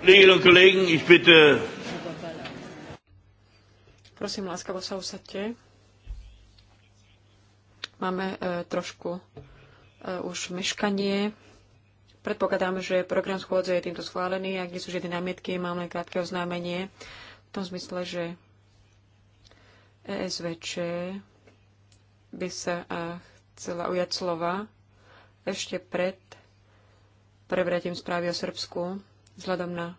Kolleginnen und Kollegen, ich bitte. Prosím, láskavo sa usadte. Máme e, trošku e, už meškanie. Predpokladám, že program schôdze je týmto schválený. Ak nie sú žiadne námietky, mám len krátke oznámenie. V tom zmysle, že ESVČ by sa a, e, chcela ujať slova ešte pred prevratím správy o Srbsku vzhľadom na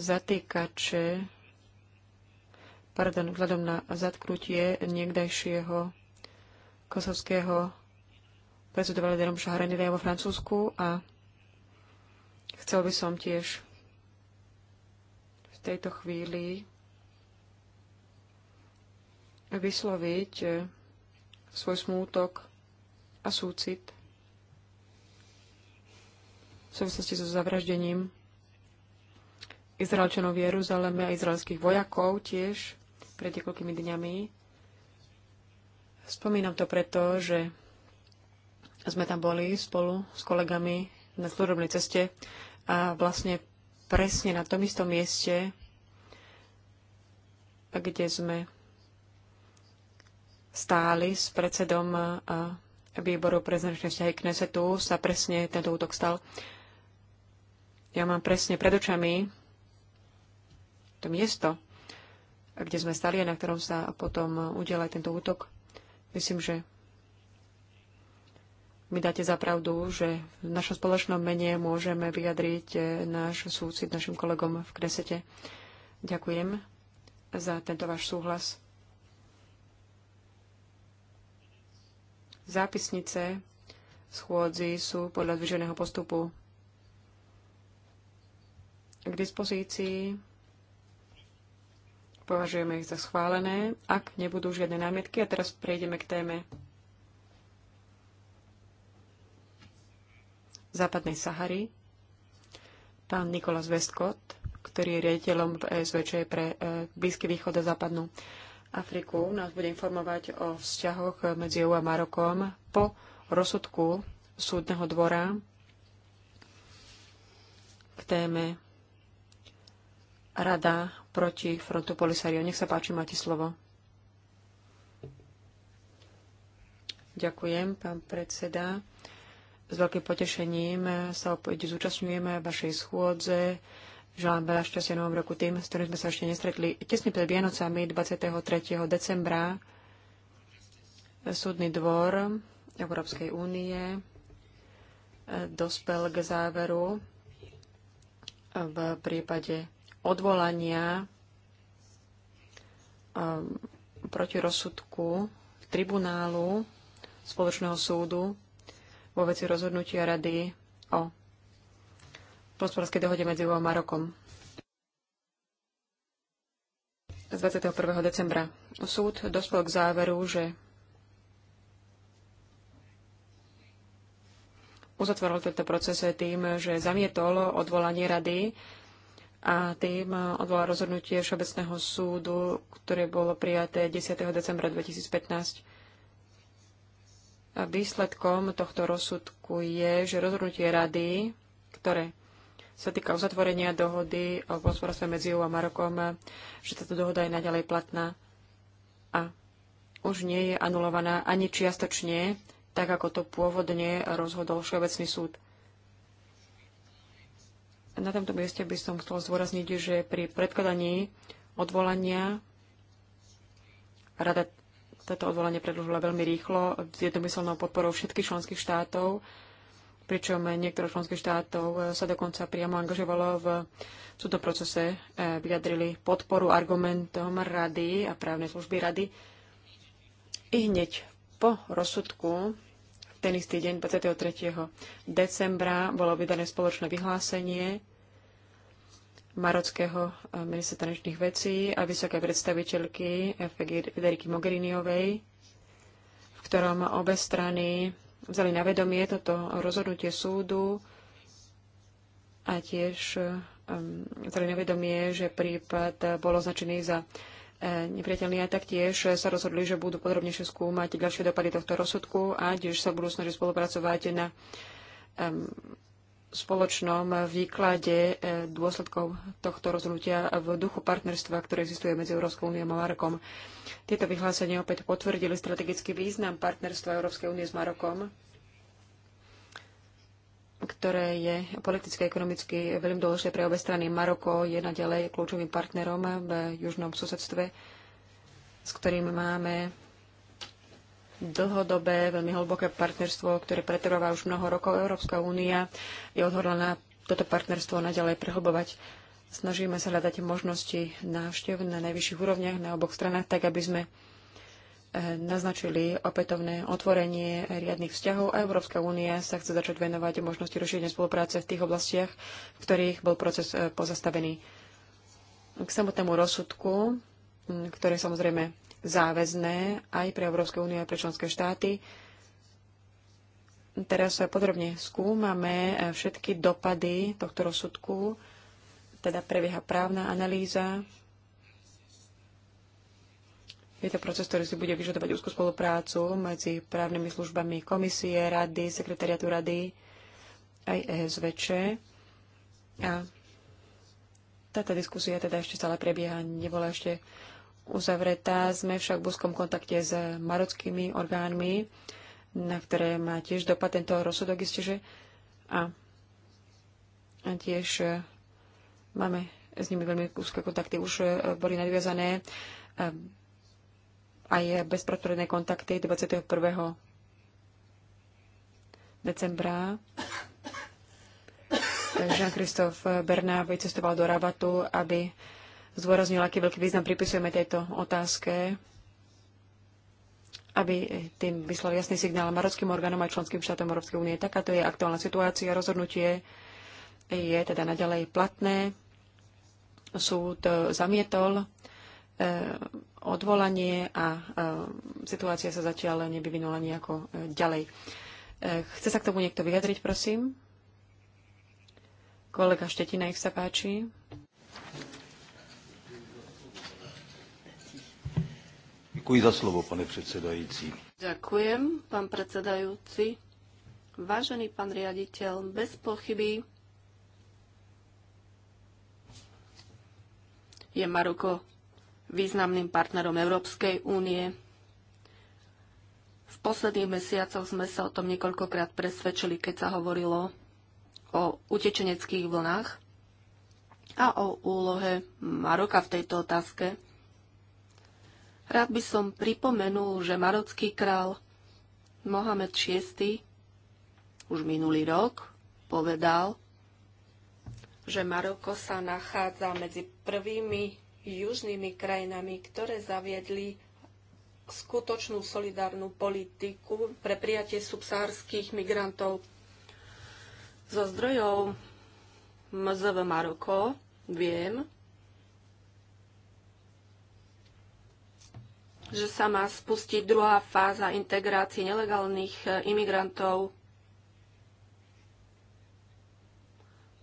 zatýkače, pardon, vzhľadom na zatknutie niekdajšieho kosovského prezidovali Derom Šahrenida vo Francúzsku a chcel by som tiež v tejto chvíli vysloviť svoj smútok a súcit v súvislosti so zavraždením Izraelčanov v Jeruzaleme a izraelských vojakov tiež pred niekoľkými dňami. Spomínam to preto, že sme tam boli spolu s kolegami na služobnej ceste a vlastne presne na tom istom mieste, kde sme stáli s predsedom výboru pre zahraničné vzťahy Knesetu, sa presne tento útok stal. Ja mám presne pred očami to miesto, kde sme stali a na ktorom sa potom udiel aj tento útok. Myslím, že mi dáte za pravdu, že v našom spoločnom mene môžeme vyjadriť eh, náš súcit našim kolegom v Kresete. Ďakujem za tento váš súhlas. Zápisnice schôdzi sú podľa zvyženého postupu k dispozícii. Považujeme ich za schválené, ak nebudú žiadne námietky. A teraz prejdeme k téme západnej Sahary. Pán Nikolas Westcott, ktorý je riaditeľom v e SVČ pre e, Blízky východ a západnú Afriku, nás bude informovať o vzťahoch medzi EU a Marokom po rozsudku súdneho dvora k téme Rada proti frontu Polisario. Nech sa páči, máte slovo. Ďakujem, pán predseda. S veľkým potešením sa opäť zúčastňujeme vašej schôdze. Želám veľa šťastia novom roku tým, s ktorým sme sa ešte nestretli. Tesne pred Vianocami 23. decembra Súdny dvor Európskej únie dospel k záveru v prípade odvolania um, proti rozsudku tribunálu spoločného súdu vo veci rozhodnutia rady o prosporskej dohode medzi EU a Marokom z 21. decembra. Súd dospel k záveru, že uzatvoril tento proces tým, že zamietol odvolanie rady a tým e, odvolá rozhodnutie Všeobecného súdu, ktoré bolo prijaté 10. decembra 2015. A výsledkom tohto rozsudku je, že rozhodnutie rady, ktoré sa týka uzatvorenia dohody o hospodárstve medzi EU a Marokom, že táto dohoda je naďalej platná a už nie je anulovaná ani čiastočne, tak ako to pôvodne rozhodol Všeobecný súd. Na tomto mieste by som chcel zdôrazniť, že pri predkladaní odvolania rada toto odvolanie predlžila veľmi rýchlo s jednomyselnou podporou všetkých členských štátov, pričom niektorých členských štátov sa dokonca priamo angažovalo v súdnom procese, e, vyjadrili podporu argumentom rady a právnej služby rady. I hneď po rozsudku ten istý deň, 23. decembra, bolo vydané spoločné vyhlásenie marockého eh, ministra tanečných vecí a vysokej predstaviteľky Federiky Mogheriniovej, v ktorom obe strany vzali na vedomie toto rozhodnutie súdu a tiež eh, vzali na vedomie, že prípad bol označený za nepriateľní a taktiež sa rozhodli, že budú podrobnejšie skúmať ďalšie dopady tohto rozsudku a tiež sa budú snažiť spolupracovať na spoločnom výklade eh, dôsledkov tohto rozhodnutia v duchu partnerstva, ktoré existuje medzi Európskou úniou a Marokom. Tieto vyhlásenia opäť potvrdili strategický význam partnerstva Európskej únie s Marokom ktoré je politicky a ekonomicky veľmi dôležité pre obe strany. Maroko je naďalej kľúčovým partnerom v južnom susedstve, s ktorým máme dlhodobé, veľmi hlboké partnerstvo, ktoré pretrváva už mnoho rokov. Európska únia je odhodlaná toto partnerstvo naďalej prehlbovať. Snažíme sa hľadať možnosti návštev na najvyšších úrovniach na oboch stranách, tak aby sme naznačili opätovné otvorenie riadnych vzťahov a Európska únia sa chce začať venovať možnosti rozšírenia spolupráce v tých oblastiach, v ktorých bol proces e, pozastavený. K samotnému rozsudku, ktoré je samozrejme záväzné aj pre Európsku úniu a pre členské štáty, teraz podrobne skúmame e, všetky dopady tohto rozsudku, teda prebieha právna analýza je to proces, ktorý si bude vyžadovať úzkú spoluprácu medzi právnymi službami komisie, rady, sekretariatu rady, aj ESVČ. A táto diskusia teda ešte stále prebieha, nebola ešte uzavretá. Sme však v úzkom kontakte s marockými orgánmi, na ktoré má tiež dopad tento rozsudok isteže. A, a tiež e, máme s nimi veľmi úzke kontakty, už e, boli nadviazané e, aj bezprostredné kontakty 21. decembra. Jean-Christophe Berná vycestoval do Rabatu, aby zdôraznil, aký veľký význam pripisujeme tejto otázke, aby tým vyslal jasný signál marockým orgánom a členským štátom Európskej únie. Takáto je aktuálna situácia. Rozhodnutie je teda naďalej platné. Súd zamietol eh, odvolanie a e, situácia sa zatiaľ nevyvinula nejako e, ďalej. E, chce sa k tomu niekto vyjadriť, prosím? Kolega Štetina, ich sa páči. Ďakujem za slovo, pane predsedajúci. Ďakujem, pán predsedajúci. Vážený pán riaditeľ, bez pochyby je Maruko významným partnerom Európskej únie. V posledných mesiacoch sme sa o tom niekoľkokrát presvedčili, keď sa hovorilo o utečeneckých vlnách a o úlohe Maroka v tejto otázke. Rád by som pripomenul, že marocký král Mohamed VI už minulý rok povedal, že Maroko sa nachádza medzi prvými južnými krajinami, ktoré zaviedli skutočnú solidárnu politiku pre prijatie subsárských migrantov. Zo zdrojov MZV Maroko viem, že sa má spustiť druhá fáza integrácie nelegálnych imigrantov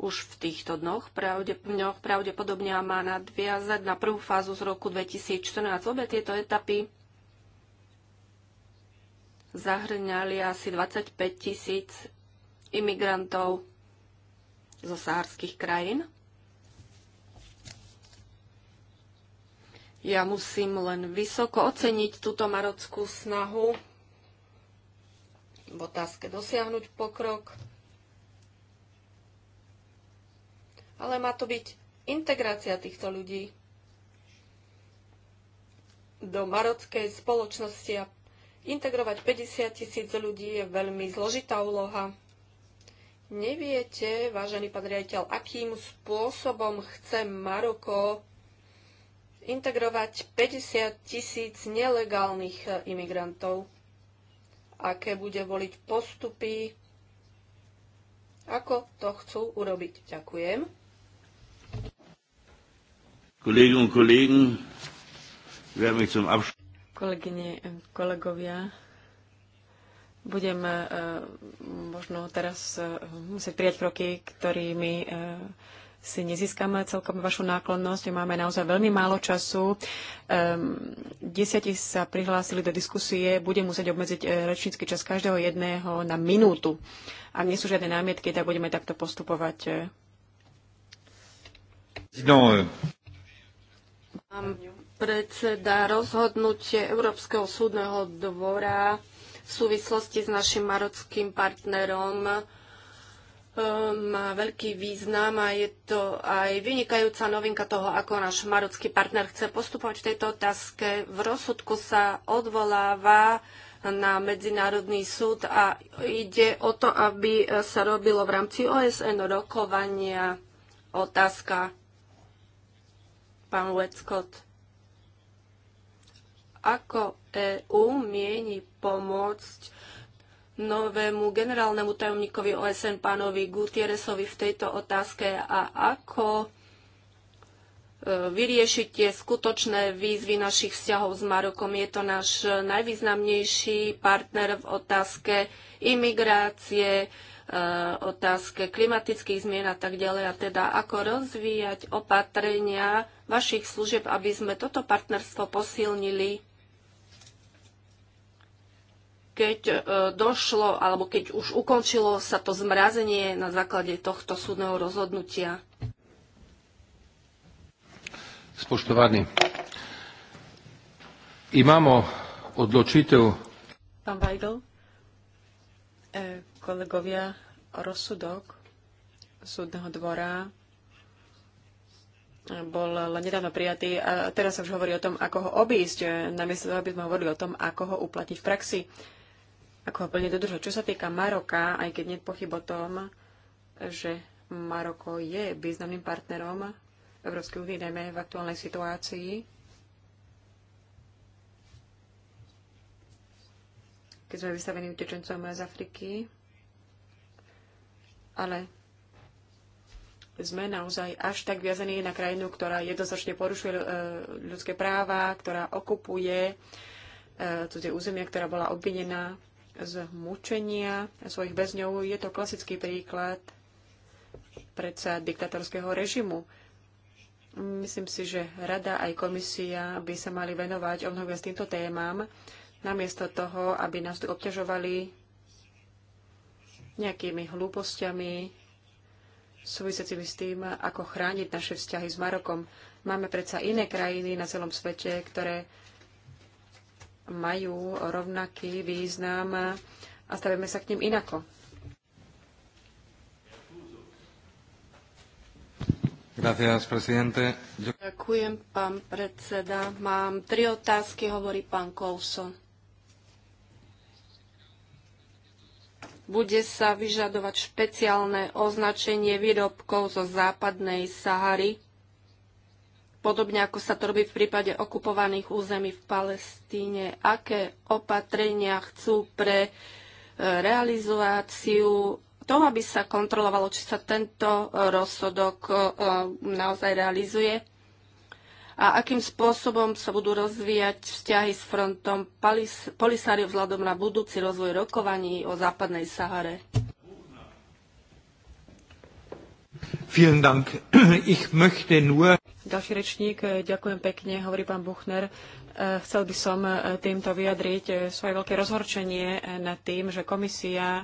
už v týchto dnoch pravdepodobne, pravdepodobne má nadviazať na prvú fázu z roku 2014. Obe tieto etapy zahrňali asi 25 tisíc imigrantov zo sahárských krajín. Ja musím len vysoko oceniť túto marockú snahu v otázke dosiahnuť pokrok ale má to byť integrácia týchto ľudí do marockej spoločnosti a integrovať 50 tisíc ľudí je veľmi zložitá úloha. Neviete, vážený pán riaditeľ, akým spôsobom chce Maroko integrovať 50 tisíc nelegálnych e, imigrantov? Aké bude voliť postupy? Ako to chcú urobiť? Ďakujem. Kolleginnen und Kollegen, mich zum Abschluss. Kolegyne, kolegovia, budem eh, možno teraz eh, musieť prijať kroky, ktorými eh, si nezískame celkom vašu náklonnosť. Máme naozaj veľmi málo času. Um, ehm, desiatich sa prihlásili do diskusie. Budem musieť obmedziť rečnícky čas každého jedného na minútu. Ak nie sú žiadne námietky, tak budeme takto postupovať. No. Predseda rozhodnutie Európskeho súdneho dvora v súvislosti s našim marockým partnerom ehm, má veľký význam a je to aj vynikajúca novinka toho, ako náš marocký partner chce postupovať v tejto otázke. V rozsudku sa odvoláva na Medzinárodný súd a ide o to, aby sa robilo v rámci OSN rokovania otázka pán Lecott. Ako EÚ mieni pomôcť novému generálnemu tajomníkovi OSN pánovi Gutierrezovi v tejto otázke a ako e, vyriešiť tie skutočné výzvy našich vzťahov s Marokom. Je to náš najvýznamnejší partner v otázke imigrácie, Eh, otázke klimatických zmien a tak ďalej, a teda ako rozvíjať opatrenia vašich služieb, aby sme toto partnerstvo posilnili, keď eh, došlo, alebo keď už ukončilo sa to zmrazenie na základe tohto súdneho rozhodnutia. Spoštovaní, imamo odločitev... Pán Weigl, eh, Kolegovia, rozsudok súdneho dvora bol len nedávno prijatý a teraz sa už hovorí o tom, ako ho obísť, namiesto toho, aby sme hovorili o tom, ako ho uplatiť v praxi, ako ho plne dodržať. Čo sa týka Maroka, aj keď nie pochyb o tom, že Maroko je významným partnerom Európskej únie, najmä v aktuálnej situácii, keď sme vystavení utečencom z Afriky, ale sme naozaj až tak viazaní na krajinu, ktorá jednoznačne porušuje e, ľudské práva, ktorá okupuje e, cudzie územia, ktorá bola obvinená z mučenia svojich väzňov. Je to klasický príklad predsa diktatorského režimu. Myslím si, že rada aj komisia by sa mali venovať o mnoho viac týmto témam, namiesto toho, aby nás tu obťažovali nejakými hlúpostiami súvisiacimi s tým, ako chrániť naše vzťahy s Marokom. Máme predsa iné krajiny na celom svete, ktoré majú rovnaký význam a stavíme sa k ním inako. Gracias, presidente. Ďakujem, pán predseda. Mám tri otázky, hovorí pán Colson. Bude sa vyžadovať špeciálne označenie výrobkov zo západnej Sahary, podobne ako sa to robí v prípade okupovaných území v Palestíne. Aké opatrenia chcú pre e, realizáciu toho, aby sa kontrolovalo, či sa tento rozsudok e, naozaj realizuje? a akým spôsobom sa budú rozvíjať vzťahy s frontom Polisario vzhľadom na budúci rozvoj rokovaní o západnej Sahare. Dank. Ich möchte nur... Ďalší rečník, ďakujem pekne, hovorí pán Buchner. Eh, chcel by som eh, týmto vyjadriť eh, svoje veľké rozhorčenie nad tým, že komisia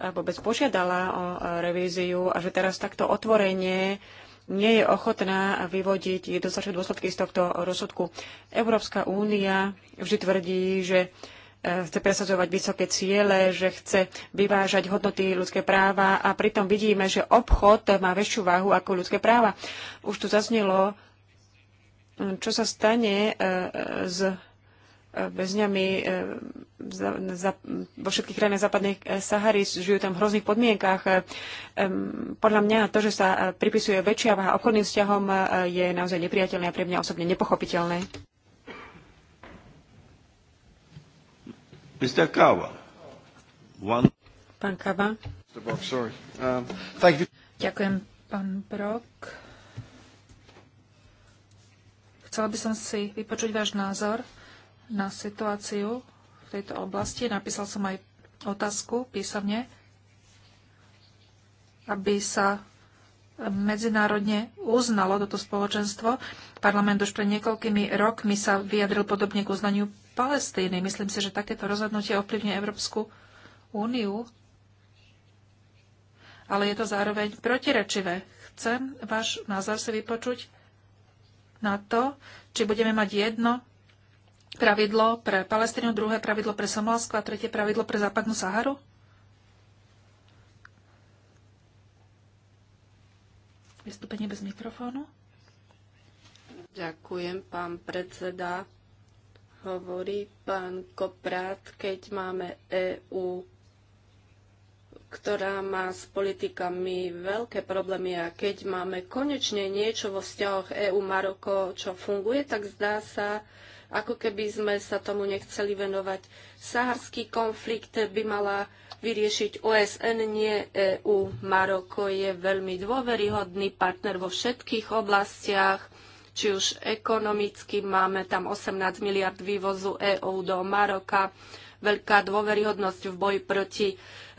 vôbec požiadala o revíziu a že teraz takto otvorenie nie je ochotná vyvodiť dostačné dôsledky z tohto rozsudku. Európska únia vždy tvrdí, že e, chce presadzovať vysoké ciele, že chce vyvážať hodnoty ľudské práva a pritom vidíme, že obchod má väčšiu váhu ako ľudské práva. Už tu zaznelo, čo sa stane e, e, s väzňami e, za, za, vo všetkých krajinách západnej e, Sahary, žijú tam v hrozných podmienkách. E, podľa mňa to, že sa pripisuje väčšia váha obchodným vzťahom, je naozaj nepriateľné a pre mňa osobne nepochopiteľné. Mr. Kawa. One... Pán Kava. Mr. Brock, sorry. Um, thank you. Ďakujem, pán Brok. Chcela by som si vypočuť váš názor na situáciu v tejto oblasti. Napísal som aj otázku písomne, aby sa medzinárodne uznalo toto spoločenstvo. Parlament už pred niekoľkými rokmi sa vyjadril podobne k uznaniu Palestíny. Myslím si, že takéto rozhodnutie ovplyvňuje Európsku úniu, ale je to zároveň protirečivé. Chcem váš názor si vypočuť na to, či budeme mať jedno pravidlo pre Palestínu, druhé pravidlo pre Somálsko a tretie pravidlo pre Západnú Saharu? Vystúpenie bez mikrofónu. Ďakujem, pán predseda. Hovorí pán Koprát, keď máme EU ktorá má s politikami veľké problémy a keď máme konečne niečo vo vzťahoch EU-Maroko, čo funguje, tak zdá sa, ako keby sme sa tomu nechceli venovať. Saharský konflikt by mala vyriešiť OSN, nie EU. Maroko je veľmi dôveryhodný partner vo všetkých oblastiach, či už ekonomicky máme tam 18 miliard vývozu EU do Maroka veľká dôveryhodnosť v boji proti e,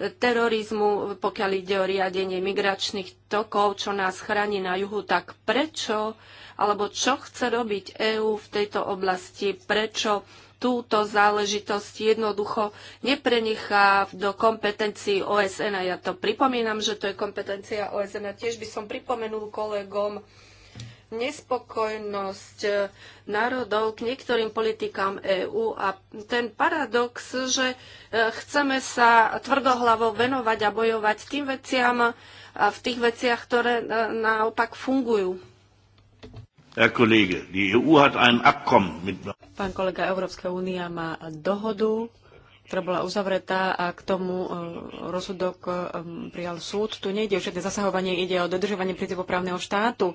terorizmu, pokiaľ ide o riadenie migračných tokov, čo nás chráni na juhu, tak prečo, alebo čo chce robiť EÚ v tejto oblasti, prečo túto záležitosť jednoducho neprenechá do kompetencií OSN. A ja to pripomínam, že to je kompetencia OSN. A tiež by som pripomenul kolegom, nespokojnosť národov k niektorým politikám EÚ a ten paradox, že e, chceme sa tvrdohlavo venovať a bojovať tým veciam a v tých veciach, ktoré e, naopak fungujú. E Pán kolega, Európska únia má dohodu, ktorá bola uzavretá a k tomu rozsudok prijal súd. Tu nejde o žiadne zasahovanie, ide o dodržovanie princípov právneho štátu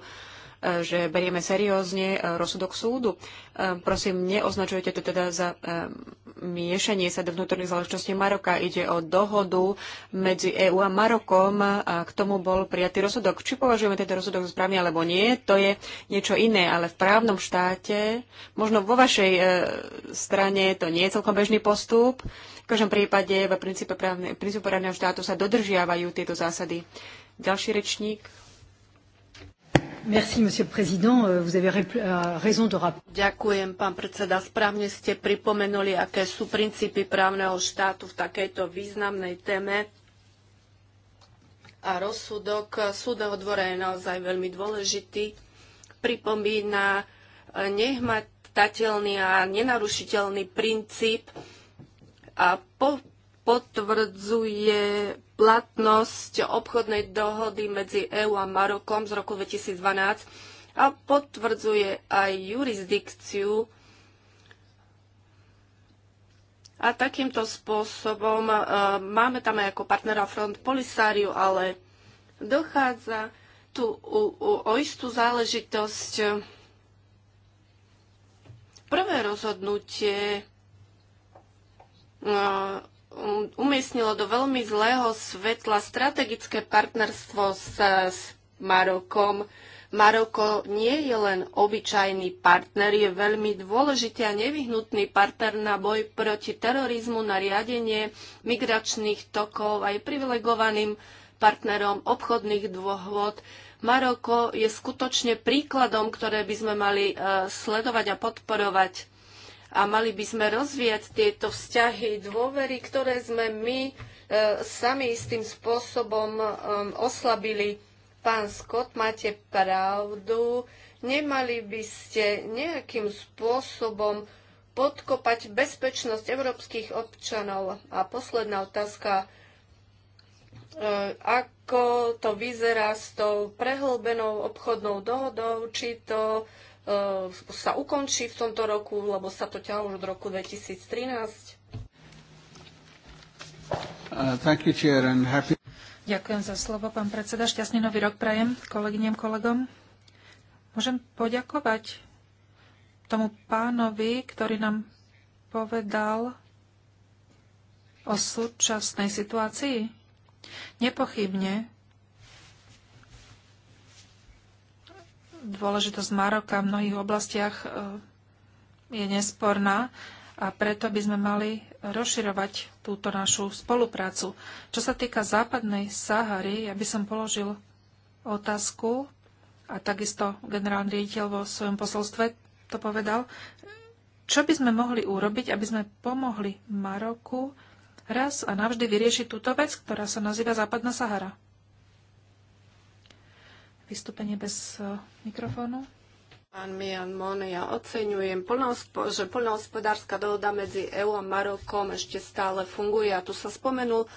že berieme seriózne e, rozsudok súdu. E, prosím, neoznačujete to teda za e, miešanie sa do vnútorných záležitostí Maroka. Ide o dohodu medzi EÚ a Marokom a k tomu bol prijatý rozsudok. Či považujeme tento rozsudok správne alebo nie, to je niečo iné, ale v právnom štáte, možno vo vašej strane to nie je celkom bežný postup. V každom prípade v princípe právne, princípe právneho štátu sa dodržiavajú tieto zásady. Ďalší rečník. Merci, monsieur le président. Euh, vous avez euh, raison de rappeler. Ďakujem, pán predseda. Správne ste pripomenuli, aké sú princípy právneho štátu v takejto významnej téme. A rozsudok súdneho dvora je naozaj veľmi dôležitý. Pripomína eh, nehmatateľný a nenarušiteľný princíp a po, potvrdzuje platnosť obchodnej dohody medzi EÚ a Marokom z roku 2012 a potvrdzuje aj jurisdikciu a takýmto spôsobom e, máme tam aj ako partnera Front Polisáriu, ale dochádza tu u, u, o istú záležitosť. Prvé rozhodnutie e, Um, umiestnilo do veľmi zlého svetla strategické partnerstvo s, s Marokom. Maroko nie je len obyčajný partner, je veľmi dôležitý a nevyhnutný partner na boj proti terorizmu, na riadenie migračných tokov aj privilegovaným partnerom obchodných dôvod. Maroko je skutočne príkladom, ktoré by sme mali eh, sledovať a podporovať a mali by sme rozvíjať tieto vzťahy dôvery, ktoré sme my e, sami istým spôsobom e, oslabili. Pán Scott, máte pravdu, nemali by ste nejakým spôsobom podkopať bezpečnosť európskych občanov. A posledná otázka, e, ako to vyzerá s tou prehlbenou obchodnou dohodou, či to E, sa ukončí v tomto roku, lebo sa to ťahá už od roku 2013? Uh, you, chair, happy... Ďakujem za slovo, pán predseda. Šťastný nový rok prajem kolegyniem, kolegom. Môžem poďakovať tomu pánovi, ktorý nám povedal o súčasnej situácii? Nepochybne dôležitosť Maroka v mnohých oblastiach e, je nesporná a preto by sme mali rozširovať túto našu spoluprácu. Čo sa týka západnej Sahary, ja by som položil otázku a takisto generálny riaditeľ vo svojom posolstve to povedal, čo by sme mohli urobiť, aby sme pomohli Maroku raz a navždy vyriešiť túto vec, ktorá sa nazýva Západná Sahara vystúpenie bez eh, mikrofónu. Pán Mian Mon, ja oceňujem, že poľnohospodárska dohoda medzi EÚ a Marokom ešte stále funguje. A tu sa spomenul eh,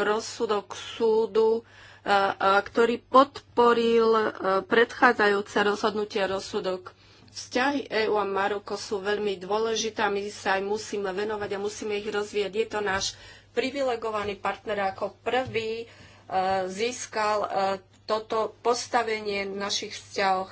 rozsudok súdu, eh, ktorý podporil predchádzajúce rozhodnutie rozsudok. Vzťahy EÚ a Maroko sú veľmi dôležité a my sa aj musíme venovať a musíme ich rozvíjať. Je to náš privilegovaný partner ako prvý získal toto postavenie v našich vzťahoch.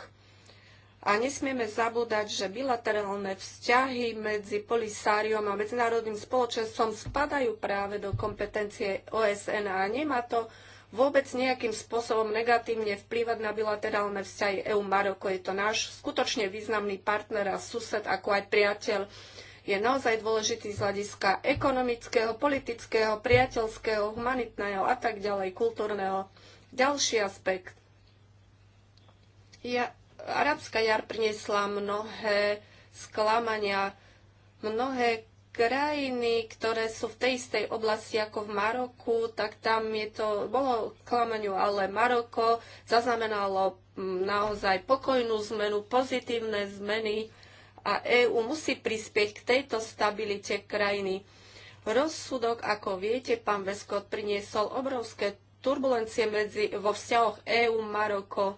A nesmieme zabúdať, že bilaterálne vzťahy medzi Polisáriom a medzinárodným spoločenstvom spadajú práve do kompetencie OSN a nemá to vôbec nejakým spôsobom negatívne vplývať na bilaterálne vzťahy EU-Maroko. Je to náš skutočne významný partner a sused, ako aj priateľ. Je naozaj dôležitý z hľadiska ekonomického, politického, priateľského, humanitného a tak ďalej, kultúrneho. Ďalší aspekt. Ja, arabská jar priniesla mnohé sklamania, mnohé krajiny, ktoré sú v tej istej oblasti ako v Maroku, tak tam je to, bolo klamaniu, ale Maroko zaznamenalo mm, naozaj pokojnú zmenu, pozitívne zmeny a EÚ musí prispieť k tejto stabilite krajiny. Rozsudok, ako viete, pán Veskot priniesol obrovské turbulencie medzi, vo vzťahoch EÚ-Maroko.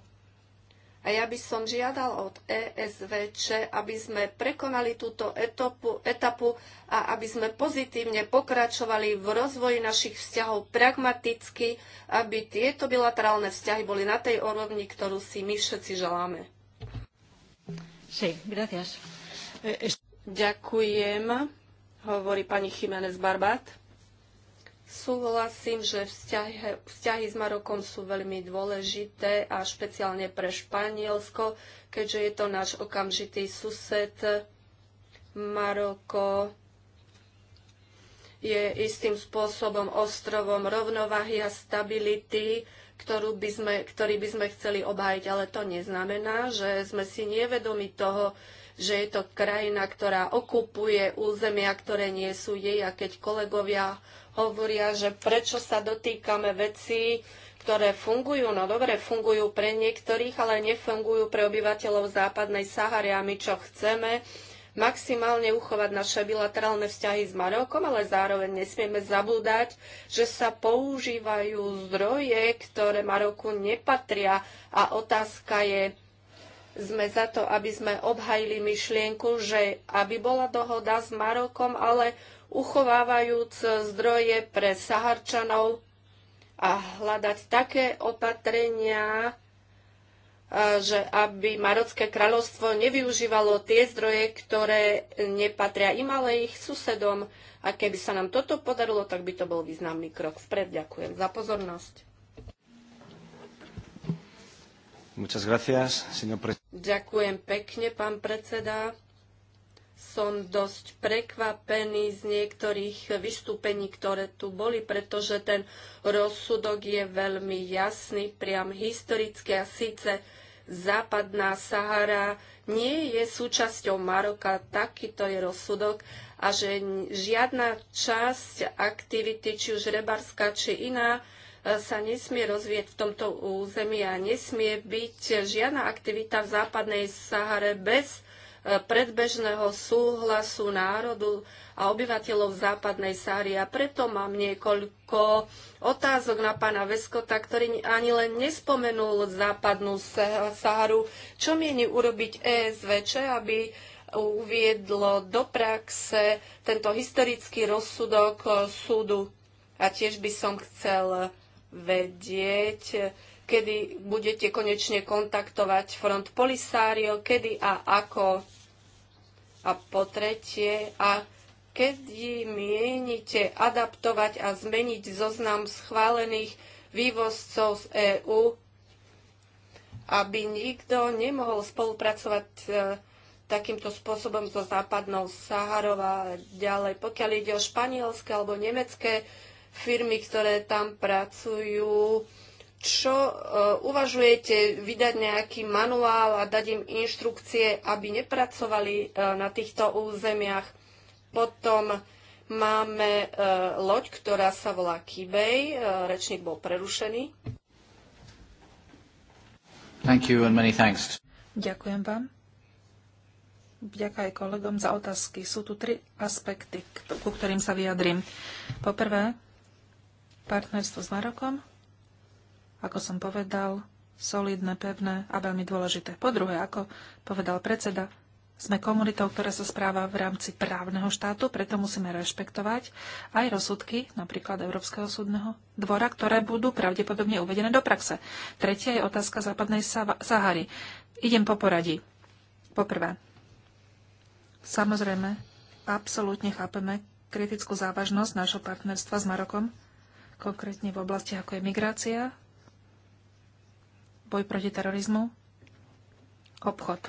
A ja by som žiadal od ESVČ, aby sme prekonali túto etopu, etapu a aby sme pozitívne pokračovali v rozvoji našich vzťahov pragmaticky, aby tieto bilaterálne vzťahy boli na tej úrovni, ktorú si my všetci želáme. Sí, gracias. Eh, Ďakujem, hovorí pani Jiménez Barbat. Súhlasím, že vzťahy, vzťahy s Marokom sú veľmi dôležité a špeciálne pre Španielsko, keďže je to náš okamžitý sused. Maroko je istým spôsobom ostrovom rovnováhy a stability, ktorú by sme, ktorý by sme chceli obhájiť, ale to neznamená, že sme si nevedomi toho, že je to krajina, ktorá okupuje územia, ktoré nie sú jej a keď kolegovia hovoria, že prečo sa dotýkame vecí, ktoré fungujú, no dobre, fungujú pre niektorých, ale nefungujú pre obyvateľov západnej Sahary a my čo chceme, maximálne uchovať naše bilaterálne vzťahy s Marokom, ale zároveň nesmieme zabúdať, že sa používajú zdroje, ktoré Maroku nepatria a otázka je, sme za to, aby sme obhajili myšlienku, že aby bola dohoda s Marokom, ale uchovávajúc zdroje pre Saharčanov a hľadať také opatrenia, e, že aby Marocké kráľovstvo nevyužívalo tie zdroje, ktoré nepatria im, ale ich susedom. A keby sa nám toto podarilo, tak by to bol významný krok vpred. Ďakujem za pozornosť. Gracias, Ďakujem pekne, pán predseda som dosť prekvapený z niektorých vystúpení, ktoré tu boli, pretože ten rozsudok je veľmi jasný, priam historický a síce západná Sahara nie je súčasťou Maroka, takýto je rozsudok a že žiadna časť aktivity, či už rebarská, či iná, e, sa nesmie rozvieť v tomto území a nesmie byť žiadna aktivita v západnej Sahare bez predbežného súhlasu národu a obyvateľov západnej sáry A preto mám niekoľko otázok na pána Veskota, ktorý ani len nespomenul západnú Sáru. Čo mieni urobiť ESVČ, aby uviedlo do praxe tento historický rozsudok súdu? A tiež by som chcel vedieť, kedy budete konečne kontaktovať Front Polisario, kedy a ako. A po tretie, a kedy mienite adaptovať a zmeniť zoznam schválených vývozcov z EÚ, aby nikto nemohol spolupracovať e, takýmto spôsobom so západnou Saharov a ďalej. Pokiaľ ide o španielské alebo nemecké firmy, ktoré tam pracujú, čo e, uvažujete vydať nejaký manuál a dať im inštrukcie, aby nepracovali e, na týchto územiach. Potom máme e, loď, ktorá sa volá Kibej. E, rečník bol prerušený. Thank you and many thanks. Ďakujem vám. Vďaka aj kolegom za otázky. Sú tu tri aspekty, ku ktorým sa vyjadrím. Poprvé, partnerstvo s Marokom ako som povedal, solidné, pevné a veľmi dôležité. Po druhé, ako povedal predseda, sme komunitou, ktorá sa správa v rámci právneho štátu, preto musíme rešpektovať aj rozsudky, napríklad Európskeho súdneho dvora, ktoré budú pravdepodobne uvedené do praxe. Tretia je otázka západnej Sahary. Idem po poradí. Poprvé, samozrejme, absolútne chápeme kritickú závažnosť nášho partnerstva s Marokom, konkrétne v oblasti ako je migrácia, boj proti terorizmu, obchod.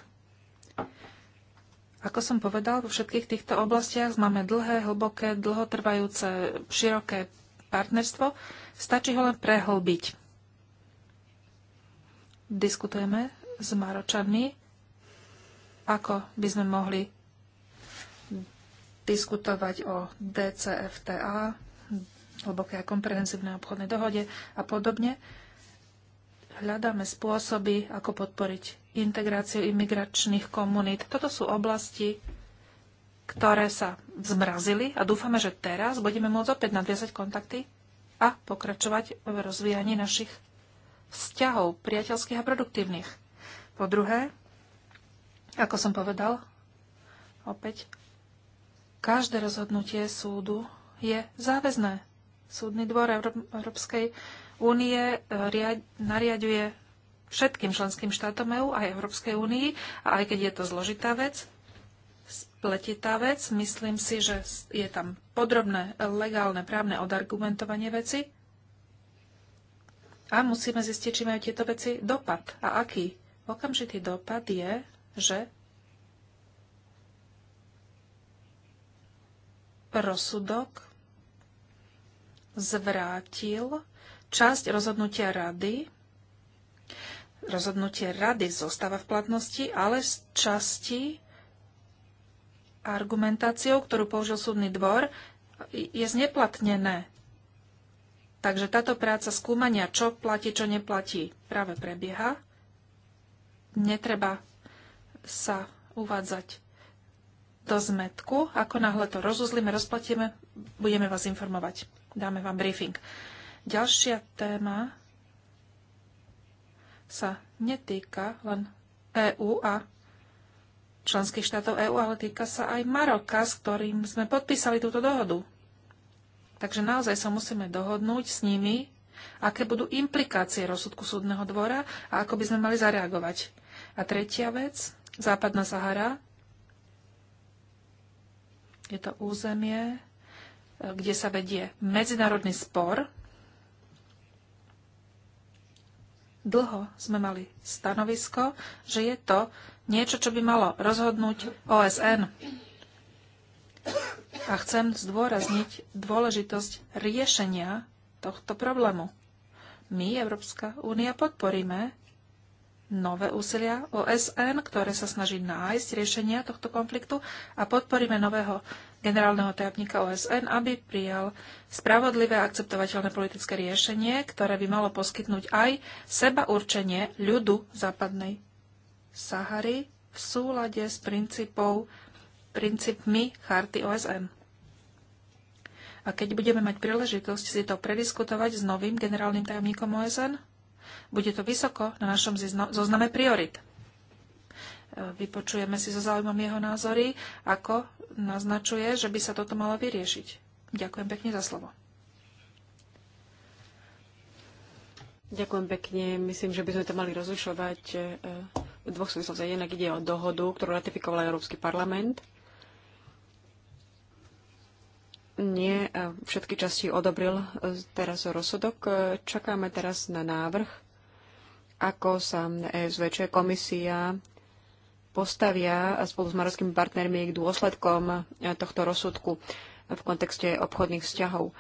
Ako som povedal, vo všetkých týchto oblastiach máme dlhé, hlboké, dlhotrvajúce, široké partnerstvo. Stačí ho len prehlbiť. Diskutujeme s Maročanmi, ako by sme mohli diskutovať o DCFTA, hlboké a komprehensívnej obchodnej dohode a podobne hľadáme spôsoby, ako podporiť integráciu imigračných komunít. Toto sú oblasti, ktoré sa zmrazili a dúfame, že teraz budeme môcť opäť nadviazať kontakty a pokračovať v rozvíjaní našich vzťahov, priateľských a produktívnych. Po druhé, ako som povedal, opäť, každé rozhodnutie súdu je záväzné. Súdny dvor Európskej únie eh, nariaduje všetkým členským štátom EÚ aj Európskej únii, a aj keď je to zložitá vec, spletitá vec, myslím si, že je tam podrobné legálne právne odargumentovanie veci a musíme zistiť, či majú tieto veci dopad a aký. Okamžitý dopad je, že rozsudok zvrátil časť rozhodnutia rady. Rozhodnutie rady zostáva v platnosti, ale z časti argumentáciou, ktorú použil súdny dvor, je zneplatnené. Takže táto práca skúmania, čo platí, čo neplatí, práve prebieha. Netreba sa uvádzať do zmetku. Ako náhle to rozuzlíme, rozplatíme, budeme vás informovať. Dáme vám briefing. Ďalšia téma sa netýka len EÚ a členských štátov EÚ, ale týka sa aj Maroka, s ktorým sme podpísali túto dohodu. Takže naozaj sa musíme dohodnúť s nimi, aké budú implikácie rozsudku súdneho dvora a ako by sme mali zareagovať. A tretia vec, Západná Sahara. Je to územie, eh, kde sa vedie medzinárodný spor Dlho sme mali stanovisko, že je to niečo, čo by malo rozhodnúť OSN. A chcem zdôrazniť dôležitosť riešenia tohto problému. My, Európska únia, podporíme nové úsilia OSN, ktoré sa snaží nájsť riešenia tohto konfliktu a podporíme nového generálneho tajomníka OSN, aby prijal spravodlivé a akceptovateľné politické riešenie, ktoré by malo poskytnúť aj seba určenie ľudu západnej Sahary v súlade s princípov, princípmi charty OSN. A keď budeme mať príležitosť si to prediskutovať s novým generálnym tajomníkom OSN, bude to vysoko na našom zozname priorit. Vypočujeme si so záujmom jeho názory, ako naznačuje, že by sa toto malo vyriešiť. Ďakujem pekne za slovo. Ďakujem pekne. Myslím, že by sme to mali rozlišovať e, v dvoch súvislostiach. Jednak ide o dohodu, ktorú ratifikoval Európsky parlament. Nie e, všetky časti odobril e, teraz rozsudok. Čakáme teraz na návrh, ako sa zväčšuje komisia postavia spolu s maroskými partnermi k dôsledkom e, tohto rozsudku v kontexte obchodných vzťahov,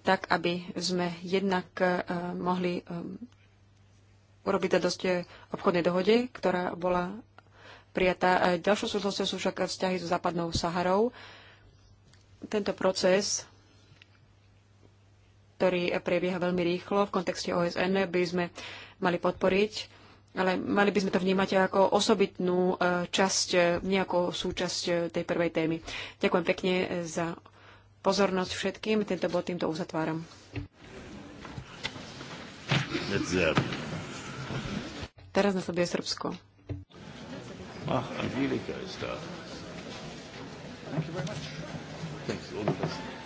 tak aby sme jednak e, mohli e, urobiť dosť obchodnej dohode, ktorá bola prijatá. Ďalšou súvislosti sú však vzťahy so západnou Saharou. Tento proces ktorý prebieha veľmi rýchlo v kontexte OSN, by sme mali podporiť ale mali by sme to vnímať ako osobitnú e, časť, e, nejakú súčasť e, tej prvej témy. Ďakujem pekne za pozornosť všetkým. Tento bod týmto uzatváram. Teraz nasleduje Srbsko. Ach, Angelika ist da. Thank you very much. Thanks, all the best.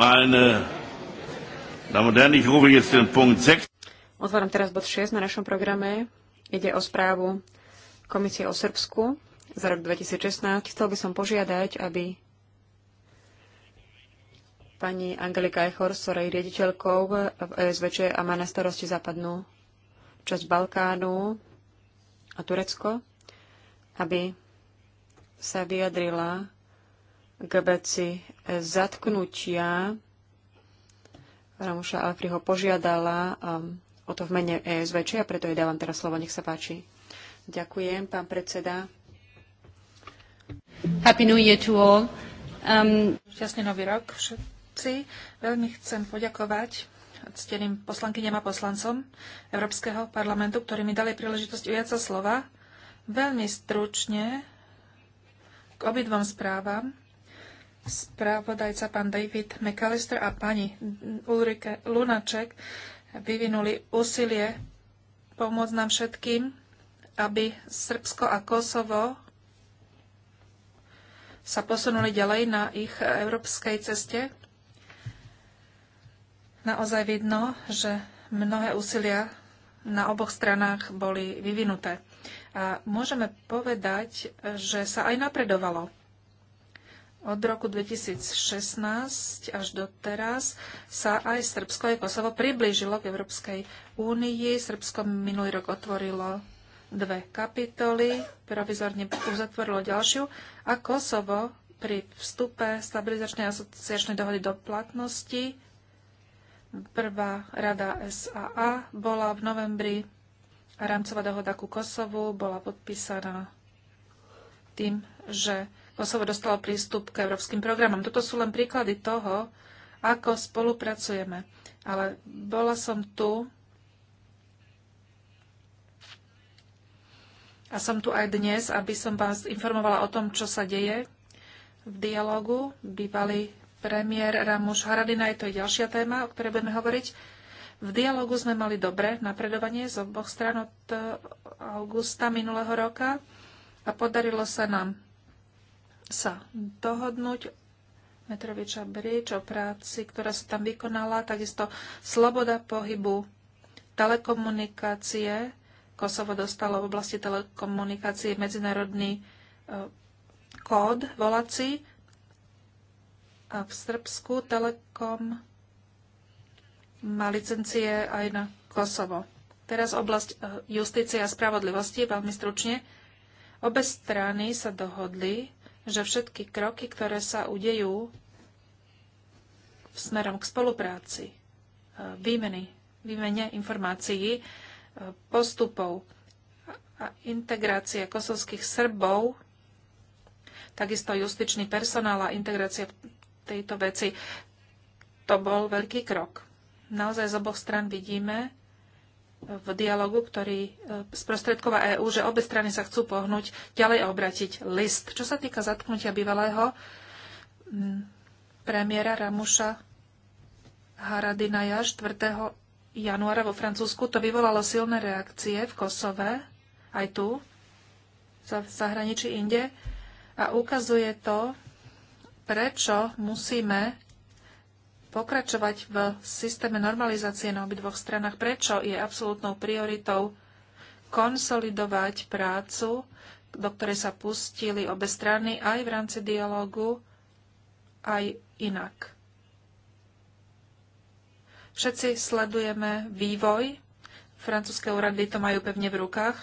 Meine Damen und Herren, ich rufe jetzt den Punkt 6. Otváram teraz bod 6 na našom programe. Ide o správu Komisie o Srbsku za rok 2016. Chcel by som požiadať, aby pani Angelika Echor, ktorej riaditeľkou v ESVČ a má na starosti západnú časť Balkánu a Turecko, aby sa vyjadrila k veci e, zatknutia. Ramuša ho požiadala um, o to v mene ESVČ a preto jej dávam teraz slovo. Nech sa páči. Ďakujem, pán predseda. Happy New Year to all. Um, Šťastný nový rok všetci. Veľmi chcem poďakovať cteným poslankyňam a poslancom Európskeho parlamentu, ktorí mi dali príležitosť ujať sa slova. Veľmi stručne k obidvom správam. Spravodajca pán David McAllister a pani Ulrike Lunaček vyvinuli úsilie pomôcť nám všetkým, aby Srbsko a Kosovo sa posunuli ďalej na ich európskej ceste. Naozaj vidno, že mnohé úsilia na oboch stranách boli vyvinuté. A môžeme povedať, že sa aj napredovalo. Od roku 2016 až do teraz sa aj Srbsko aj Kosovo priblížilo k Európskej únii. Srbsko minulý rok otvorilo dve kapitoly, provizorne uzatvorilo ďalšiu a Kosovo pri vstupe stabilizačnej asociačnej dohody do platnosti prvá rada SAA bola v novembri a rámcová dohoda ku Kosovu bola podpísaná tým, že Kosovo dostalo prístup k európskym programom. Toto sú len príklady toho, ako spolupracujeme. Ale bola som tu a som tu aj dnes, aby som vás informovala o tom, čo sa deje v dialogu. Bývalý premiér Ramuš je to je ďalšia téma, o ktorej budeme hovoriť. V dialogu sme mali dobre napredovanie z oboch stran od augusta minulého roka a podarilo sa nám sa dohodnúť Metroviča Bridge o práci, ktorá sa tam vykonala, takisto sloboda pohybu, telekomunikácie. Kosovo dostalo v oblasti telekomunikácie medzinárodný e, kód volací a v Srbsku Telekom má licencie aj na Kosovo. Teraz oblasť e, justície a spravodlivosti, veľmi stručne. Obe strany sa dohodli že všetky kroky, ktoré sa udejú smerom k spolupráci, e, výmeny, výmene informácií, e, postupov a integrácie kosovských Srbov, takisto justičný personál a integrácia tejto veci, to bol veľký krok. Naozaj z oboch stran vidíme, v dialogu, ktorý e, sprostredkova EÚ, že obe strany sa chcú pohnúť ďalej a obratiť list. Čo sa týka zatknutia bývalého mm, premiéra Ramuša Haradinaja 4. januára vo Francúzsku, to vyvolalo silné reakcie v Kosove, aj tu, v zahraničí inde. A ukazuje to, prečo musíme pokračovať v systéme normalizácie na obidvoch stranách. Prečo je absolútnou prioritou konsolidovať prácu, do ktorej sa pustili obe strany aj v rámci dialógu, aj inak. Všetci sledujeme vývoj. Francúzske úrady to majú pevne v rukách.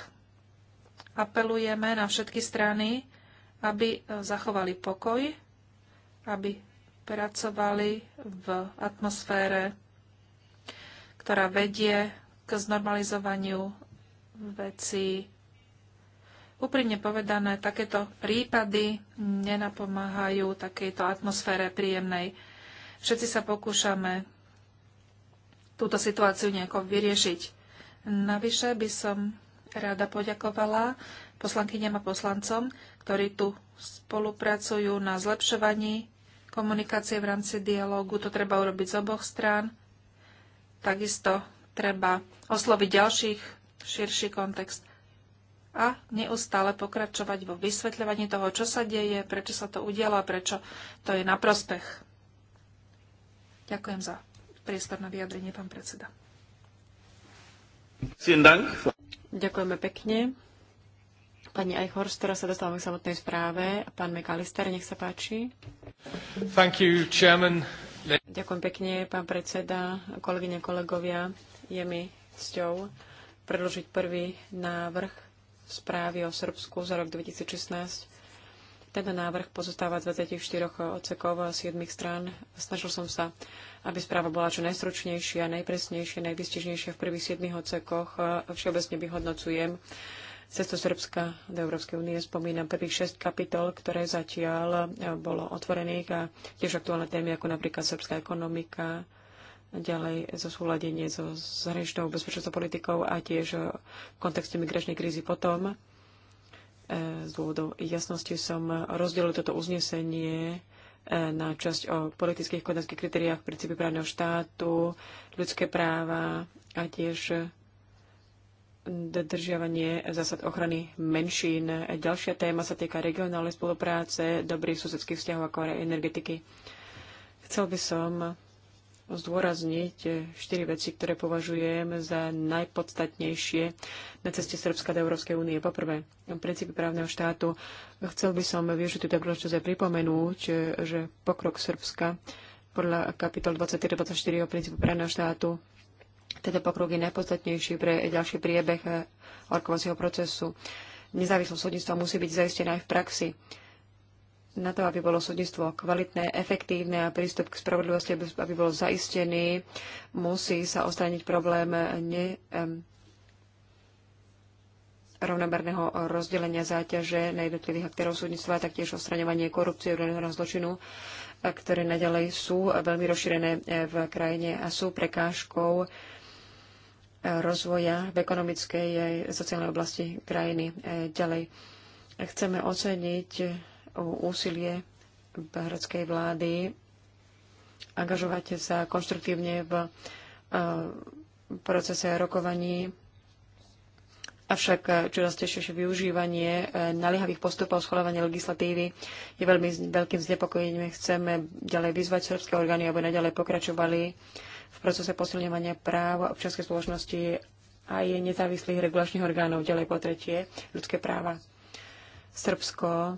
Apelujeme na všetky strany, aby zachovali pokoj, aby pracovali v atmosfére, ktorá vedie k znormalizovaniu vecí. Úprimne povedané, takéto prípady nenapomáhajú takejto atmosfére príjemnej. Všetci sa pokúšame túto situáciu nejako vyriešiť. Navyše by som rada poďakovala poslankyňam a poslancom, ktorí tu spolupracujú na zlepšovaní komunikácie v rámci dialógu. To treba urobiť z oboch strán. Takisto treba osloviť ďalších, širší kontext a neustále pokračovať vo vysvetľovaní toho, čo sa deje, prečo sa to udialo a prečo to je na prospech. Ďakujem za priestor na vyjadrenie, pán predseda. Ďakujeme pekne. Pani Eichhorst, teraz sa dostávame k samotnej správe. Pán McAllister, nech sa páči. Thank you, chairman. Ďakujem pekne, pán predseda, kolegyne, kolegovia. Je mi cťou predložiť prvý návrh správy o Srbsku za rok 2016. Tento návrh pozostáva z 24 odsekov a 7 strán. Snažil som sa, aby správa bola čo najstručnejšia, najpresnejšia, najvystižnejšia v prvých 7 odsekoch. Všeobecne vyhodnocujem Cesto Srbska do Európskej únie. Spomínam prvých 6 kapitol, ktoré zatiaľ e, bolo otvorených a tiež aktuálne témy ako napríklad srbská ekonomika, ďalej zo súladenie so zahraničnou bezpečnostnou politikou a tiež e, v kontexte migračnej krízy potom. E, z dôvodov jasnosti som rozdelil toto uznesenie na časť o politických kodanských kritériách, princípy právneho štátu, ľudské práva a tiež dodržiavanie zásad ochrany menšín. Ďalšia téma sa týka regionálnej spolupráce, dobrých susedských vzťahov ako aj energetiky. Chcel by som zdôrazniť štyri veci, ktoré považujem za najpodstatnejšie na ceste Srbska do Európskej únie. Poprvé, princípy právneho štátu. Chcel by som využiť túto príležitosť aj pripomenúť, že pokrok Srbska podľa kapitol 23-24 o princípu právneho štátu tento pokrok je najpodstatnejší pre ďalší priebeh eh, orkovacieho procesu. Nezávislosť súdnictva musí byť zaistená aj v praxi. Na to, aby bolo súdnictvo kvalitné, efektívne a prístup k spravodlivosti, aby bol zaistený, musí sa ostraniť problém eh, ne, um, rovnomerného rozdelenia záťaže na jednotlivých aktérov súdnictva a taktiež ostraňovanie korupcie organizovaného zločinu, eh, ktoré nadalej sú veľmi rozšírené v krajine a sú prekážkou rozvoja v ekonomickej aj sociálnej oblasti krajiny e, ďalej. Chceme oceniť úsilie hradskej vlády angažovať sa konštruktívne v e, procese rokovaní, avšak e, čoraz teššie využívanie naliehavých postupov schvalovania legislatívy je veľmi veľkým znepokojením. Chceme ďalej vyzvať srbské orgány, aby naďalej pokračovali v procese posilňovania práv občianskej spoločnosti a je nezávislých regulačných orgánov. Ďalej po tretie, ľudské práva. Srbsko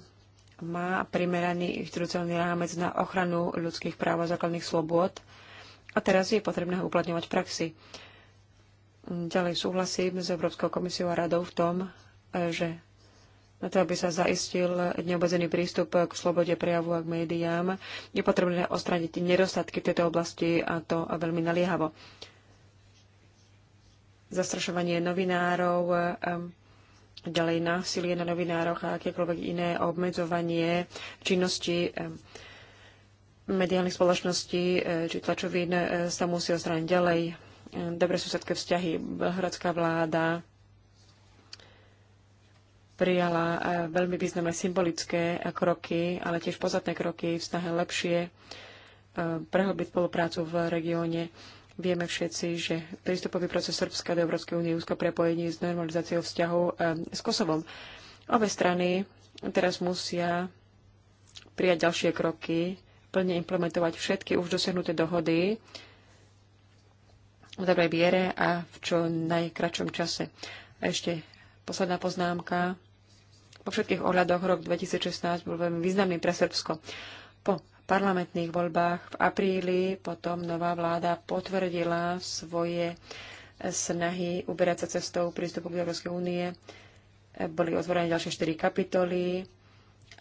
má primeraný inštitucionálny rámec na ochranu ľudských práv a základných slobôd a teraz je potrebné ho uplatňovať v praxi. Ďalej súhlasím s Európskou komisiou a radou v tom, že na to, aby sa zaistil neobmedzený prístup k slobode prejavu a k médiám, je potrebné ostraniť nedostatky tejto oblasti a to veľmi naliehavo. Zastrašovanie novinárov, ďalej násilie na novinároch a akékoľvek iné obmedzovanie činnosti mediálnych spoločností e, či tlačovín e, sa musí ostrániť ďalej. E, Dobre susedské vzťahy, belhradská vláda, prijala eh, veľmi významné symbolické kroky, ale tiež pozadné kroky v snahe lepšie eh, prehlbiť spoluprácu v regióne. Vieme všetci, že prístupový proces Srbska do Európskej únie úzko prepojení s normalizáciou vzťahu eh, s Kosovom. Obe strany teraz musia prijať ďalšie kroky, plne implementovať všetky už dosiahnuté dohody, v dobrej viere a v čo najkračom čase. A ešte posledná poznámka. Po všetkých ohľadoch rok 2016 bol veľmi významný pre Srbsko. Po parlamentných voľbách v apríli potom nová vláda potvrdila svoje snahy uberať sa cestou prístupu k Európskej únie. Boli otvorené ďalšie štyri kapitoly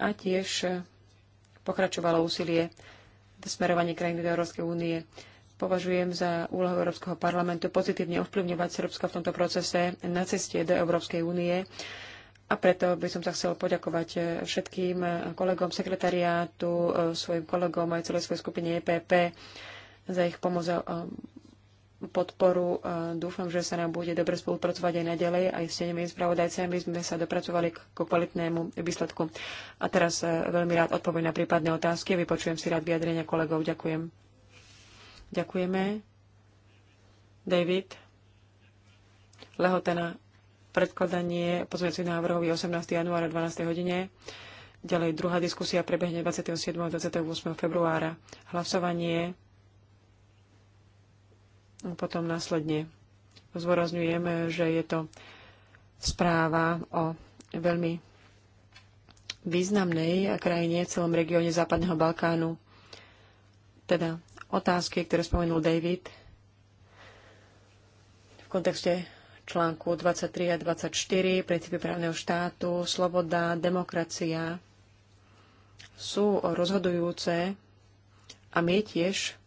a tiež pokračovalo úsilie v smerovaní krajiny do Európskej únie. Považujem za úlohu Európskeho parlamentu pozitívne ovplyvňovať Srbsko v tomto procese na ceste do Európskej únie a preto by som sa chcel poďakovať eh, všetkým eh, kolegom sekretariátu, eh, svojim kolegom aj celej svojej skupine EPP za ich pomoc a podporu. Dúfam, že sa nám bude dobre spolupracovať aj naďalej. Aj s tými spravodajcami sme sa dopracovali k kvalitnému výsledku. A teraz veľmi rád odpoviem na prípadné otázky. Vypočujem si rád vyjadrenia kolegov. Ďakujem. Ďakujeme. David. Lehotena. Predkladanie pozmeňovacích návrhov je 18. januára 12. hodine. Ďalej druhá diskusia prebehne 27. a 28. februára. Hlasovanie potom následne. Zvorazňujem, že je to správa o veľmi významnej krajine v celom regióne Západného Balkánu. Teda otázky, ktoré spomenul David v kontexte článku 23 a 24, princípy právneho štátu, sloboda, demokracia sú rozhodujúce a my tiež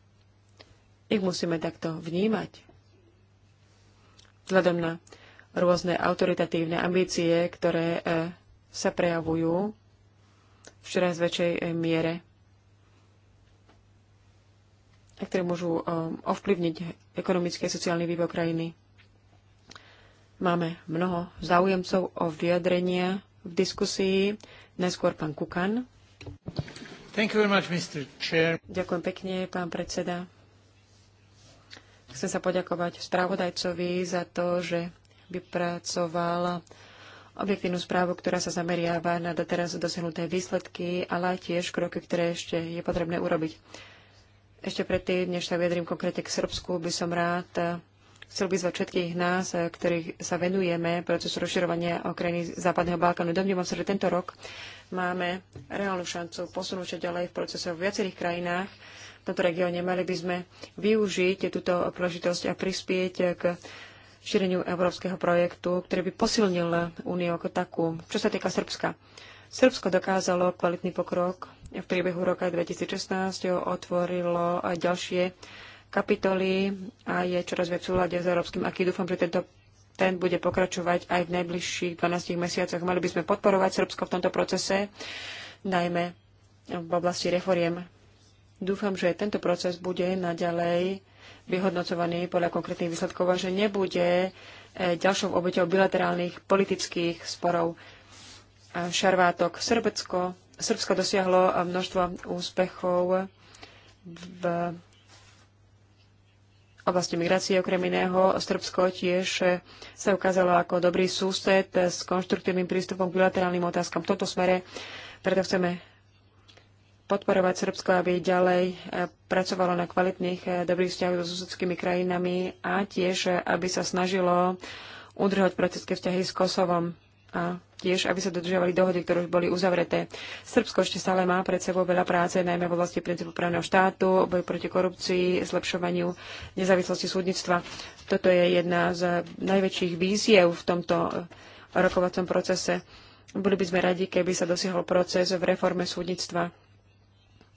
ich musíme takto vnímať. Vzhľadom na rôzne autoritatívne ambície, ktoré e, sa prejavujú v čoraz väčšej e, miere a ktoré môžu e, ovplyvniť ekonomický a sociálny vývoj krajiny. Máme mnoho záujemcov o vyjadrenia v diskusii. neskôr pán Kukan. Thank you very much, Mr. Chair. Ďakujem pekne, pán predseda. Chcem sa poďakovať správodajcovi za to, že vypracoval objektívnu správu, ktorá sa zameriava na doteraz dosiahnuté výsledky, ale tiež kroky, ktoré ešte je potrebné urobiť. Ešte predtým, než sa vyjadrím konkrétne k Srbsku, by som rád chcel vyzvať všetkých nás, eh, ktorých sa venujeme procesu rozširovania o krajiny Západného Balkánu. Domnievam sa, že tento rok máme reálnu šancu posunúť sa ďalej v procese v viacerých krajinách v tomto regióne. Mali by sme využiť túto príležitosť a prispieť k šíreniu európskeho projektu, ktorý by posilnil Úniu ako takú. Čo sa týka Srbska. Srbsko dokázalo kvalitný pokrok v priebehu roka 2016, otvorilo ďalšie kapitoly a je čoraz viac v súlade s európskym aký. Dúfam, že tento ten bude pokračovať aj v najbližších 12 mesiacoch. Mali by sme podporovať Srbsko v tomto procese, najmä v oblasti reforiem. Dúfam, že tento proces bude naďalej vyhodnocovaný podľa konkrétnych výsledkov a že nebude e, ďalšou obeťou bilaterálnych politických sporov. Šarvátok Srbsko, Srbsko dosiahlo množstvo úspechov v oblasti migrácie okrem iného Srbsko tiež sa ukázalo ako dobrý súsed s konštruktívnym prístupom k bilaterálnym otázkam. V tomto smere preto chceme podporovať Srbsko, aby ďalej eh, pracovalo na kvalitných eh, dobrých vzťahoch so susedskými krajinami a tiež, eh, aby sa snažilo udržať praktické vzťahy s Kosovom a tiež, aby sa dodržiavali dohody, ktoré už boli uzavreté. Srbsko ešte stále má pred sebou veľa práce, najmä v oblasti princípu právneho štátu, boj proti korupcii, zlepšovaniu nezávislosti súdnictva. Toto je jedna z najväčších víziev v tomto eh, rokovacom procese. Boli by sme radi, keby sa dosiahol proces v reforme súdnictva.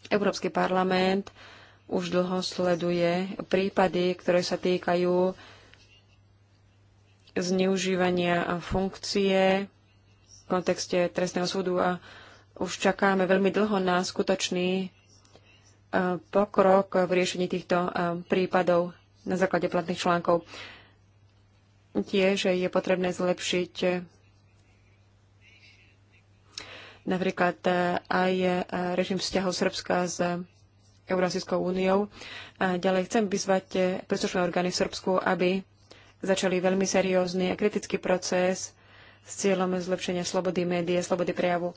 Európsky parlament už dlho sleduje prípady, ktoré sa týkajú zneužívania funkcie kontexte trestného súdu a už čakáme veľmi dlho na skutočný e, pokrok v riešení týchto e, prípadov na základe platných článkov. Tiež je potrebné zlepšiť napríklad e, aj režim vzťahov Srbska s Eurasijskou úniou. A ďalej chcem vyzvať príslušné orgány v Srbsku, aby začali veľmi seriózny a kritický proces s cieľom zlepšenia slobody médií, slobody prejavu.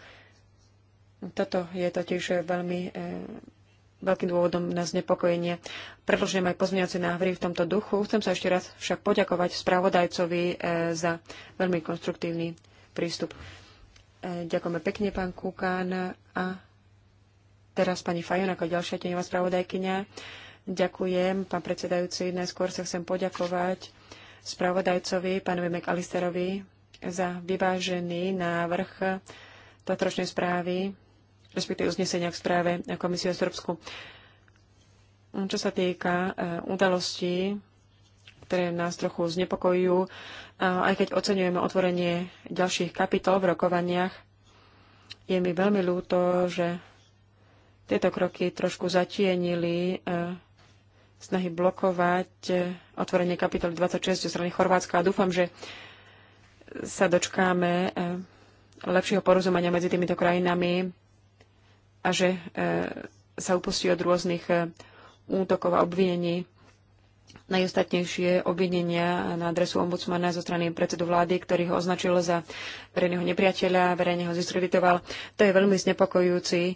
Toto je totiž veľmi e, veľkým dôvodom na znepokojenie. Predložujem aj pozmeňovacie návrhy v tomto duchu. Chcem sa ešte raz však poďakovať spravodajcovi e, za veľmi konstruktívny prístup. E, ďakujeme pekne, pán Kukán, A teraz pani Fajon ako ďalšia teňová spravodajkynia. Ďakujem, pán predsedajúci. Najskôr sa chcem poďakovať spravodajcovi, pánovi McAllisterovi, za vyvážený návrh tohto správy, respektíve uznesenia k správe Komisie o Srbsku. Čo sa týka eh, udalostí, ktoré nás trochu znepokojujú, eh, aj keď oceňujeme otvorenie ďalších kapitol v rokovaniach, je mi veľmi ľúto, že tieto kroky trošku zatienili eh, snahy blokovať otvorenie kapitoly 26 zo strany Chorvátska a dúfam, že sa dočkáme e, lepšieho porozumenia medzi týmito krajinami a že e, sa upustí od rôznych e, útokov a obvinení. Najostatnejšie obvinenia na adresu ombudsmana zo strany predsedu vlády, ktorý ho označil za verejného nepriateľa, verejne ho ziskreditoval. To je veľmi znepokojujúci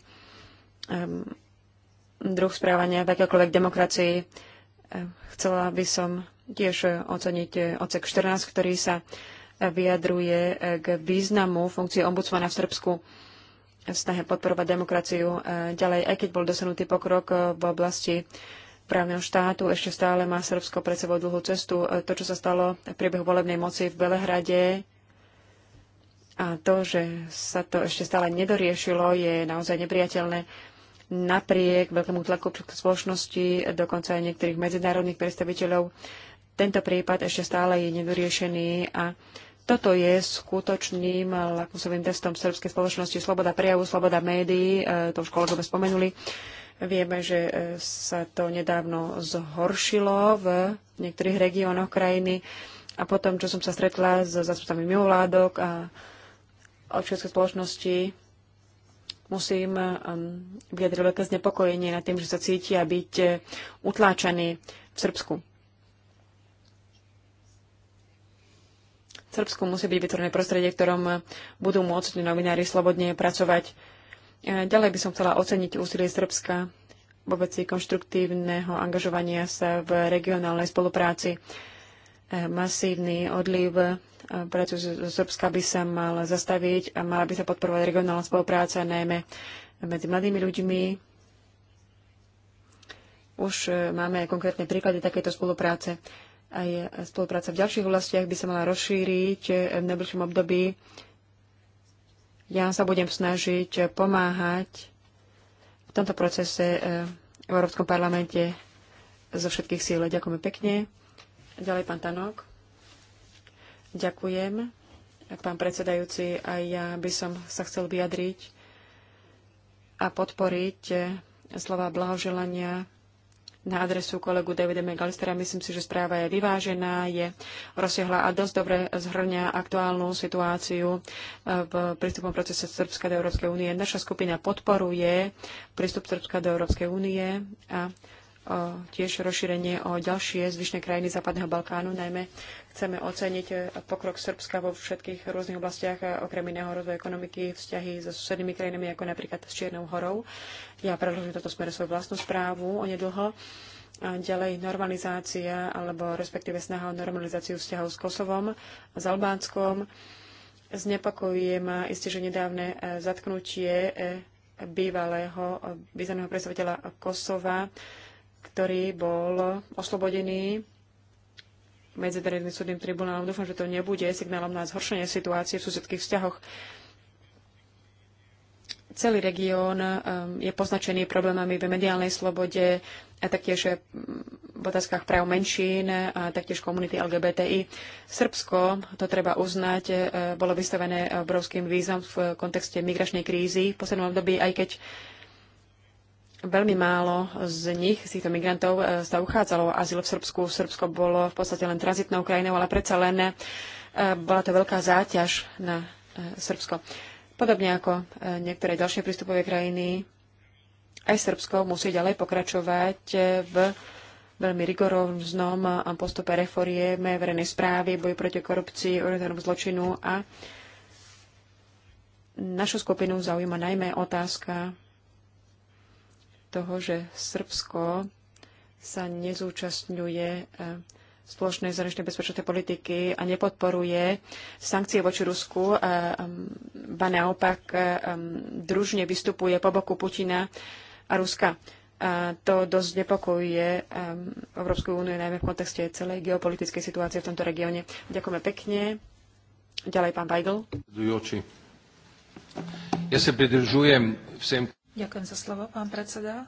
druh správania v akékoľvek demokracii. Chcela by som tiež oceniť ocek 14, ktorý sa vyjadruje eh, k významu funkcie ombudsmana v Srbsku v snahe podporovať demokraciu. Eh, ďalej, aj keď bol dosanutý pokrok eh, v oblasti právneho štátu, ešte stále má Srbsko pred sebou dlhú cestu. To, čo sa stalo v priebehu volebnej moci v Belehrade a to, že sa to ešte stále nedoriešilo, je naozaj nepriateľné. Napriek veľkému tlaku spoločnosti, dokonca aj niektorých medzinárodných predstaviteľov, tento prípad ešte stále je nedoriešený a toto je skutočným lakmusovým testom srbskej spoločnosti sloboda prejavu, sloboda médií, e, to už kolegové spomenuli. Vieme, že e, sa to nedávno zhoršilo v niektorých regiónoch krajiny a potom, čo som sa stretla s zastupcami mimovládok a občianskej spoločnosti, musím vyjadriť veľké znepokojenie nad tým, že sa cítia byť e, utláčaní v Srbsku. Srbsku musí byť vytvorené prostredie, v ktorom budú môcť novinári slobodne pracovať. E, ďalej by som chcela oceniť úsilie Srbska vo veci konštruktívneho angažovania sa v regionálnej spolupráci. E, masívny odliv e, prácu zo Srbska by sa mal zastaviť a mala by sa podporovať regionálna spolupráca, najmä medzi mladými ľuďmi. Už máme konkrétne príklady takéto spolupráce. Aj spolupráca v ďalších oblastiach by sa mala rozšíriť v najbližšom období. Ja sa budem snažiť pomáhať v tomto procese eh, v Európskom parlamente zo všetkých síl. Ďakujeme pekne. Ďalej pán Tanok. Ďakujem. Pán predsedajúci, aj ja by som sa chcel vyjadriť a podporiť eh, slova blahoželania na adresu kolegu Davida McAllistera. Myslím si, že správa je vyvážená, je rozsiahla a dosť dobre zhrňa aktuálnu situáciu e, v prístupnom procese Srbska do Európskej únie. Naša skupina podporuje prístup Srbska do Európskej únie a tiež rozšírenie o ďalšie zvyšné krajiny Západného Balkánu. Najmä chceme oceniť e, pokrok Srbska vo všetkých rôznych oblastiach, e, okrem iného rozvoja ekonomiky, vzťahy so susednými krajinami, ako napríklad s Čiernou horou. Ja predložím toto smer svoju vlastnú správu onedlho. nedlho. ďalej normalizácia, alebo respektíve snaha o normalizáciu vzťahov s Kosovom, s Albánskom. Znepokojuje ma isté, že nedávne e, zatknutie bývalého významného predstaviteľa Kosova, ktorý bol oslobodený Medzinárodným súdnym tribunálom. Dúfam, že to nebude signálom na zhoršenie situácie v susedských vzťahoch. Celý región um, je poznačený problémami v mediálnej slobode a taktiež um, v otázkach práv menšín a taktiež komunity LGBTI. Srbsko, to treba uznať, uh, bolo vystavené obrovským výzvam v kontexte migračnej krízy v poslednom období, aj keď Veľmi málo z nich, z týchto migrantov, e, sa uchádzalo o azyl v Srbsku. Srbsko bolo v podstate len tranzitnou krajinou, ale predsa len e, bola to veľká záťaž na e, Srbsko. Podobne ako niektoré ďalšie prístupové krajiny, aj Srbsko musí ďalej pokračovať v veľmi rigoróznom postupe mé verejnej správy, boju proti korupcii, organizovanému zločinu a našu skupinu zaujíma najmä otázka toho, že Srbsko sa nezúčastňuje e, spoločnej zahraničnej bezpečnostnej politiky a nepodporuje sankcie voči Rusku, e, ba naopak e, družne vystupuje po boku Putina a Ruska. A to dosť nepokojuje Európsku úniu, najmä v kontexte celej geopolitickej situácie v tomto regióne. Ďakujeme pekne. Ďalej pán Weigl. Ja sa pridržujem všem Ďakujem za slovo, pán predseda.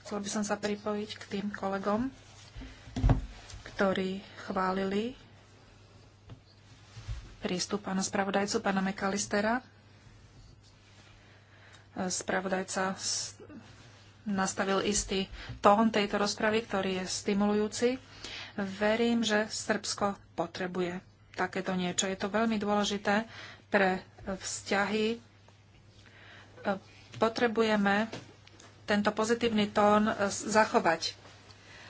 Chcela by som sa pripojiť k tým kolegom, ktorí chválili prístup pána spravodajcu, pána Mekalistera. Spravodajca nastavil istý tón tejto rozpravy, ktorý je stimulujúci. Verím, že Srbsko potrebuje takéto niečo. Je to veľmi dôležité pre vzťahy potrebujeme tento pozitívny tón e, zachovať.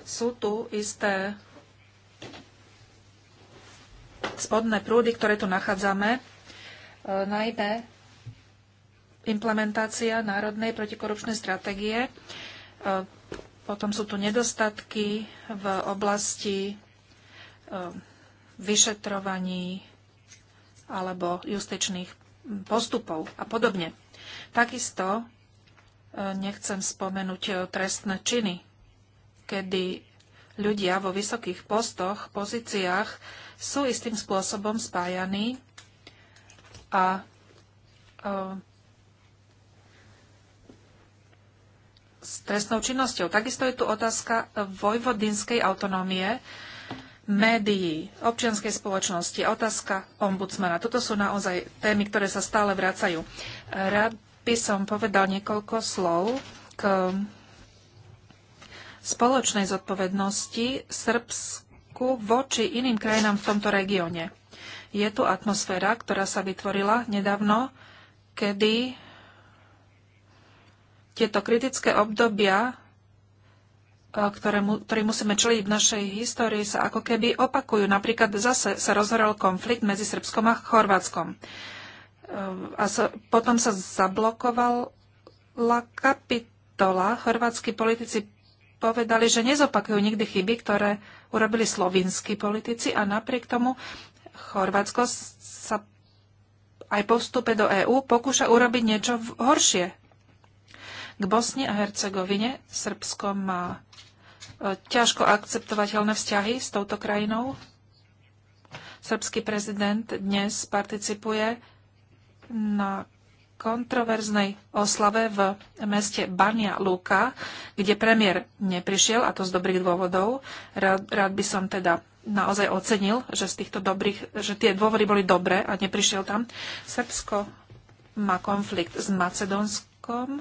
Sú tu isté spodné prúdy, ktoré tu nachádzame, e, najmä implementácia národnej protikorupčnej stratégie. E, potom sú tu nedostatky v oblasti vyšetrovaní alebo justičných postupov a podobne. Takisto e, nechcem spomenúť e, trestné činy, kedy ľudia vo vysokých postoch, pozíciách sú istým spôsobom spájaní a e, s trestnou činnosťou. Takisto je tu otázka vojvodinskej autonómie, médií, občianskej spoločnosti, otázka ombudsmana. Toto sú naozaj témy, ktoré sa stále vracajú. Rád by som povedal niekoľko slov k spoločnej zodpovednosti Srbsku voči iným krajinám v tomto regióne. Je tu atmosféra, ktorá sa vytvorila nedávno, kedy tieto kritické obdobia ktorému, ktorý musíme čeliť v našej histórii, sa ako keby opakujú. Napríklad zase sa rozhoral konflikt medzi Srbskom a Chorvátskom. E, a sa, potom sa zablokovala kapitola. Chorvátsky politici povedali, že nezopakujú nikdy chyby, ktoré urobili slovinskí politici a napriek tomu Chorvátsko sa aj po vstupe do EÚ pokúša urobiť niečo horšie k Bosni a Hercegovine Srbsko má e, ťažko akceptovateľné vzťahy s touto krajinou. Srbský prezident dnes participuje na kontroverznej oslave v meste Bania Luka, kde premiér neprišiel, a to z dobrých dôvodov. Rád, rád by som teda naozaj ocenil, že, z týchto dobrých, že tie dôvody boli dobré a neprišiel tam. Srbsko má konflikt s Macedónskom,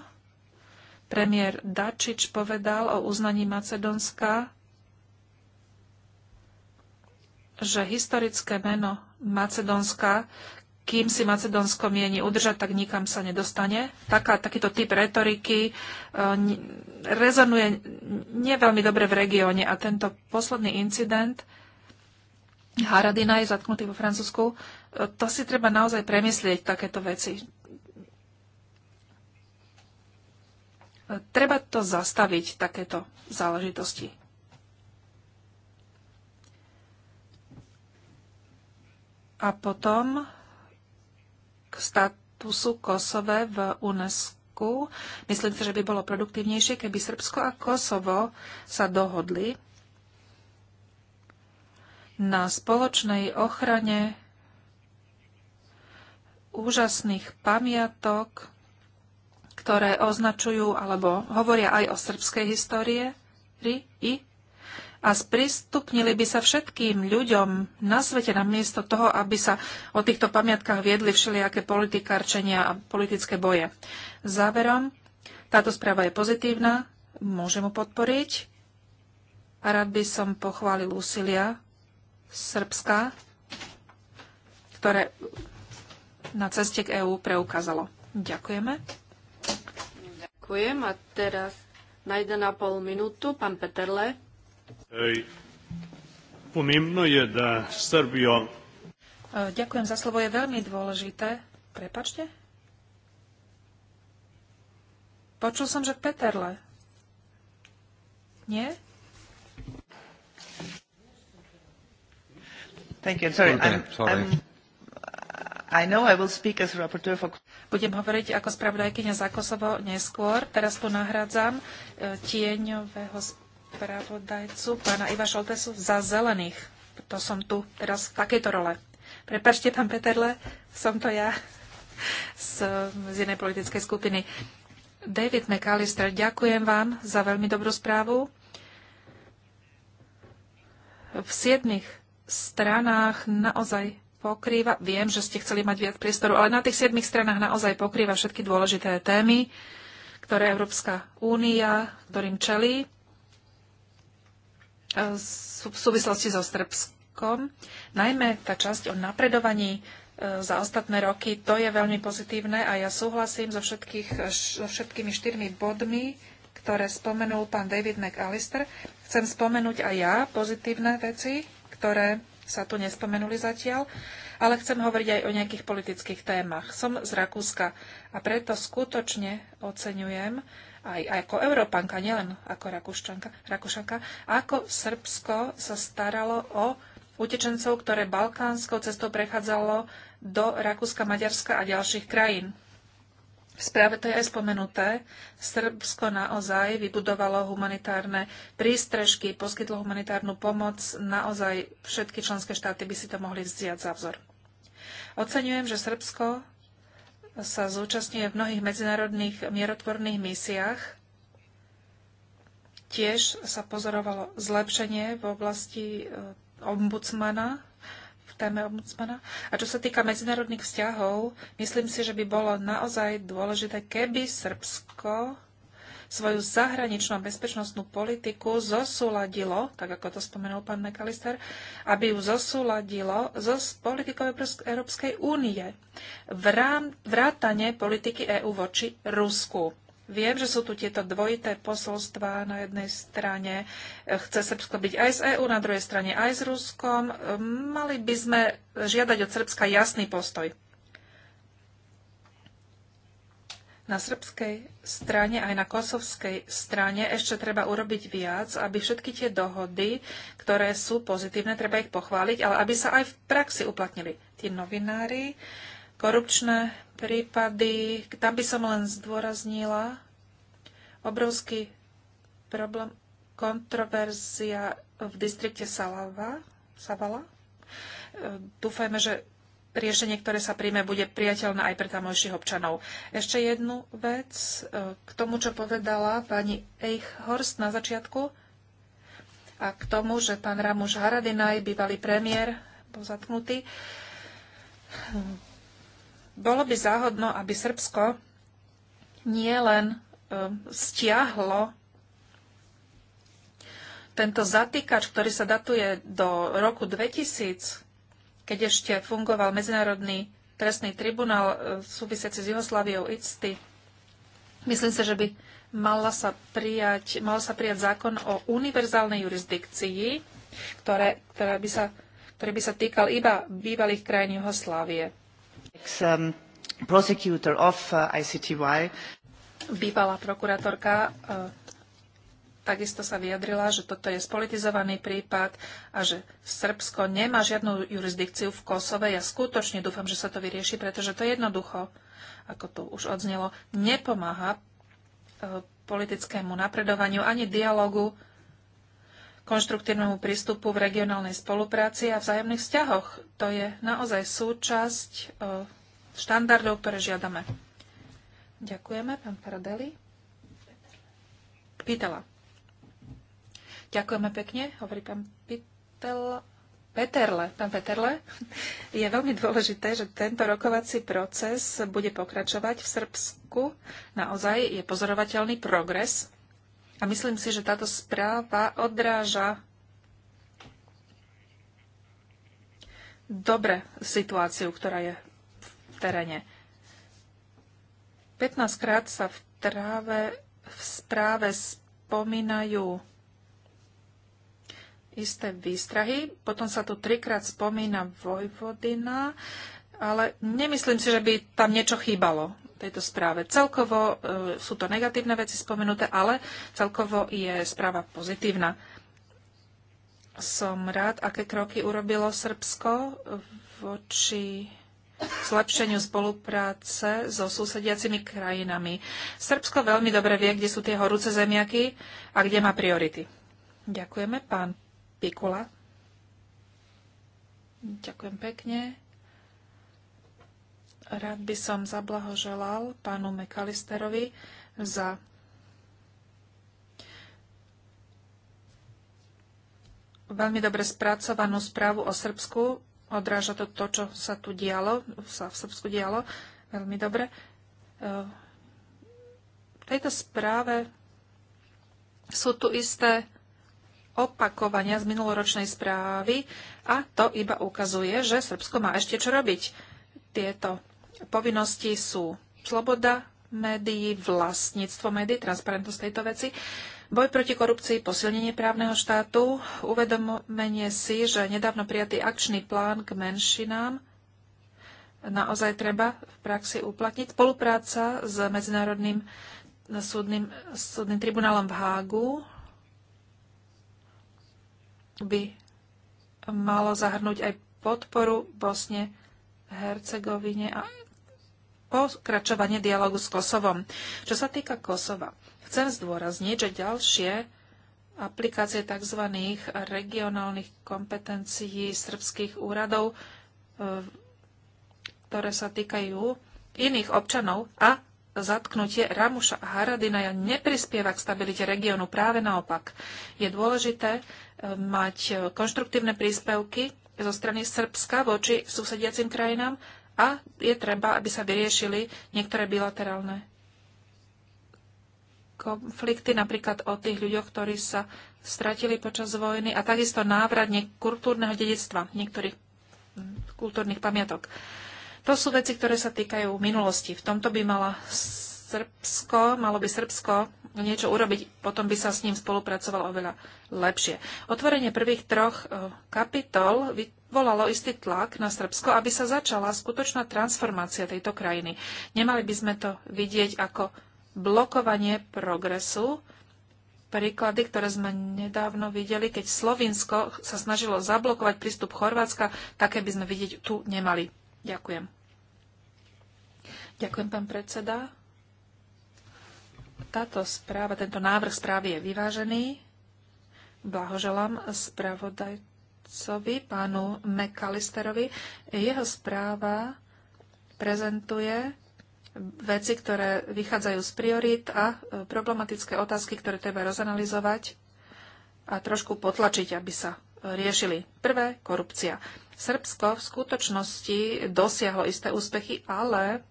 premiér Dačič povedal o uznaní Macedónska, že historické meno Macedónska, kým si Macedónsko mieni udržať, tak nikam sa nedostane. Taká, takýto typ retoriky e, rezonuje neveľmi dobre v regióne a tento posledný incident Haradina je zatknutý vo Francúzsku. E, to si treba naozaj premyslieť, takéto veci Treba to zastaviť, takéto záležitosti. A potom k statusu Kosove v UNESCO. Myslím si, že by bolo produktívnejšie, keby Srbsko a Kosovo sa dohodli na spoločnej ochrane úžasných pamiatok, ktoré označujú alebo hovoria aj o srbskej histórie i a sprístupnili by sa všetkým ľuďom na svete namiesto toho, aby sa o týchto pamiatkách viedli všelijaké politikárčenia a politické boje. Záverom, táto správa je pozitívna, môžem ju podporiť a rád by som pochválil úsilia Srbska, ktoré na ceste k EÚ preukázalo. Ďakujeme. Ďakujem. A teraz na 1,5 minútu pán Peterle. Ej, pomimno je, da Srbija... E, ďakujem za slovo. Je veľmi dôležité. Prepačte? Počul som, že Peterle. Nie? Thank you. Sorry. I'm, I'm, I know I will speak as rapporteur for budem hovoriť ako spravodajkyňa za Kosovo neskôr. Teraz tu nahradzam e, tieňového spravodajcu pána Iva Šoltesu za zelených. To som tu teraz v takejto role. Prepačte, pán Peterle, som to ja z, z jednej politickej skupiny. David McAllister, ďakujem vám za veľmi dobrú správu. V siedmých stranách naozaj pokrýva, viem, že ste chceli mať viac priestoru, ale na tých siedmých stranách naozaj pokrýva všetky dôležité témy, ktoré Európska únia, ktorým čelí e, v súvislosti so Srbskom. Najmä tá časť o napredovaní e, za ostatné roky, to je veľmi pozitívne a ja súhlasím so, všetkých, so všetkými štyrmi bodmi, ktoré spomenul pán David McAllister. Chcem spomenúť aj ja pozitívne veci, ktoré sa tu nespomenuli zatiaľ, ale chcem hovoriť aj o nejakých politických témach. Som z Rakúska a preto skutočne oceňujem aj, ako Európanka, nielen ako Rakúšanka, ako Srbsko sa staralo o utečencov, ktoré balkánskou cestou prechádzalo do Rakúska, Maďarska a ďalších krajín. V správe to je aj spomenuté. Srbsko naozaj vybudovalo humanitárne prístrežky, poskytlo humanitárnu pomoc. Naozaj všetky členské štáty by si to mohli vziať za vzor. Oceňujem, že Srbsko sa zúčastňuje v mnohých medzinárodných mierotvorných misiách. Tiež sa pozorovalo zlepšenie v oblasti eh, ombudsmana téme ombudsmana. A čo sa týka medzinárodných vzťahov, myslím si, že by bolo naozaj dôležité, keby Srbsko svoju zahraničnú a bezpečnostnú politiku zosúladilo, tak ako to spomenul pán McAllister, aby ju zosúladilo so politikou Európskej únie. Vrátane politiky EÚ voči Rusku. Viem, že sú tu tieto dvojité posolstvá. Na jednej strane chce Srbsko byť aj z EÚ, na druhej strane aj s Ruskom. Mali by sme žiadať od Srbska jasný postoj. Na srbskej strane aj na kosovskej strane ešte treba urobiť viac, aby všetky tie dohody, ktoré sú pozitívne, treba ich pochváliť, ale aby sa aj v praxi uplatnili. Tí novinári, korupčné prípady. Tam by som len zdôraznila obrovský problém kontroverzia v distrikte Salava, Savala. Dúfajme, že riešenie, ktoré sa príjme, bude priateľné aj pre tamojších občanov. Ešte jednu vec k tomu, čo povedala pani Eichhorst na začiatku a k tomu, že pán Ramuš Haradinaj, bývalý premiér, bol zatknutý. Bolo by záhodno, aby Srbsko nie len um, stiahlo tento zatýkač, ktorý sa datuje do roku 2000, keď ešte fungoval Medzinárodný trestný tribunál uh, súvisiaci s Jugosláviou ICTY. Myslím si, že by mala sa prijať, mal sa prijať zákon o univerzálnej jurisdikcii, ktoré, ktoré by sa, ktorý by sa týkal iba bývalých krajín Jugoslávie. Um, prosecutor of uh, ICTY. Bývalá prokurátorka uh, takisto sa vyjadrila, že toto je spolitizovaný prípad a že Srbsko nemá žiadnu jurisdikciu v Kosove. Ja skutočne dúfam, že sa to vyrieši, pretože to jednoducho, ako tu už odznelo, nepomáha uh, politickému napredovaniu ani dialogu konštruktívnemu prístupu v regionálnej spolupráci a vzájomných vzťahoch. To je naozaj súčasť e, štandardov, ktoré žiadame. Ďakujeme, pán Paradeli. Pýtala. Ďakujeme pekne, hovorí pán Pitel, Peterle. Pán Peterle, je veľmi dôležité, že tento rokovací proces bude pokračovať v Srbsku. Naozaj je pozorovateľný progres a myslím si, že táto správa odráža dobre situáciu, ktorá je v teréne. 15 krát sa v, tráve, v správe spomínajú isté výstrahy, potom sa tu trikrát spomína Vojvodina, ale nemyslím si, že by tam niečo chýbalo tejto správe. Celkovo e, sú to negatívne veci spomenuté, ale celkovo je správa pozitívna. Som rád, aké kroky urobilo Srbsko voči zlepšeniu spolupráce so susediacimi krajinami. Srbsko veľmi dobre vie, kde sú tie horúce zemiaky a kde má priority. Ďakujeme, pán Pikula. Ďakujem pekne. Rád by som zablahoželal pánu McAllisterovi za veľmi dobre spracovanú správu o Srbsku. Odráža to to, čo sa tu dialo, sa v Srbsku dialo veľmi dobre. V tejto správe sú tu isté opakovania z minuloročnej správy a to iba ukazuje, že Srbsko má ešte čo robiť. Tieto povinnosti sú sloboda médií, vlastníctvo médií, transparentnosť tejto veci, boj proti korupcii, posilnenie právneho štátu, uvedomenie si, že nedávno prijatý akčný plán k menšinám naozaj treba v praxi uplatniť, spolupráca s Medzinárodným súdnym, súdnym tribunálom v Hágu by malo zahrnúť aj podporu Bosne, Hercegovine a pokračovanie dialogu s Kosovom. Čo sa týka Kosova, chcem zdôrazniť, že ďalšie aplikácie tzv. regionálnych kompetencií srbských úradov, e, ktoré sa týkajú iných občanov a zatknutie Ramuša a Haradina neprispieva k stabilite regiónu, práve naopak. Je dôležité e, mať konštruktívne príspevky zo strany Srbska voči susediacim krajinám a je treba, aby sa vyriešili niektoré bilaterálne konflikty, napríklad o tých ľuďoch, ktorí sa stratili počas vojny a takisto návrat kultúrneho dedictva, niektorých mm, kultúrnych pamiatok. To sú veci, ktoré sa týkajú minulosti. V tomto by mala Srbsko, malo by Srbsko niečo urobiť, potom by sa s ním spolupracovalo oveľa lepšie. Otvorenie prvých troch e, kapitol vyvolalo istý tlak na Srbsko, aby sa začala skutočná transformácia tejto krajiny. Nemali by sme to vidieť ako blokovanie progresu, príklady, ktoré sme nedávno videli, keď Slovinsko sa snažilo zablokovať prístup Chorvátska, také by sme vidieť tu nemali. Ďakujem. Ďakujem, pán predseda. Táto správa, tento návrh správy je vyvážený. Blahoželám spravodajcovi, pánu McAllisterovi. Jeho správa prezentuje veci, ktoré vychádzajú z priorit a e, problematické otázky, ktoré treba rozanalizovať a trošku potlačiť, aby sa riešili. Prvé, korupcia. Srbsko v skutočnosti dosiahlo isté úspechy, ale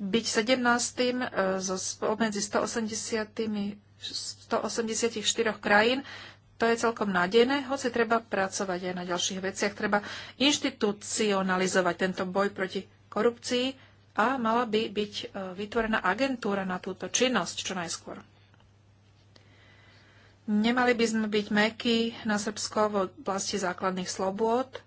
byť 17. E, zo, medzi 180, 184 krajín. To je celkom nádejné, hoci treba pracovať aj na ďalších veciach. Treba inštitucionalizovať tento boj proti korupcii a mala by byť e, vytvorená agentúra na túto činnosť čo najskôr. Nemali by sme byť meky na Srbsko v oblasti základných slobôd,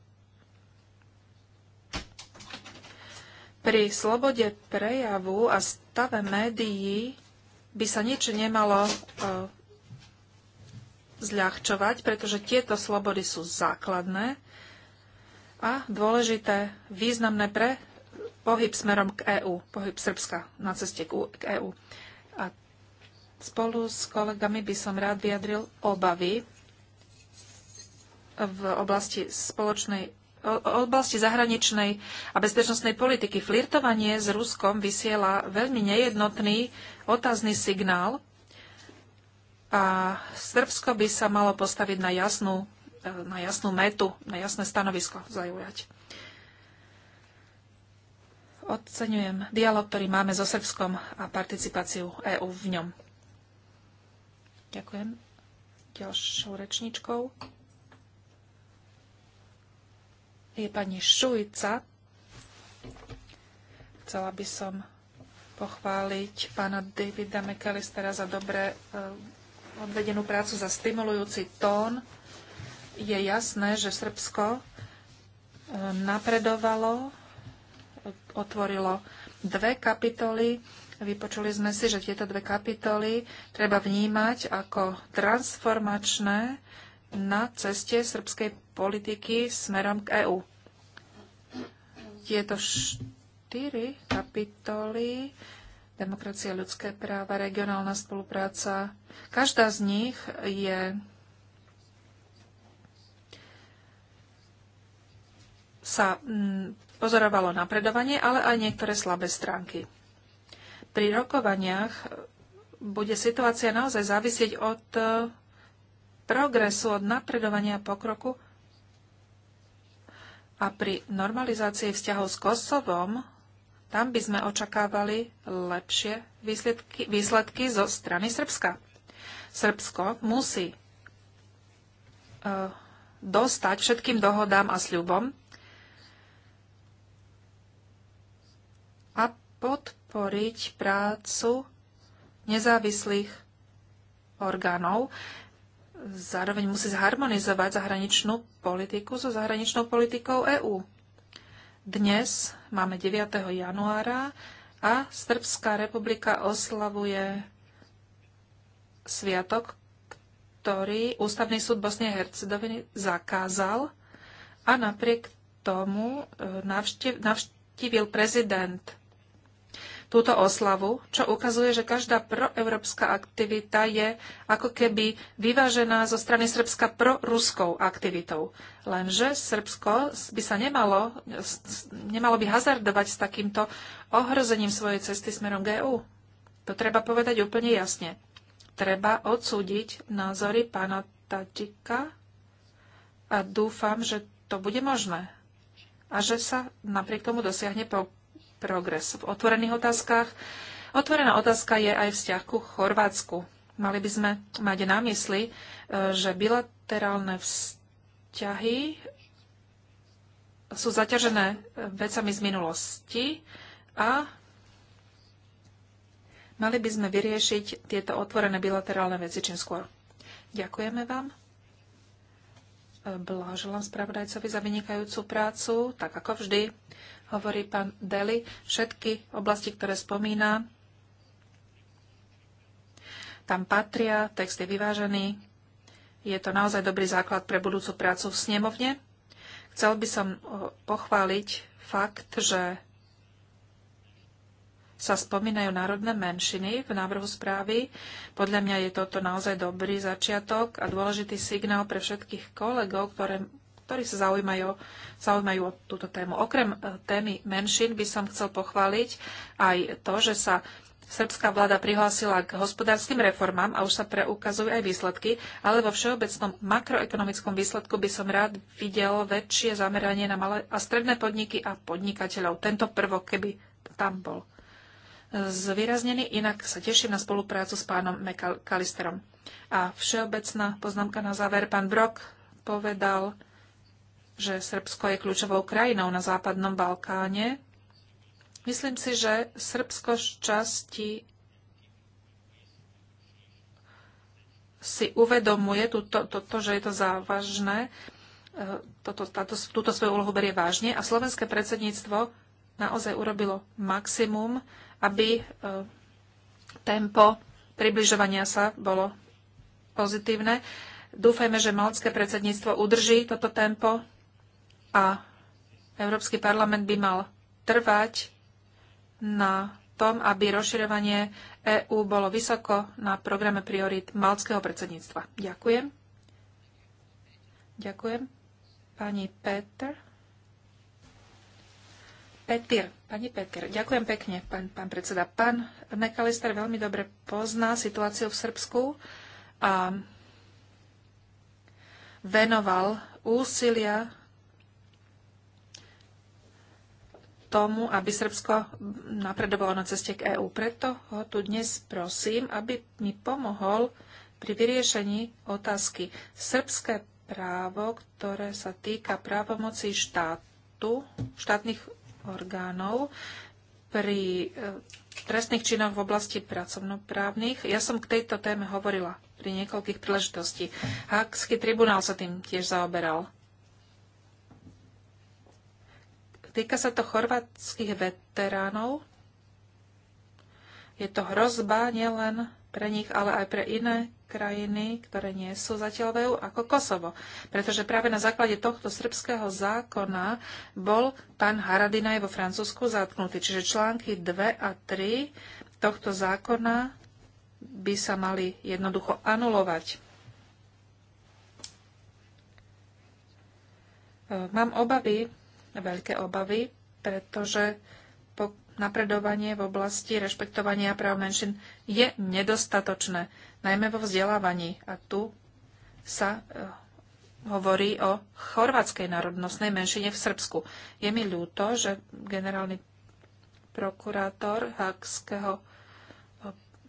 Pri slobode prejavu a stave médií by sa nič nemalo e, zľahčovať, pretože tieto slobody sú základné a dôležité, významné pre pohyb smerom k EÚ, pohyb Srbska na ceste k EÚ. A spolu s kolegami by som rád vyjadril obavy v oblasti spoločnej oblasti zahraničnej a bezpečnostnej politiky flirtovanie s Ruskom vysiela veľmi nejednotný otázny signál a Srbsko by sa malo postaviť na jasnú, e, na jasnú metu, na jasné stanovisko zaujať. Oceňujem dialog, ktorý máme so Srbskom a participáciu EÚ v ňom. Ďakujem. Ďalšou rečníčkou je pani Šujca. Chcela by som pochváliť pána Davida McAllistera za dobre eh, odvedenú prácu, za stimulujúci tón. Je jasné, že Srbsko eh, napredovalo, otvorilo dve kapitoly. Vypočuli sme si, že tieto dve kapitoly treba vnímať ako transformačné na ceste srbskej politiky smerom k EÚ. Tieto štyri kapitoly demokracia, ľudské práva, regionálna spolupráca. Každá z nich je sa mm, pozorovalo napredovanie, ale aj niektoré slabé stránky. Pri rokovaniach bude situácia naozaj závisieť od progresu, od napredovania pokroku a pri normalizácii vzťahov s Kosovom, tam by sme očakávali lepšie výsledky, výsledky zo strany Srbska. Srbsko musí uh, dostať všetkým dohodám a sľubom a podporiť prácu nezávislých orgánov zároveň musí zharmonizovať zahraničnú politiku so zahraničnou politikou EÚ. Dnes máme 9. januára a Srbská republika oslavuje sviatok, ktorý Ústavný súd Bosnie a Hercegoviny zakázal a napriek tomu e, navštívil prezident túto oslavu, čo ukazuje, že každá proeurópska aktivita je ako keby vyvážená zo strany Srbska proruskou aktivitou. Lenže Srbsko by sa nemalo, nemalo by hazardovať s takýmto ohrozením svojej cesty smerom GU. E to treba povedať úplne jasne. Treba odsúdiť názory pána Tadžika a dúfam, že to bude možné a že sa napriek tomu dosiahne progres v otvorených otázkach. Otvorená otázka je aj vzťah ku Chorvátsku. Mali by sme mať na mysli, e, že bilaterálne vzťahy sú zaťažené e, vecami z minulosti a mali by sme vyriešiť tieto otvorené bilaterálne veci čím skôr. Ďakujeme vám. E, Blaželám spravodajcovi za vynikajúcu prácu, tak ako vždy hovorí pán Deli, všetky oblasti, ktoré spomína, tam patria, text je vyvážený. Je to naozaj dobrý základ pre budúcu prácu v snemovne. Chcel by som pochváliť fakt, že sa spomínajú národné menšiny v návrhu správy. Podľa mňa je toto naozaj dobrý začiatok a dôležitý signál pre všetkých kolegov, ktoré, ktorí sa zaujímajú, zaujímajú o túto tému. Okrem e, témy menšín by som chcel pochváliť aj to, že sa Srbská vláda prihlásila k hospodárskym reformám a už sa preukazujú aj výsledky, ale vo všeobecnom makroekonomickom výsledku by som rád videl väčšie zameranie na malé a stredné podniky a podnikateľov. Tento prvok, keby tam bol zvýraznený. Inak sa teším na spoluprácu s pánom McAllisterom. A všeobecná poznámka na záver. Pán Brok povedal, že Srbsko je kľúčovou krajinou na Západnom Balkáne. Myslím si, že Srbsko z časti si uvedomuje toto, to, to, že je to závažné, e, toto, táto, túto svoju úlohu berie vážne a slovenské predsedníctvo naozaj urobilo maximum, aby e, tempo približovania sa bolo pozitívne. Dúfajme, že malcké predsedníctvo udrží toto tempo a Európsky parlament by mal trvať na tom, aby rozširovanie EÚ bolo vysoko na programe priorit malckého predsedníctva. Ďakujem. Ďakujem. Pani Peter. Petir. Pani Petir, ďakujem pekne, pán, pán predseda. Pán Mekalister veľmi dobre pozná situáciu v Srbsku a venoval úsilia tomu, aby Srbsko napredovalo na ceste k EÚ. Preto ho tu dnes prosím, aby mi pomohol pri vyriešení otázky. Srbské právo, ktoré sa týka právomocí štátu, štátnych orgánov pri e, trestných činoch v oblasti pracovnoprávnych. Ja som k tejto téme hovorila pri niekoľkých príležitosti. Hakský tribunál sa tým tiež zaoberal. Týka sa to chorvátskych veteránov. Je to hrozba nielen pre nich, ale aj pre iné krajiny, ktoré nie sú zatiaľ v EU, ako Kosovo. Pretože práve na základe tohto srbského zákona bol pán Haradinaj vo Francúzsku zatknutý. Čiže články 2 a 3 tohto zákona by sa mali jednoducho anulovať. Mám obavy, veľké obavy, pretože napredovanie v oblasti rešpektovania práv menšin je nedostatočné, najmä vo vzdelávaní. A tu sa eh, hovorí o chorvátskej národnostnej menšine v Srbsku. Je mi ľúto, že generálny prokurátor Hakského eh,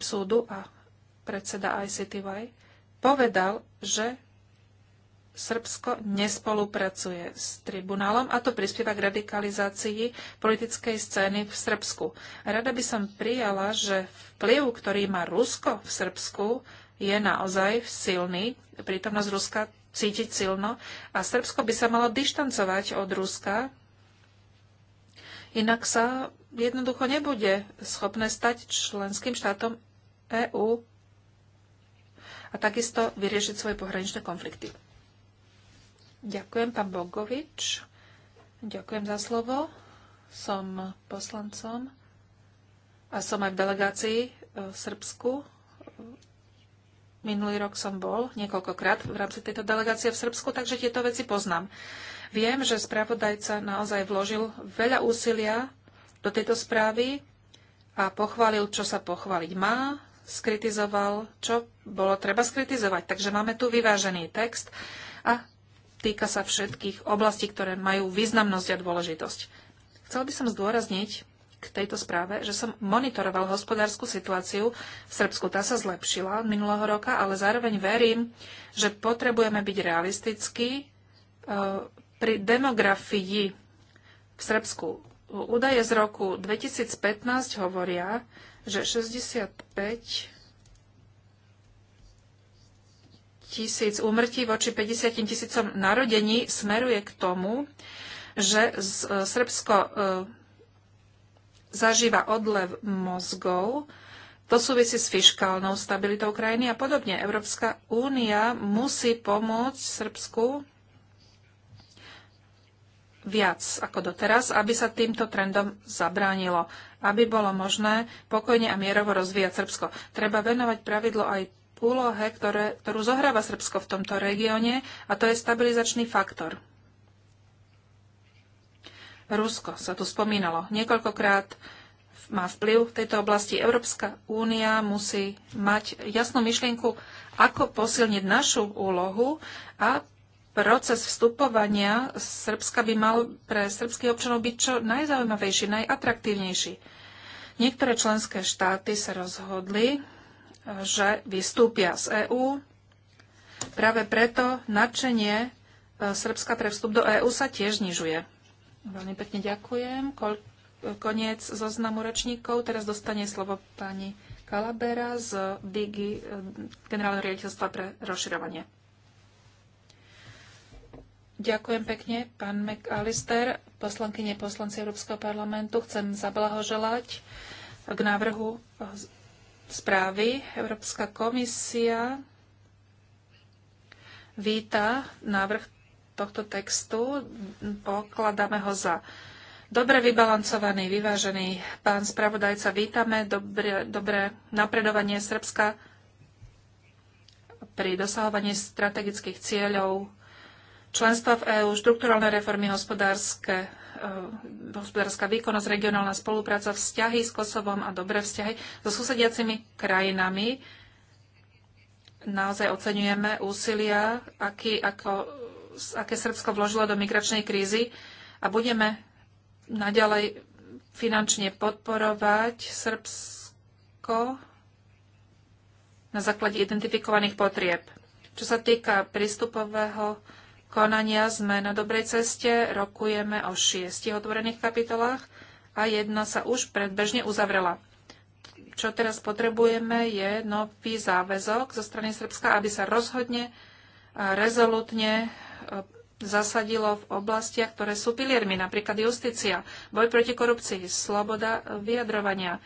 súdu a predseda ICTY povedal, že Srbsko nespolupracuje s tribunálom a to prispieva k radikalizácii politickej scény v Srbsku. Rada by som prijala, že vplyv, ktorý má Rusko v Srbsku, je naozaj silný. Prítomnosť Ruska cítiť silno a Srbsko by sa malo dištancovať od Ruska, inak sa jednoducho nebude schopné stať členským štátom EÚ a takisto vyriešiť svoje pohraničné konflikty. Ďakujem, pán Bogovič. Ďakujem za slovo. Som poslancom a som aj v delegácii v Srbsku. Minulý rok som bol niekoľkokrát v rámci tejto delegácie v Srbsku, takže tieto veci poznám. Viem, že spravodajca naozaj vložil veľa úsilia do tejto správy a pochválil, čo sa pochváliť má, skritizoval, čo bolo treba skritizovať. Takže máme tu vyvážený text a týka sa všetkých oblastí, ktoré majú významnosť a dôležitosť. Chcel by som zdôrazniť k tejto správe, že som monitoroval hospodárskú situáciu v Srbsku. Tá sa zlepšila od minulého roka, ale zároveň verím, že potrebujeme byť realistickí e, pri demografii v Srbsku. Údaje z roku 2015 hovoria, že 65 tisíc úmrtí voči 50 tisícom narodení smeruje k tomu, že e, Srbsko e, zažíva odlev mozgov, to súvisí s fiškálnou stabilitou krajiny a podobne. Európska únia musí pomôcť Srbsku viac ako doteraz, aby sa týmto trendom zabránilo, aby bolo možné pokojne a mierovo rozvíjať Srbsko. Treba venovať pravidlo aj úlohe, ktoré, ktorú zohráva Srbsko v tomto regióne, a to je stabilizačný faktor. Rusko sa tu spomínalo niekoľkokrát, má vplyv v tejto oblasti. Európska únia musí mať jasnú myšlienku, ako posilniť našu úlohu a proces vstupovania Srbska by mal pre srbských občanov byť čo najzaujímavejší, najatraktívnejší. Niektoré členské štáty sa rozhodli že vystúpia z EÚ. Práve preto nadšenie e, Srbska pre vstup do EÚ sa tiež znižuje. Veľmi pekne ďakujem. Koniec zoznamu rečníkov. Teraz dostane slovo pani Kalabera z DIGI, e, generálneho riaditeľstva pre rozširovanie. Ďakujem pekne, pán McAllister, poslankyne poslanci Európskeho parlamentu. Chcem zablahoželať k návrhu e, správy. Európska komisia víta návrh tohto textu. Pokladáme ho za dobre vybalancovaný, vyvážený. Pán spravodajca, vítame dobre, dobre napredovanie Srbska pri dosahovaní strategických cieľov členstva v EÚ, štrukturálne reformy hospodárske Eh, hospodárska výkonnosť, regionálna spolupráca, vzťahy s Kosovom a dobré vzťahy so susediacimi krajinami. Naozaj oceňujeme úsilia, aký, ako, aké Srbsko vložilo do migračnej krízy a budeme naďalej finančne podporovať Srbsko na základe identifikovaných potrieb. Čo sa týka prístupového konania sme na dobrej ceste, rokujeme o šiestich otvorených kapitolách a jedna sa už predbežne uzavrela. Čo teraz potrebujeme je nový záväzok zo strany Srbska, aby sa rozhodne a rezolutne e, zasadilo v oblastiach, ktoré sú piliermi, napríklad justícia, boj proti korupcii, sloboda vyjadrovania,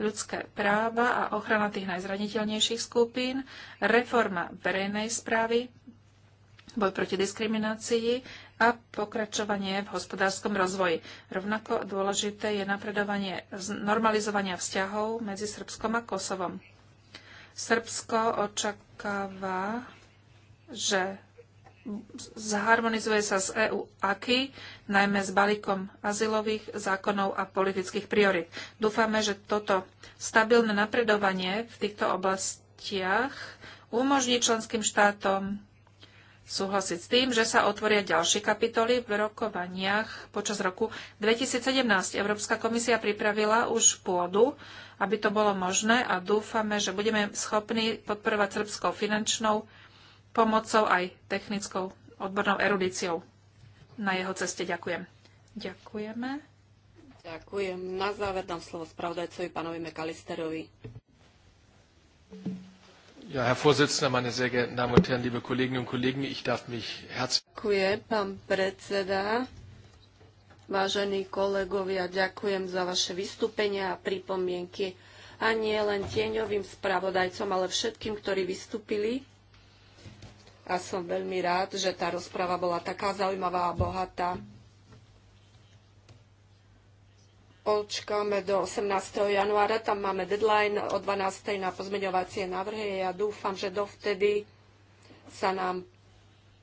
ľudské práva a ochrana tých najzraniteľnejších skupín, reforma verejnej správy, boj proti diskriminácii a pokračovanie v hospodárskom rozvoji. Rovnako dôležité je napredovanie normalizovania vzťahov medzi Srbskom a Kosovom. Srbsko očakáva, že zharmonizuje sa z EU aký, najmä s balíkom azylových zákonov a politických priorit. Dúfame, že toto stabilné napredovanie v týchto oblastiach umožní členským štátom súhlasiť s tým, že sa otvoria ďalšie kapitoly v rokovaniach počas roku 2017. Európska komisia pripravila už pôdu, aby to bolo možné a dúfame, že budeme schopní podporovať Srbskou finančnou pomocou aj technickou odbornou erudíciou na jeho ceste. Ďakujem. Ďakujeme. Ďakujem. Na záver dám slovo spravodajcovi pánovi Mekalisterovi. Ja, Herr Vorsitzender, meine sehr geehrten Damen und Herren, liebe Kolleginnen und Kollegen, ich darf mich herzlich... Ďakujem, pán predseda. Vážení kolegovia, ďakujem za vaše vystúpenia a pripomienky. A nie len tieňovým spravodajcom, ale všetkým, ktorí vystúpili. A som veľmi rád, že tá rozprava bola taká zaujímavá a bohatá. počkáme do 18. januára, tam máme deadline o 12. na pozmeňovacie návrhy. Ja dúfam, že dovtedy sa nám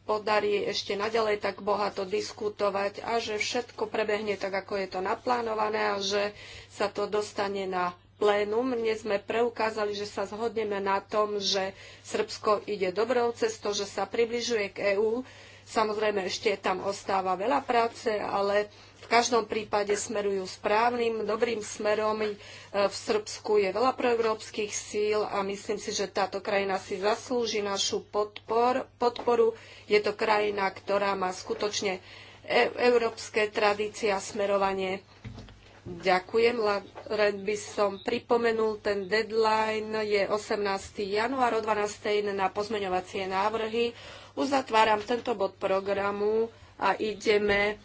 podarí ešte naďalej tak bohato diskutovať a že všetko prebehne tak, ako je to naplánované a že sa to dostane na plénum. Dnes sme preukázali, že sa zhodneme na tom, že Srbsko ide dobrou cestou, že sa približuje k EÚ. Samozrejme, ešte tam ostáva veľa práce, ale každom prípade smerujú správnym, dobrým smerom. E, v Srbsku je veľa proeurópskych síl a myslím si, že táto krajina si zaslúži našu podpor, podporu. Je to krajina, ktorá má skutočne e európske tradície a smerovanie. Ďakujem, len by som pripomenul, ten deadline je 18. január o 12. na pozmeňovacie návrhy. Uzatváram tento bod programu a ideme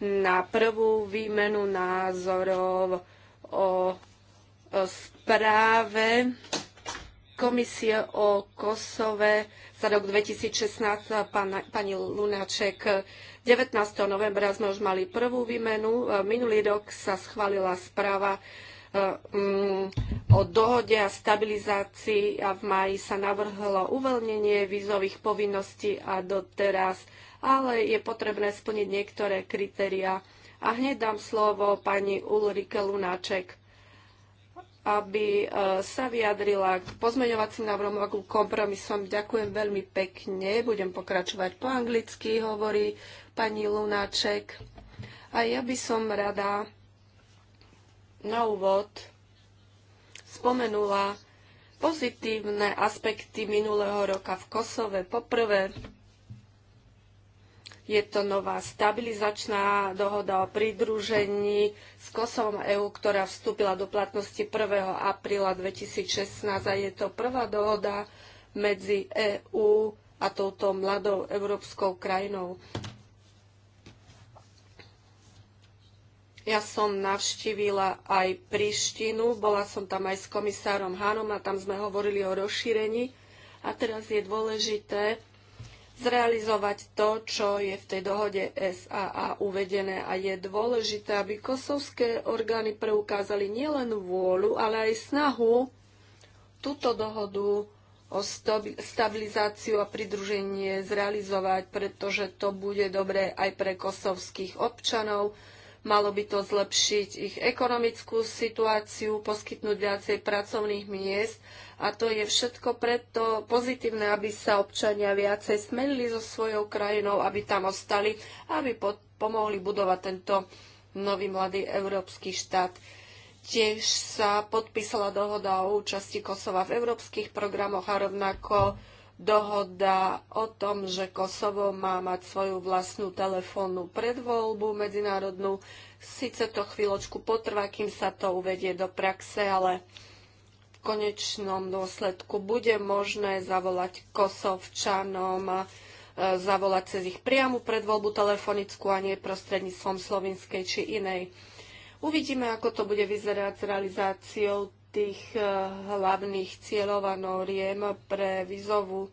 na prvú výmenu názorov o, o správe komisie o Kosove za rok 2016 pani Lunaček. 19. novembra sme už mali prvú výmenu. E, minulý rok sa schválila správa e, mm, o dohode a stabilizácii a v maji sa navrhlo uvoľnenie vízových povinností a doteraz ale je potrebné splniť niektoré kritéria. A hneď dám slovo pani Ulrike Lunáček, aby e, sa vyjadrila k pozmeňovacím návrhom a k kompromisom. Ďakujem veľmi pekne. Budem pokračovať po anglicky, hovorí pani Lunáček. A ja by som rada na úvod spomenula pozitívne aspekty minulého roka v Kosove. Poprvé, je to nová stabilizačná dohoda o pridružení s Kosovom EÚ, ktorá vstúpila do platnosti 1. apríla 2016 a je to prvá dohoda medzi EÚ a touto mladou európskou krajinou. Ja som navštívila aj Prištinu, bola som tam aj s komisárom Hanom a tam sme hovorili o rozšírení. A teraz je dôležité, zrealizovať to, čo je v tej dohode SAA uvedené a je dôležité, aby kosovské orgány preukázali nielen vôľu, ale aj snahu túto dohodu o stabilizáciu a pridruženie zrealizovať, pretože to bude dobré aj pre kosovských občanov, Malo by to zlepšiť ich ekonomickú situáciu, poskytnúť viacej pracovných miest a to je všetko preto pozitívne, aby sa občania viacej smelili so svojou krajinou, aby tam ostali, aby pomohli budovať tento nový mladý európsky štát. Tiež sa podpísala dohoda o účasti Kosova v európskych programoch a rovnako dohoda o tom, že Kosovo má mať svoju vlastnú telefónnu predvoľbu medzinárodnú. Sice to chvíľočku potrvá, kým sa to uvedie do praxe, ale v konečnom dôsledku bude možné zavolať Kosovčanom a e, zavolať cez ich priamu predvoľbu telefonickú a nie prostredníctvom slovinskej či inej. Uvidíme, ako to bude vyzerať s realizáciou tých eh, hlavných cieľov a noriem pre vizovú,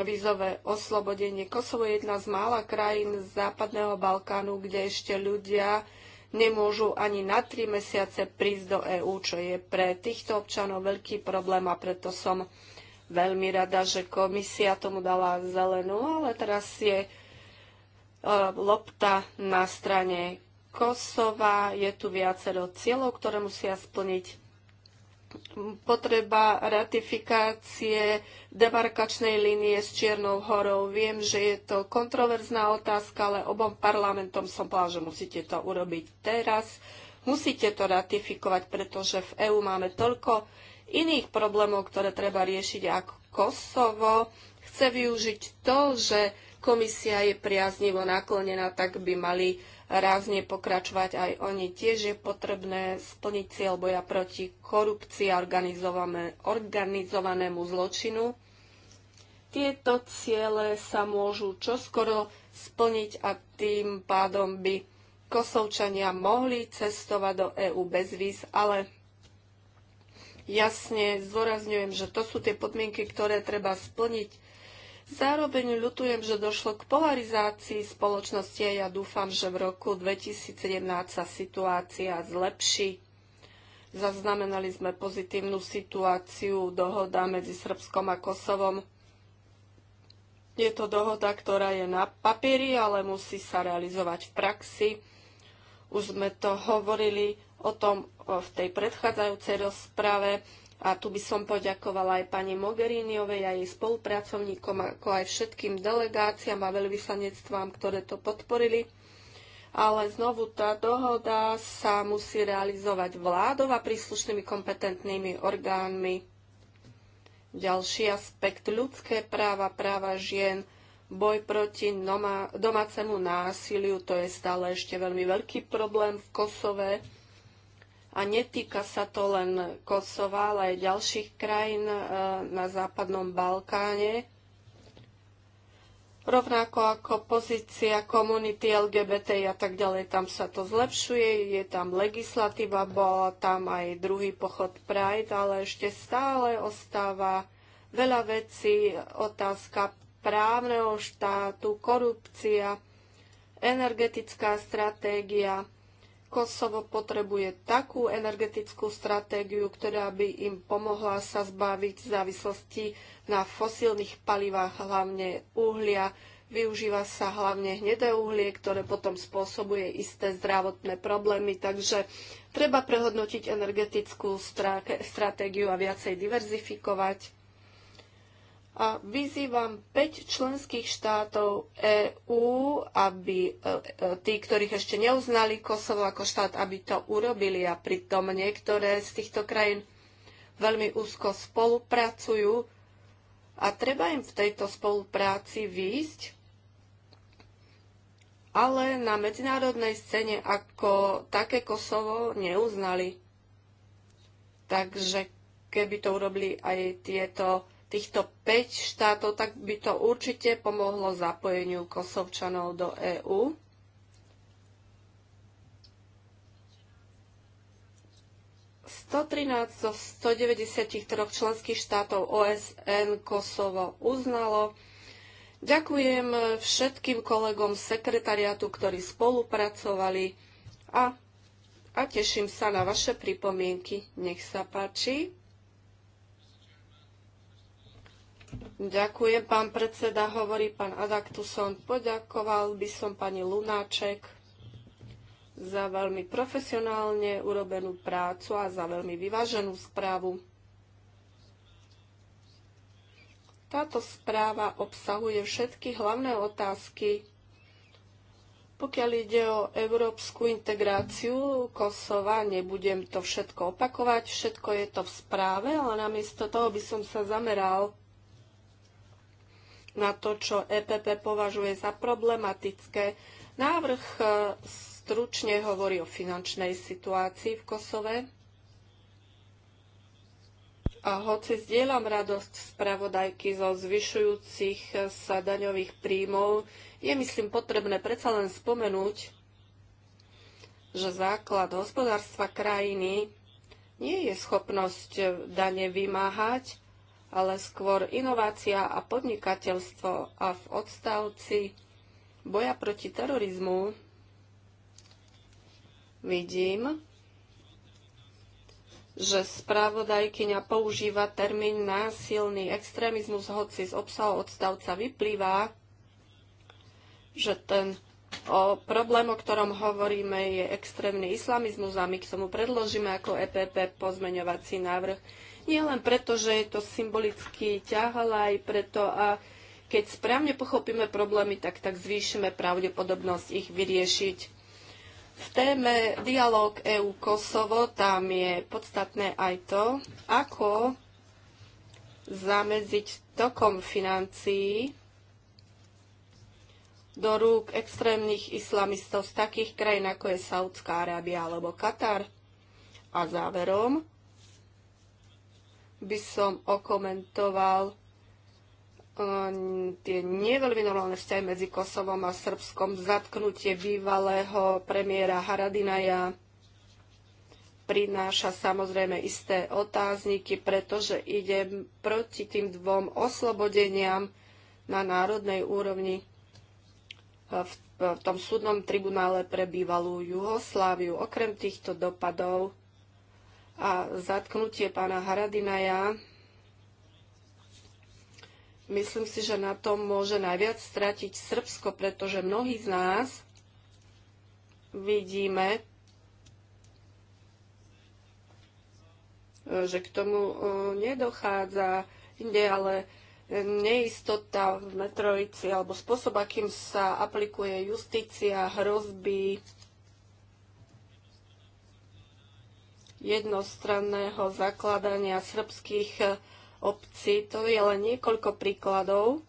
vizové oslobodenie. Kosovo je jedna z mála krajín západného Balkánu, kde ešte ľudia nemôžu ani na tri mesiace prísť do EÚ, čo je pre týchto občanov veľký problém a preto som veľmi rada, že komisia tomu dala zelenú, ale teraz je eh, lopta na strane Kosova. Je tu viacero cieľov, ktoré musia splniť potreba ratifikácie demarkačnej línie s Čiernou horou. Viem, že je to kontroverzná otázka, ale obom parlamentom som povedala, že musíte to urobiť teraz. Musíte to ratifikovať, pretože v EÚ máme toľko iných problémov, ktoré treba riešiť ako Kosovo. Chce využiť to, že komisia je priaznivo naklonená, tak by mali rázne pokračovať aj oni. Tiež je potrebné splniť cieľ boja proti korupcii a organizovanému zločinu. Tieto ciele sa môžu čoskoro splniť a tým pádom by Kosovčania mohli cestovať do EÚ bez víz, ale jasne zdôrazňujem, že to sú tie podmienky, ktoré treba splniť Zároveň ľutujem, že došlo k polarizácii spoločnosti a ja dúfam, že v roku 2017 sa situácia zlepší. Zaznamenali sme pozitívnu situáciu, dohoda medzi Srbskom a Kosovom. Je to dohoda, ktorá je na papieri, ale musí sa realizovať v praxi. Už sme to hovorili o tom v tej predchádzajúcej rozprave. A tu by som poďakovala aj pani Mogheriniovej a jej spolupracovníkom, ako aj všetkým delegáciám a veľvyslanectvám, ktoré to podporili. Ale znovu tá dohoda sa musí realizovať vládou a príslušnými kompetentnými orgánmi. Ďalší aspekt ľudské práva, práva žien, boj proti domácemu násiliu, to je stále ešte veľmi veľký problém v Kosove a netýka sa to len Kosova, ale aj ďalších krajín e, na západnom Balkáne. Rovnako ako pozícia komunity LGBT a tak ďalej, tam sa to zlepšuje, je tam legislatíva, bola tam aj druhý pochod Pride, ale ešte stále ostáva veľa vecí, otázka právneho štátu, korupcia, energetická stratégia. Kosovo potrebuje takú energetickú stratégiu, ktorá by im pomohla sa zbaviť závislosti na fosílnych palivách, hlavne uhlia. Využíva sa hlavne hnedé uhlie, ktoré potom spôsobuje isté zdravotné problémy, takže treba prehodnotiť energetickú stratégiu a viacej diverzifikovať a vyzývam 5 členských štátov EÚ, aby e, e, tí, ktorých ešte neuznali Kosovo ako štát, aby to urobili a pritom niektoré z týchto krajín veľmi úzko spolupracujú a treba im v tejto spolupráci výjsť, ale na medzinárodnej scéne ako také Kosovo neuznali. Takže keby to urobili aj tieto týchto 5 štátov, tak by to určite pomohlo zapojeniu kosovčanov do EÚ. 113 zo 193 členských štátov OSN Kosovo uznalo. Ďakujem všetkým kolegom sekretariatu, ktorí spolupracovali a, a teším sa na vaše pripomienky. Nech sa páči. Ďakujem, pán predseda, hovorí pán Adaktuson. Poďakoval by som pani Lunáček za veľmi profesionálne urobenú prácu a za veľmi vyváženú správu. Táto správa obsahuje všetky hlavné otázky, pokiaľ ide o európsku integráciu Kosova, nebudem to všetko opakovať, všetko je to v správe, ale namiesto toho by som sa zameral na to, čo EPP považuje za problematické. Návrh e, stručne hovorí o finančnej situácii v Kosove. A hoci zdieľam radosť spravodajky zo zvyšujúcich e, sa daňových príjmov, je myslím potrebné predsa len spomenúť, že základ hospodárstva krajiny nie je schopnosť e, dane vymáhať, ale skôr inovácia a podnikateľstvo a v odstavci boja proti terorizmu vidím, že spravodajkyňa používa termín násilný extrémizmus, hoci z obsahu odstavca vyplýva, že ten o problém, o ktorom hovoríme, je extrémny islamizmus a my k tomu predložíme ako EPP pozmeňovací návrh nie len preto, že je to symbolický ťah, ale aj preto, a keď správne pochopíme problémy, tak, tak zvýšime pravdepodobnosť ich vyriešiť. V téme Dialóg EU-Kosovo tam je podstatné aj to, ako zamedziť tokom financií do rúk extrémnych islamistov z takých krajín, ako je Saudská Arábia alebo Katar. A záverom, by som okomentoval um, tie neveľmi normálne vzťahy medzi Kosovom a Srbskom, zatknutie bývalého premiéra Haradinaja prináša samozrejme isté otázniky, pretože ide proti tým dvom oslobodeniam na národnej úrovni eh, v, v tom súdnom tribunále pre bývalú Juhosláviu. Okrem týchto dopadov a zatknutie pána Haradinaja. Myslím si, že na tom môže najviac stratiť Srbsko, pretože mnohí z nás vidíme, že k tomu e, nedochádza inde, ale neistota v metrojici alebo spôsob, akým sa aplikuje justícia, hrozby, jednostranného zakladania srbských e, obcí. To je len niekoľko príkladov.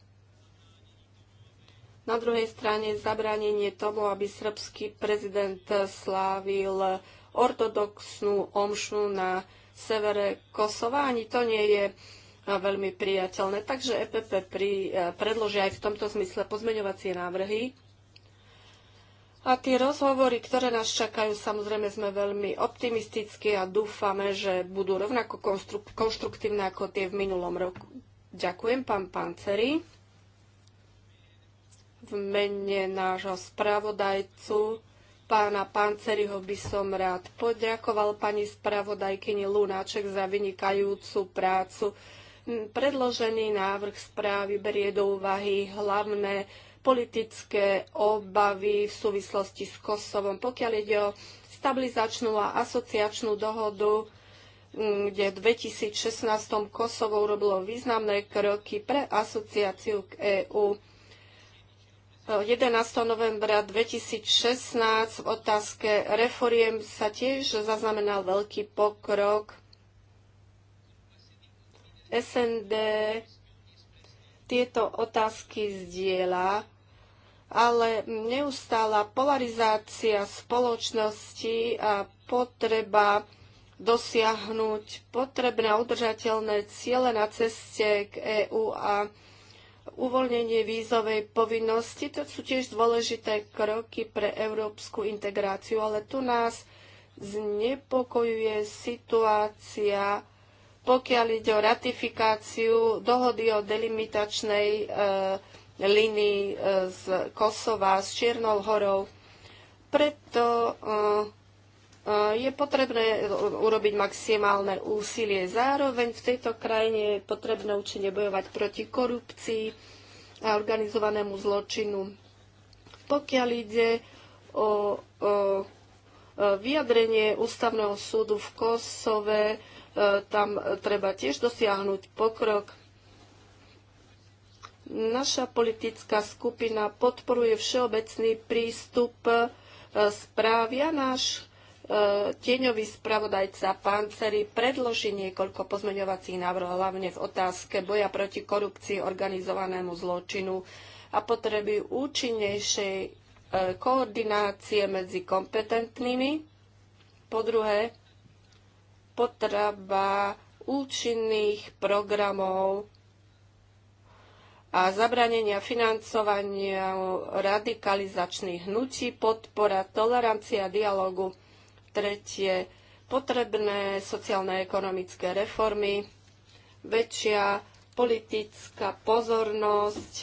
Na druhej strane zabranenie tomu, aby srbský prezident e, slávil e, ortodoxnú omšu na severe Kosova, ani to nie je veľmi priateľné. Takže EPP pri, predložia aj v tomto zmysle pozmeňovacie návrhy a tie rozhovory, ktoré nás čakajú, samozrejme sme veľmi optimistickí a dúfame, že budú rovnako konštruktívne ako tie v minulom roku. Ďakujem, pán Panceri. V mene nášho spravodajcu, pána Panceriho, by som rád poďakoval pani spravodajkyni Lunáček za vynikajúcu prácu. Predložený návrh správy berie do úvahy hlavné politické obavy v súvislosti s Kosovom. Pokiaľ ide o stabilizačnú a asociačnú dohodu, mm, kde v 2016 Kosovo urobilo významné kroky pre asociáciu k EÚ. 11. novembra 2016 v otázke reforiem sa tiež zaznamenal veľký pokrok. SND tieto otázky zdieľa ale neustála polarizácia spoločnosti a potreba dosiahnuť potrebné a udržateľné ciele na ceste k EÚ a uvoľnenie vízovej povinnosti. To sú tiež dôležité kroky pre európsku integráciu, ale tu nás znepokojuje situácia, pokiaľ ide o ratifikáciu dohody o delimitačnej e, liny e, z Kosova, s Čiernou horou. Preto e, e, je potrebné urobiť maximálne úsilie. Zároveň v tejto krajine je potrebné účinne bojovať proti korupcii a organizovanému zločinu. Pokiaľ ide o, o vyjadrenie ústavného súdu v Kosove, tam treba tiež dosiahnuť pokrok. Naša politická skupina podporuje všeobecný prístup e, správy a náš e, tieňový spravodajca Panceri predloží niekoľko pozmeňovacích návrhov, hlavne v otázke boja proti korupcii, organizovanému zločinu a potreby účinnejšej e, koordinácie medzi kompetentnými. Po druhé, potreba účinných programov a zabranenia financovania radikalizačných hnutí, podpora tolerancia dialogu. Tretie, potrebné sociálne ekonomické reformy, väčšia politická pozornosť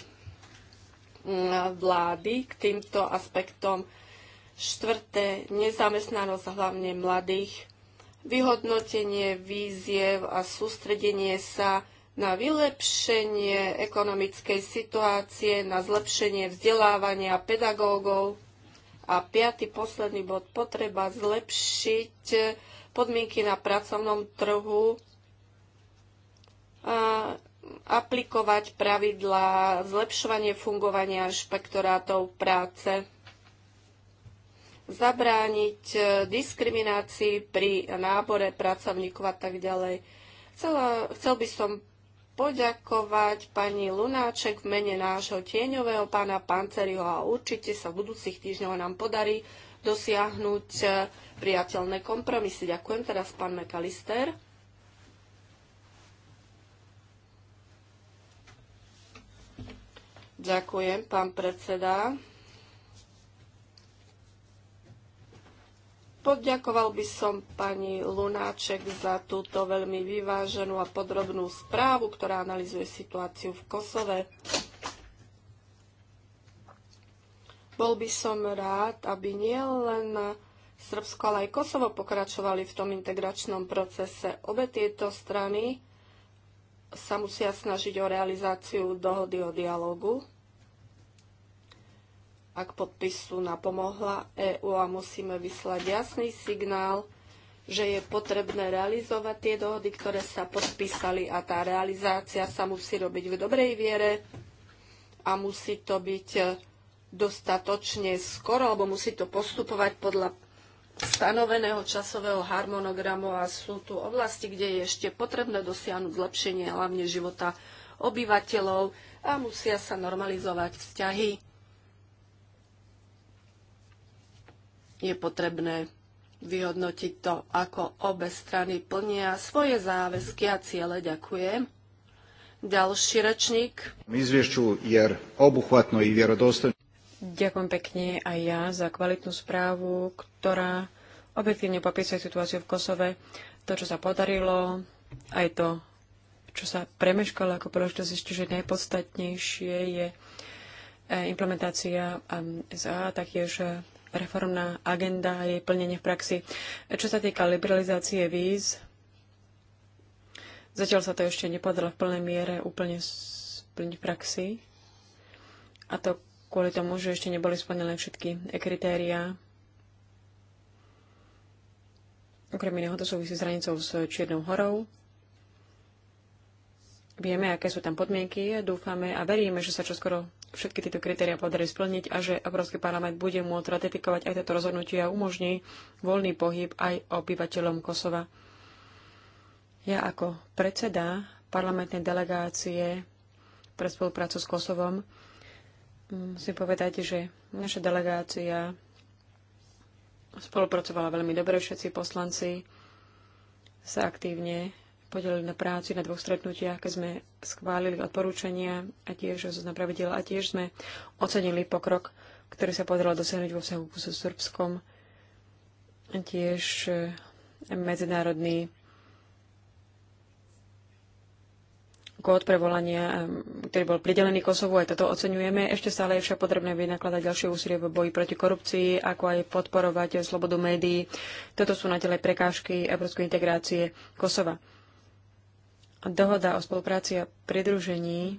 mm, vlády k týmto aspektom. Štvrté, nezamestnanosť hlavne mladých, vyhodnotenie víziev a sústredenie sa na vylepšenie ekonomickej situácie, na zlepšenie vzdelávania pedagógov. A piaty, posledný bod, potreba zlepšiť eh, podmienky na pracovnom trhu a aplikovať pravidlá, zlepšovanie fungovania inšpektorátov práce zabrániť eh, diskriminácii pri nábore pracovníkov a tak ďalej. chcel by som poďakovať pani Lunáček v mene nášho tieňového pána Panceriho a určite sa v budúcich týždňoch nám podarí dosiahnuť e, priateľné kompromisy. Ďakujem teraz pán McAllister. Ďakujem, pán predseda. Poďakoval by som pani Lunáček za túto veľmi vyváženú a podrobnú správu, ktorá analizuje situáciu v Kosove. Bol by som rád, aby nie len Srbsko, ale aj Kosovo pokračovali v tom integračnom procese. Obe tieto strany sa musia snažiť o realizáciu dohody o dialogu a k podpisu napomohla EÚ a musíme vyslať jasný signál, že je potrebné realizovať tie dohody, ktoré sa podpísali a tá realizácia sa musí robiť v dobrej viere a musí to byť dostatočne skoro, alebo musí to postupovať podľa stanoveného časového harmonogramu a sú tu oblasti, kde je ešte potrebné dosiahnuť zlepšenie hlavne života obyvateľov a musia sa normalizovať vzťahy Je potrebné vyhodnotiť to, ako obe strany plnia svoje záväzky a ciele. Ďakujem. Ďalší rečník. Ďakujem pekne aj ja za kvalitnú správu, ktorá objektívne popisuje situáciu v Kosove, to, čo sa podarilo, aj to, čo sa premeškalo ako príležitosť, že najpodstatnejšie je eh, implementácia eh, SA, taktiež eh, reformná agenda a jej plnenie v praxi. Čo sa týka liberalizácie víz, zatiaľ sa to ešte nepodarilo v plnej miere úplne splniť v praxi. A to kvôli tomu, že ešte neboli splnené všetky kritériá. Okrem iného to súvisí s hranicou s Čiernou horou. Vieme, aké sú tam podmienky, dúfame a veríme, že sa čoskoro všetky tieto kritéria podarí splniť a že Európsky parlament bude môcť ratifikovať aj toto rozhodnutie a umožní voľný pohyb aj obyvateľom Kosova. Ja ako predseda parlamentnej delegácie pre spoluprácu s Kosovom musím povedať, že naša delegácia spolupracovala veľmi dobre, všetci poslanci sa aktívne podelili na práci na dvoch stretnutiach, keď sme schválili odporúčania a tiež zoznam pravidel a tiež sme ocenili pokrok, ktorý sa podarilo dosiahnuť vo vzťahu so Srbskom. a Tiež eh, medzinárodný kód pre volania, eh, ktorý bol pridelený Kosovu, aj toto oceňujeme. Ešte stále je však potrebné vynakladať ďalšie úsilie v boji proti korupcii, ako aj podporovať eh, slobodu médií. Toto sú na tele prekážky európskej integrácie Kosova. Dohoda o spolupráci a pridružení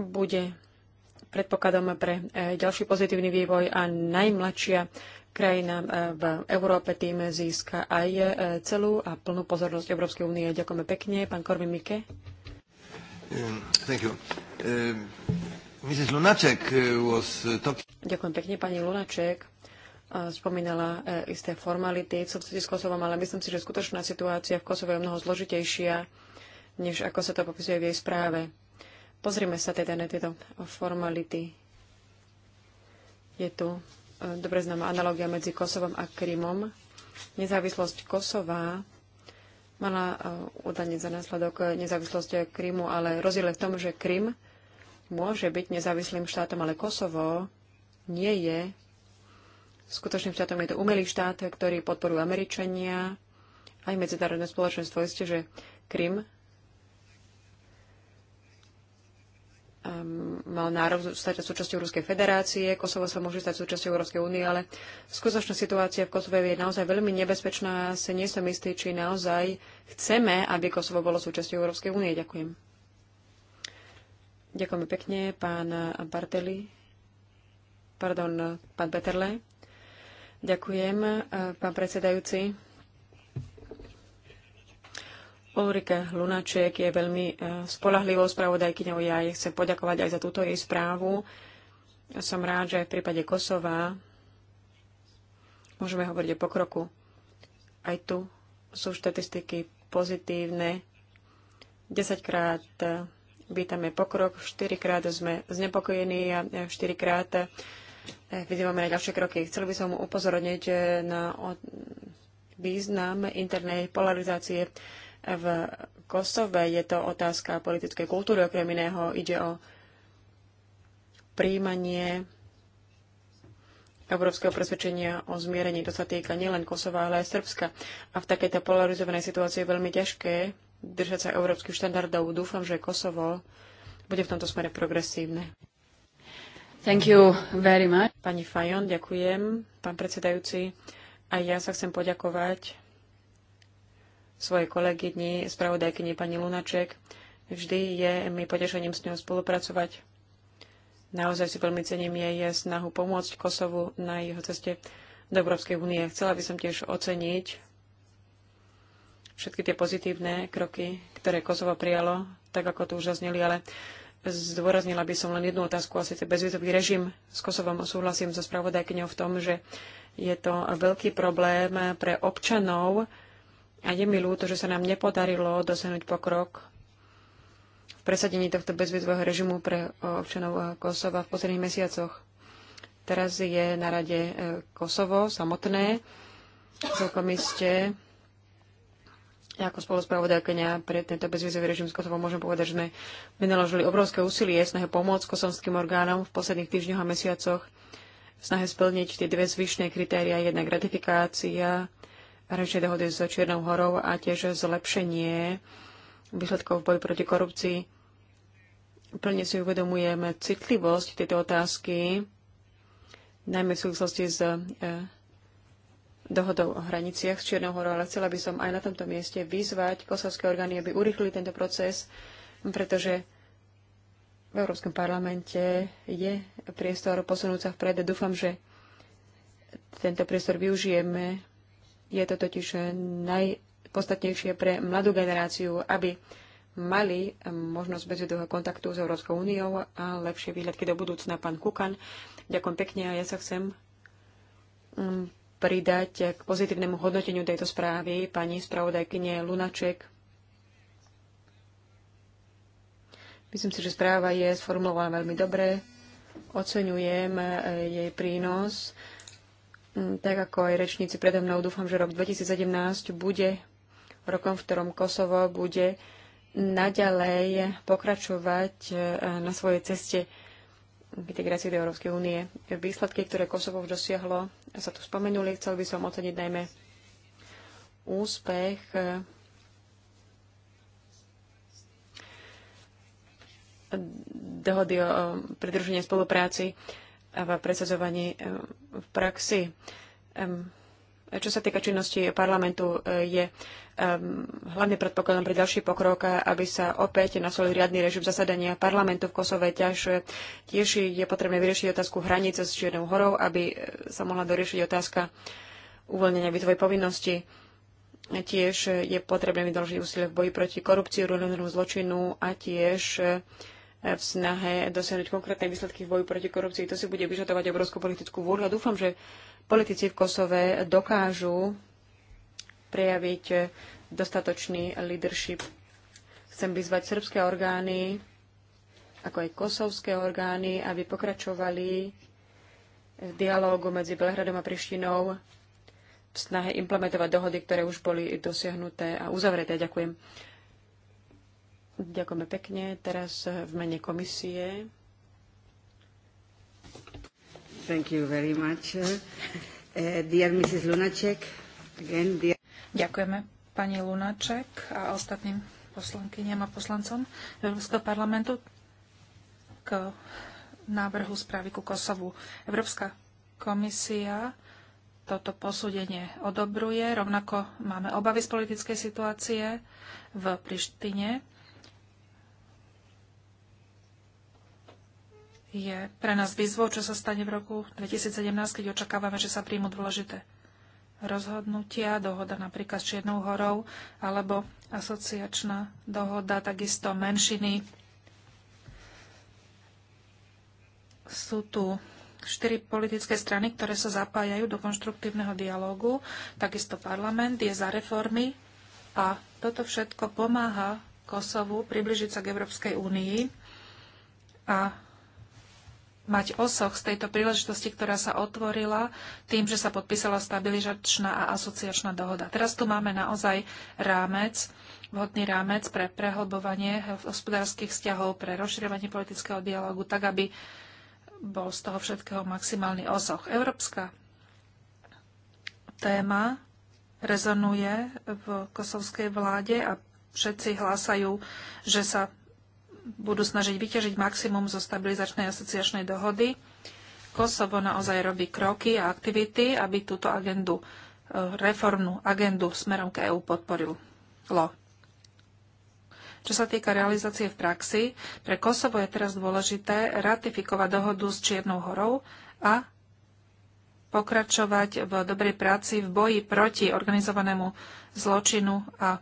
bude predpokladom pre e, ďalší pozitívny vývoj a najmladšia krajina e, v Európe tým získa aj e, celú a plnú pozornosť Európskej únie. Ďakujeme pekne. Pán Korvin Mike. Um, um, uh, uh, Ďakujem pekne, pani Lunaček spomínala e, isté formality v súvislosti s Kosovom, ale myslím si, že skutočná situácia v Kosove je mnoho zložitejšia, než ako sa to popisuje v jej správe. Pozrime sa teda na tieto formality. Je tu e, dobre známa analogia medzi Kosovom a Krymom. Nezávislosť Kosova mala údajne e, za následok nezávislosť Krymu, ale rozdiel je v tom, že Krym môže byť nezávislým štátom, ale Kosovo nie je Skutočným štátom je to umelý štát, ktorý podporujú Američania, aj medzinárodné spoločenstvo. Isté, že Krym ehm, mal nárok stať súčasťou Ruskej federácie, Kosovo sa môže stať súčasťou Európskej únie, ale skutočná situácia v Kosove je naozaj veľmi nebezpečná. Sa nie som istý, či naozaj chceme, aby Kosovo bolo súčasťou Európskej únie. Ďakujem. Ďakujeme pekne, pán Barteli. Pardon, pán Peterle. Ďakujem, e, pán predsedajúci. Ulrike Lunaček je veľmi e, spolahlivou spravodajkyňou. Ja jej chcem poďakovať aj za túto jej správu. Som rád, že aj v prípade Kosova môžeme hovoriť o pokroku. Aj tu sú štatistiky pozitívne. 10 krát e, vítame pokrok, 4 krát sme znepokojení a 4 krát Eh, Vidíme na ďalšie kroky. Chcel by som upozorniť eh, na význam internej polarizácie eh, v Kosove. Je to otázka politickej kultúry, okrem iného ide o príjmanie európskeho presvedčenia o zmierení. To sa týka nielen Kosova, ale aj Srbska. A v takejto polarizovanej situácii je veľmi ťažké držať sa európskych štandardov. Dúfam, že Kosovo bude v tomto smere progresívne. Thank you very much. Pani Fajon, ďakujem. Pán predsedajúci, aj ja sa chcem poďakovať svojej kolegyni, spravodajkyni pani Lunaček. Vždy je mi potešením s ňou spolupracovať. Naozaj si veľmi cením jej snahu pomôcť Kosovu na jeho ceste do Európskej únie. Chcela by som tiež oceniť všetky tie pozitívne kroky, ktoré Kosovo prijalo, tak ako tu už zazneli, ale Zdôraznila by som len jednu otázku, a síce bezvizový režim s Kosovom. Súhlasím so spravodajkyňou v tom, že je to veľký problém pre občanov a je mi ľúto, že sa nám nepodarilo dosiahnuť pokrok v presadení tohto bezvizového režimu pre občanov Kosova v posledných mesiacoch. Teraz je na rade Kosovo samotné. Celkom iste ja ako spoluspravodajkňa pre tento bezvizový režim s Kosovom môžem povedať, že sme vynaložili obrovské úsilie snahe pomôcť kosovským orgánom v posledných týždňoch a mesiacoch v snahe splniť tie dve zvyšné kritéria, jednak ratifikácia hraničnej dohody s Čiernou horou a tiež zlepšenie výsledkov v boji proti korupcii. Plne si uvedomujeme citlivosť tejto otázky, najmä v súvislosti s eh, dohodou o hraniciach s Čiernou horou, ale chcela by som aj na tomto mieste vyzvať kosovské orgány, aby urychlili tento proces, pretože v Európskom parlamente je priestor posunúť sa vpred. Dúfam, že tento priestor využijeme. Je to totiž najpodstatnejšie pre mladú generáciu, aby mali možnosť bezvedového kontaktu s Európskou úniou a lepšie výhľadky do budúcna. Pán Kukan, ďakujem pekne a ja sa chcem mm, pridať k pozitívnemu hodnoteniu tejto správy pani spravodajkyne Lunaček. Myslím si, že správa je sformulovaná veľmi dobre. Oceňujem e, jej prínos. Mm, tak ako aj rečníci predo mnou, dúfam, že rok 2017 bude rokom, v ktorom Kosovo bude naďalej pokračovať e, na svojej ceste k integrácii do Európskej únie. Výsledky, ktoré Kosovo už dosiahlo, sa tu spomenuli. Chcel by som oceniť najmä úspech eh, dohody o pridruženie spolupráci a v presadzovaní eh, v praxi čo sa týka činnosti parlamentu, je um, predpokladom pre ďalší pokrok, aby sa opäť nasolil riadny režim zasadania parlamentu v Kosove ťaž. E, tiež je potrebné vyriešiť otázku hranice s Čiernou horou, aby e, sa mohla doriešiť otázka uvoľnenia bytovej povinnosti. Tiež je potrebné vydoložiť úsilie v boji proti korupcii, organizovanému zločinu a tiež e, v snahe dosiahnuť konkrétne výsledky v boji proti korupcii. To si bude vyžadovať obrovskú politickú vôľu a dúfam, že politici v Kosove dokážu prejaviť dostatočný leadership. Chcem vyzvať srbské orgány, ako aj kosovské orgány, aby pokračovali v dialógu medzi Belhradom a Prištinou v snahe implementovať dohody, ktoré už boli dosiahnuté a uzavreté. Ďakujem. Ďakujeme pekne. Teraz eh, v mene komisie. Thank you very much. Uh, dear Mrs. Lunaček, again, dear... Ďakujeme pani Lunaček a ostatným poslankyniam a poslancom Európskeho parlamentu k návrhu správy ku Kosovu. Európska komisia toto posúdenie odobruje. Rovnako máme obavy z politickej situácie v Prištine. je pre nás výzvou, čo sa stane v roku 2017, keď očakávame, že sa príjmu dôležité rozhodnutia, dohoda napríklad s Čiernou horou alebo asociačná dohoda, takisto menšiny. Sú tu štyri politické strany, ktoré sa zapájajú do konštruktívneho dialógu, takisto parlament je za reformy a toto všetko pomáha Kosovu približiť sa k Európskej únii a mať osoch z tejto príležitosti, ktorá sa otvorila tým, že sa podpísala stabilizačná a asociačná dohoda. Teraz tu máme naozaj rámec, vhodný rámec pre prehlbovanie hospodárskych vzťahov, pre rozširovanie politického dialogu, tak aby bol z toho všetkého maximálny osoch. Európska téma rezonuje v kosovskej vláde a všetci hlásajú, že sa budú snažiť vyťažiť maximum zo stabilizačnej asociačnej dohody. Kosovo naozaj robí kroky a aktivity, aby túto agendu, e, reformnú agendu smerom k EÚ podporilo. Čo sa týka realizácie v praxi, pre Kosovo je teraz dôležité ratifikovať dohodu s Čiernou horou a pokračovať v dobrej práci v boji proti organizovanému zločinu a e,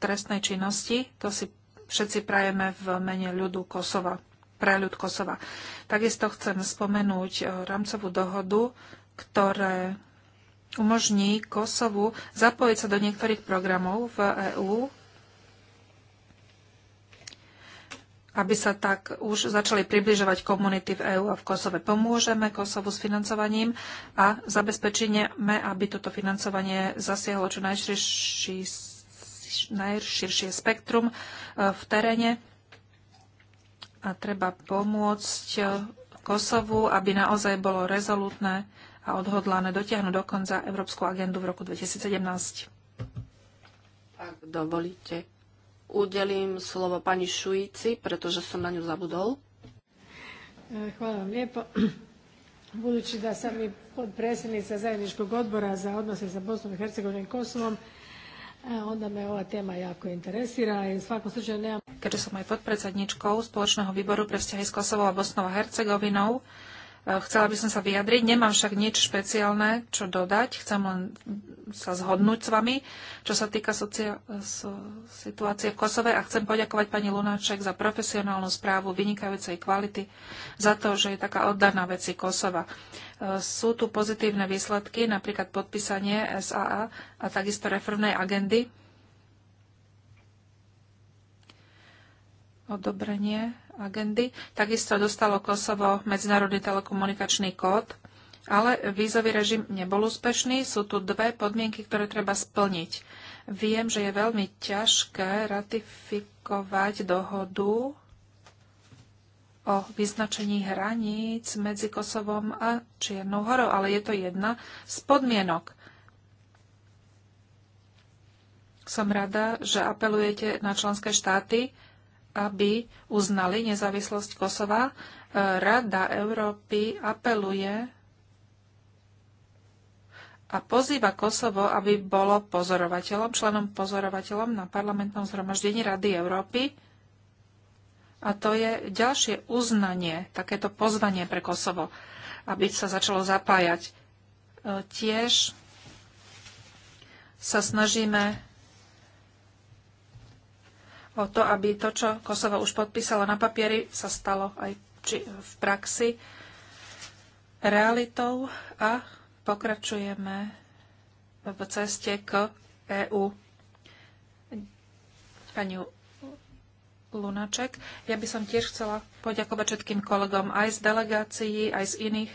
trestnej činnosti. To si všetci prajeme v mene ľudu Kosova, pre ľud Kosova. Takisto chcem spomenúť eh, rámcovú dohodu, ktoré umožní Kosovu zapojiť sa do niektorých programov v EÚ, aby sa tak už začali približovať komunity v EÚ a v Kosove. Pomôžeme Kosovu s financovaním a zabezpečíme, aby toto financovanie zasiahlo čo najširší najširšie spektrum e, v teréne a treba pomôcť e, Kosovu, aby naozaj bolo rezolutné a odhodlané dotiahnuť do konca Európsku agendu v roku 2017. Ak dovolíte, udelím slovo pani Šujici, pretože som na ňu zabudol. E, hvala vam lijepo. Budući da sam i podpredsjednica zajedničkog odbora za odnose sa Bosnom i Hercegovinom i Kosovom, E, onda me ova tema jako interesira i u svakom slučaju nemam... Keďže som aj podpredsedničkou Spoločného výboru pre vzťahy s Kosovou a Bosnou a Hercegovinou, E, chcela by som sa vyjadriť, nemám však nič špeciálne, čo dodať, chcem len sa zhodnúť s vami, čo sa týka socia- so- situácie v Kosove a chcem poďakovať pani Lunáček za profesionálnu správu vynikajúcej kvality, za to, že je taká oddaná veci Kosova. E, sú tu pozitívne výsledky, napríklad podpísanie SAA a takisto reformnej agendy, odobrenie agendy. Takisto dostalo Kosovo medzinárodný telekomunikačný kód, ale vízový režim nebol úspešný. Sú tu dve podmienky, ktoré treba splniť. Viem, že je veľmi ťažké ratifikovať dohodu o vyznačení hraníc medzi Kosovom a Čiernou horou, ale je to jedna z podmienok. Som rada, že apelujete na členské štáty, aby uznali nezávislosť Kosova. E, Rada Európy apeluje a pozýva Kosovo, aby bolo pozorovateľom, členom pozorovateľom na parlamentnom zhromaždení Rady Európy. A to je ďalšie uznanie, takéto pozvanie pre Kosovo, aby sa začalo zapájať. E, tiež sa snažíme o to, aby to, čo Kosovo už podpísalo na papieri, sa stalo aj v praxi realitou a pokračujeme v ceste k EÚ. Pani Lunaček, ja by som tiež chcela poďakovať všetkým kolegom aj z delegácií, aj z iných,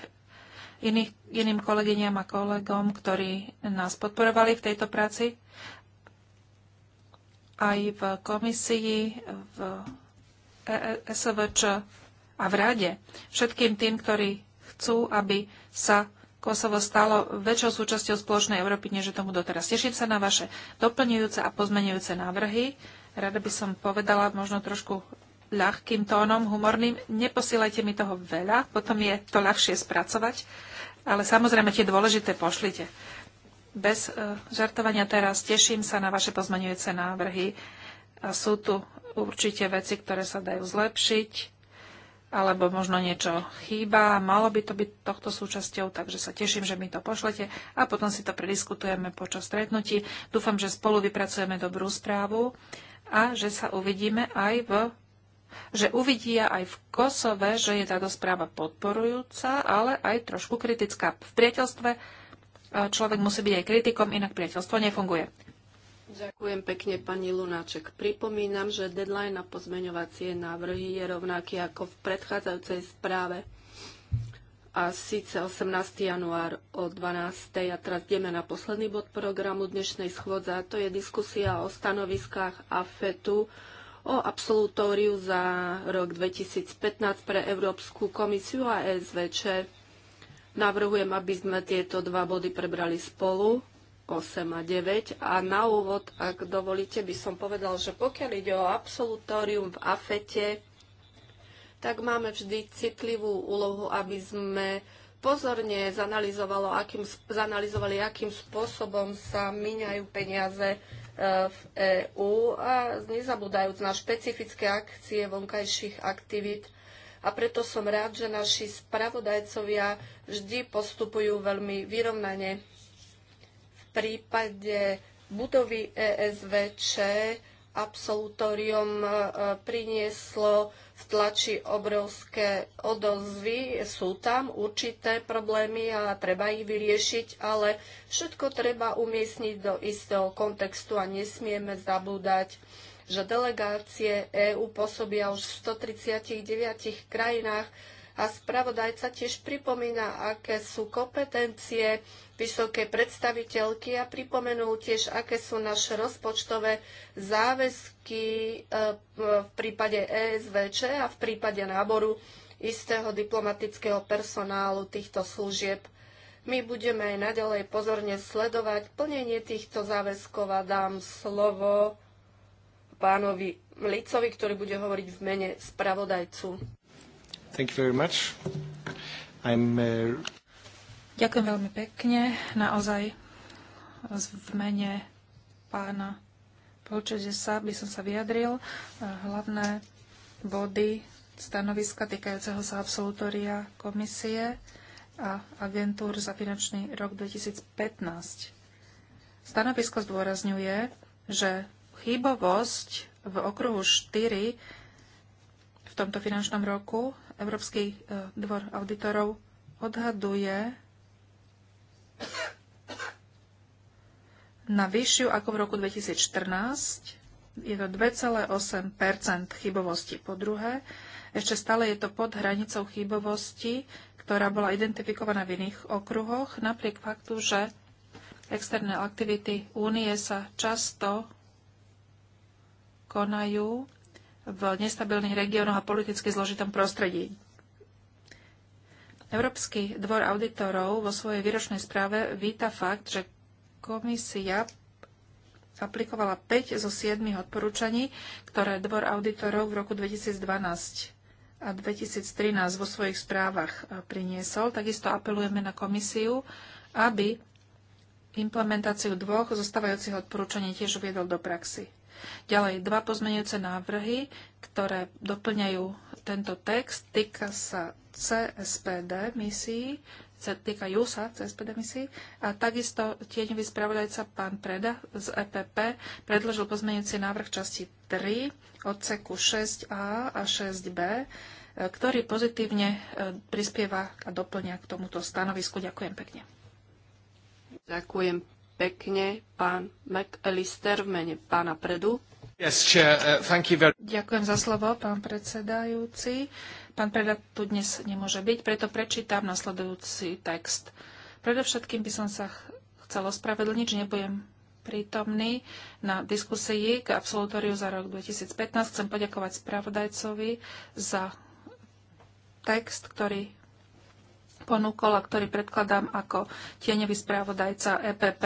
iných, iným kolegyňam a kolegom, ktorí nás podporovali v tejto práci aj v komisii, v ESVČ a v rade. Všetkým tým, ktorí chcú, aby sa Kosovo stalo väčšou súčasťou spoločnej Európy, než tomu doteraz. Teším sa na vaše doplňujúce a pozmenujúce návrhy. Rada by som povedala možno trošku ľahkým tónom, humorným. Neposílajte mi toho veľa, potom je to ľahšie spracovať. Ale samozrejme tie dôležité pošlite bez e, žartovania teraz. Teším sa na vaše pozmenujúce návrhy. Sú tu určite veci, ktoré sa dajú zlepšiť, alebo možno niečo chýba. Malo by to byť tohto súčasťou, takže sa teším, že mi to pošlete a potom si to prediskutujeme počas stretnutí. Dúfam, že spolu vypracujeme dobrú správu a že sa uvidíme aj v že uvidia aj v Kosove, že je táto správa podporujúca, ale aj trošku kritická v priateľstve Človek musí byť aj kritikom, inak priateľstvo nefunguje. Ďakujem pekne, pani Lunáček. Pripomínam, že deadline na pozmeňovacie návrhy je rovnaký ako v predchádzajúcej správe. A síce 18. január o 12. A teraz ideme na posledný bod programu dnešnej schôdze. A to je diskusia o stanoviskách AFETu o absolutóriu za rok 2015 pre Európsku komisiu a SVČ. Navrhujem, aby sme tieto dva body prebrali spolu, 8 a 9. A na úvod, ak dovolíte, by som povedal, že pokiaľ ide o absolutórium v AFETE, tak máme vždy citlivú úlohu, aby sme pozorne zanalizovalo, akým, zanalizovali, akým spôsobom sa miňajú peniaze e, v EÚ a nezabúdajúc na špecifické akcie vonkajších aktivít a preto som rád, že naši spravodajcovia vždy postupujú veľmi vyrovnane. V prípade budovy ESVČ absolutórium e, prinieslo v tlači obrovské odozvy. Sú tam určité problémy a treba ich vyriešiť, ale všetko treba umiestniť do istého kontextu a nesmieme zabúdať že delegácie EÚ pôsobia už v 139 krajinách a spravodajca tiež pripomína, aké sú kompetencie vysokej predstaviteľky a pripomenul tiež, aké sú naše rozpočtové záväzky e, v prípade ESVČ a v prípade náboru istého diplomatického personálu týchto služieb. My budeme aj naďalej pozorne sledovať plnenie týchto záväzkov a dám slovo pánovi Mlicovi, ktorý bude hovoriť v mene spravodajcu. Thank you very much. I'm, uh... Ďakujem veľmi pekne. Naozaj v mene pána sa by som sa vyjadril. Eh, hlavné body stanoviska týkajúceho sa absolutória komisie a agentúr za finančný rok 2015. Stanovisko zdôrazňuje, že chybovosť v okruhu 4 v tomto finančnom roku Európsky e, dvor auditorov odhaduje na vyššiu ako v roku 2014. Je to 2,8 chybovosti. Po druhé, ešte stále je to pod hranicou chybovosti, ktorá bola identifikovaná v iných okruhoch, napriek faktu, že externé aktivity únie sa často konajú v nestabilných regiónoch a politicky zložitom prostredí. Európsky dvor auditorov vo svojej výročnej správe víta fakt, že komisia aplikovala 5 zo 7 odporúčaní, ktoré dvor auditorov v roku 2012 a 2013 vo svojich správach priniesol. Takisto apelujeme na komisiu, aby implementáciu dvoch zostávajúcich odporúčaní tiež uviedol do praxi. Ďalej dva pozmenujúce návrhy, ktoré doplňajú tento text. Týka sa CSPD misií, týkajú sa CSPD misií a takisto tieňový spravodajca pán Preda z EPP predložil pozmenujúci návrh časti 3 odseku 6a a 6b, e, ktorý pozitívne e, prispieva a doplňa k tomuto stanovisku. Ďakujem pekne. Ďakujem pekne, pán McAllister v mene pána Predu. Yes, chair, uh, very... Ďakujem za slovo, pán predsedajúci. Pán Preda tu dnes nemôže byť, preto prečítam nasledujúci text. Predovšetkým by som sa chcel ospravedlniť, že nebudem prítomný na diskusii k absolutóriu za rok 2015. Chcem poďakovať spravodajcovi za text, ktorý ponúkol a ktorý predkladám ako tieňový správodajca EPP,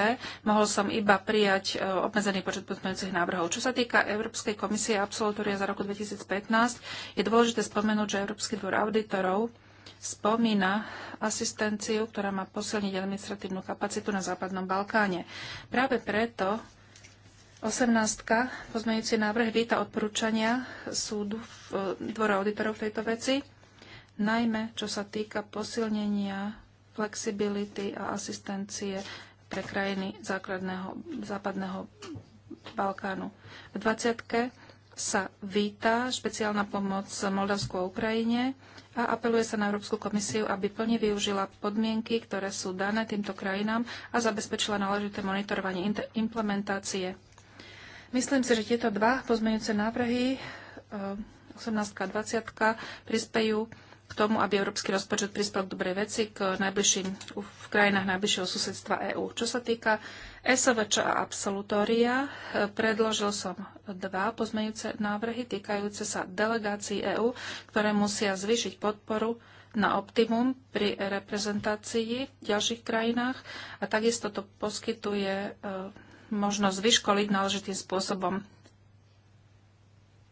mohol som iba prijať e, obmedzený počet pozmeňujúcich návrhov. Čo sa týka Európskej komisie a absolutória za roku 2015, je dôležité spomenúť, že Európsky dvor auditorov spomína asistenciu, ktorá má posilniť administratívnu kapacitu na Západnom Balkáne. Práve preto 18. pozmeňujúci návrh víta odporúčania súdu e, dvora auditorov v tejto veci najmä čo sa týka posilnenia flexibility a asistencie pre krajiny základného západného Balkánu. V 20. sa víta špeciálna pomoc Moldavsku a Ukrajine a apeluje sa na Európsku komisiu, aby plne využila podmienky, ktoré sú dané týmto krajinám a zabezpečila náležité monitorovanie implementácie. Myslím si, že tieto dva pozmeňujúce návrhy 18 eh, a 20 prispejú k tomu, aby európsky rozpočet prispel k dobrej veci k najbližším, v krajinách najbližšieho susedstva EÚ. Čo sa týka SVČ a absolutória, predložil som dva pozmenujúce návrhy týkajúce sa delegácií EÚ, ktoré musia zvýšiť podporu na optimum pri reprezentácii v ďalších krajinách a takisto to poskytuje e, možnosť vyškoliť náležitým spôsobom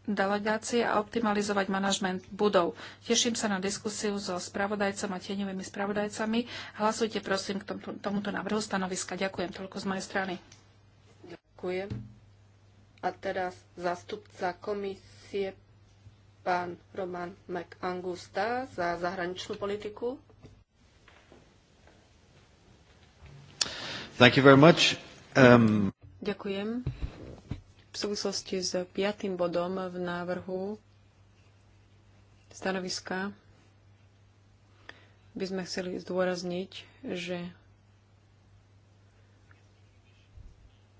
delegácie a optimalizovať manažment budov. Teším sa na diskusiu so spravodajcom a tieňovými spravodajcami. Hlasujte prosím k tomuto návrhu stanoviska. Ďakujem toľko z mojej strany. Ďakujem. A teraz zastupca komisie pán Roman McAngusta za zahraničnú politiku. Thank you very much. Um... Ďakujem v súvislosti s piatým bodom v návrhu stanoviska by sme chceli zdôrazniť, že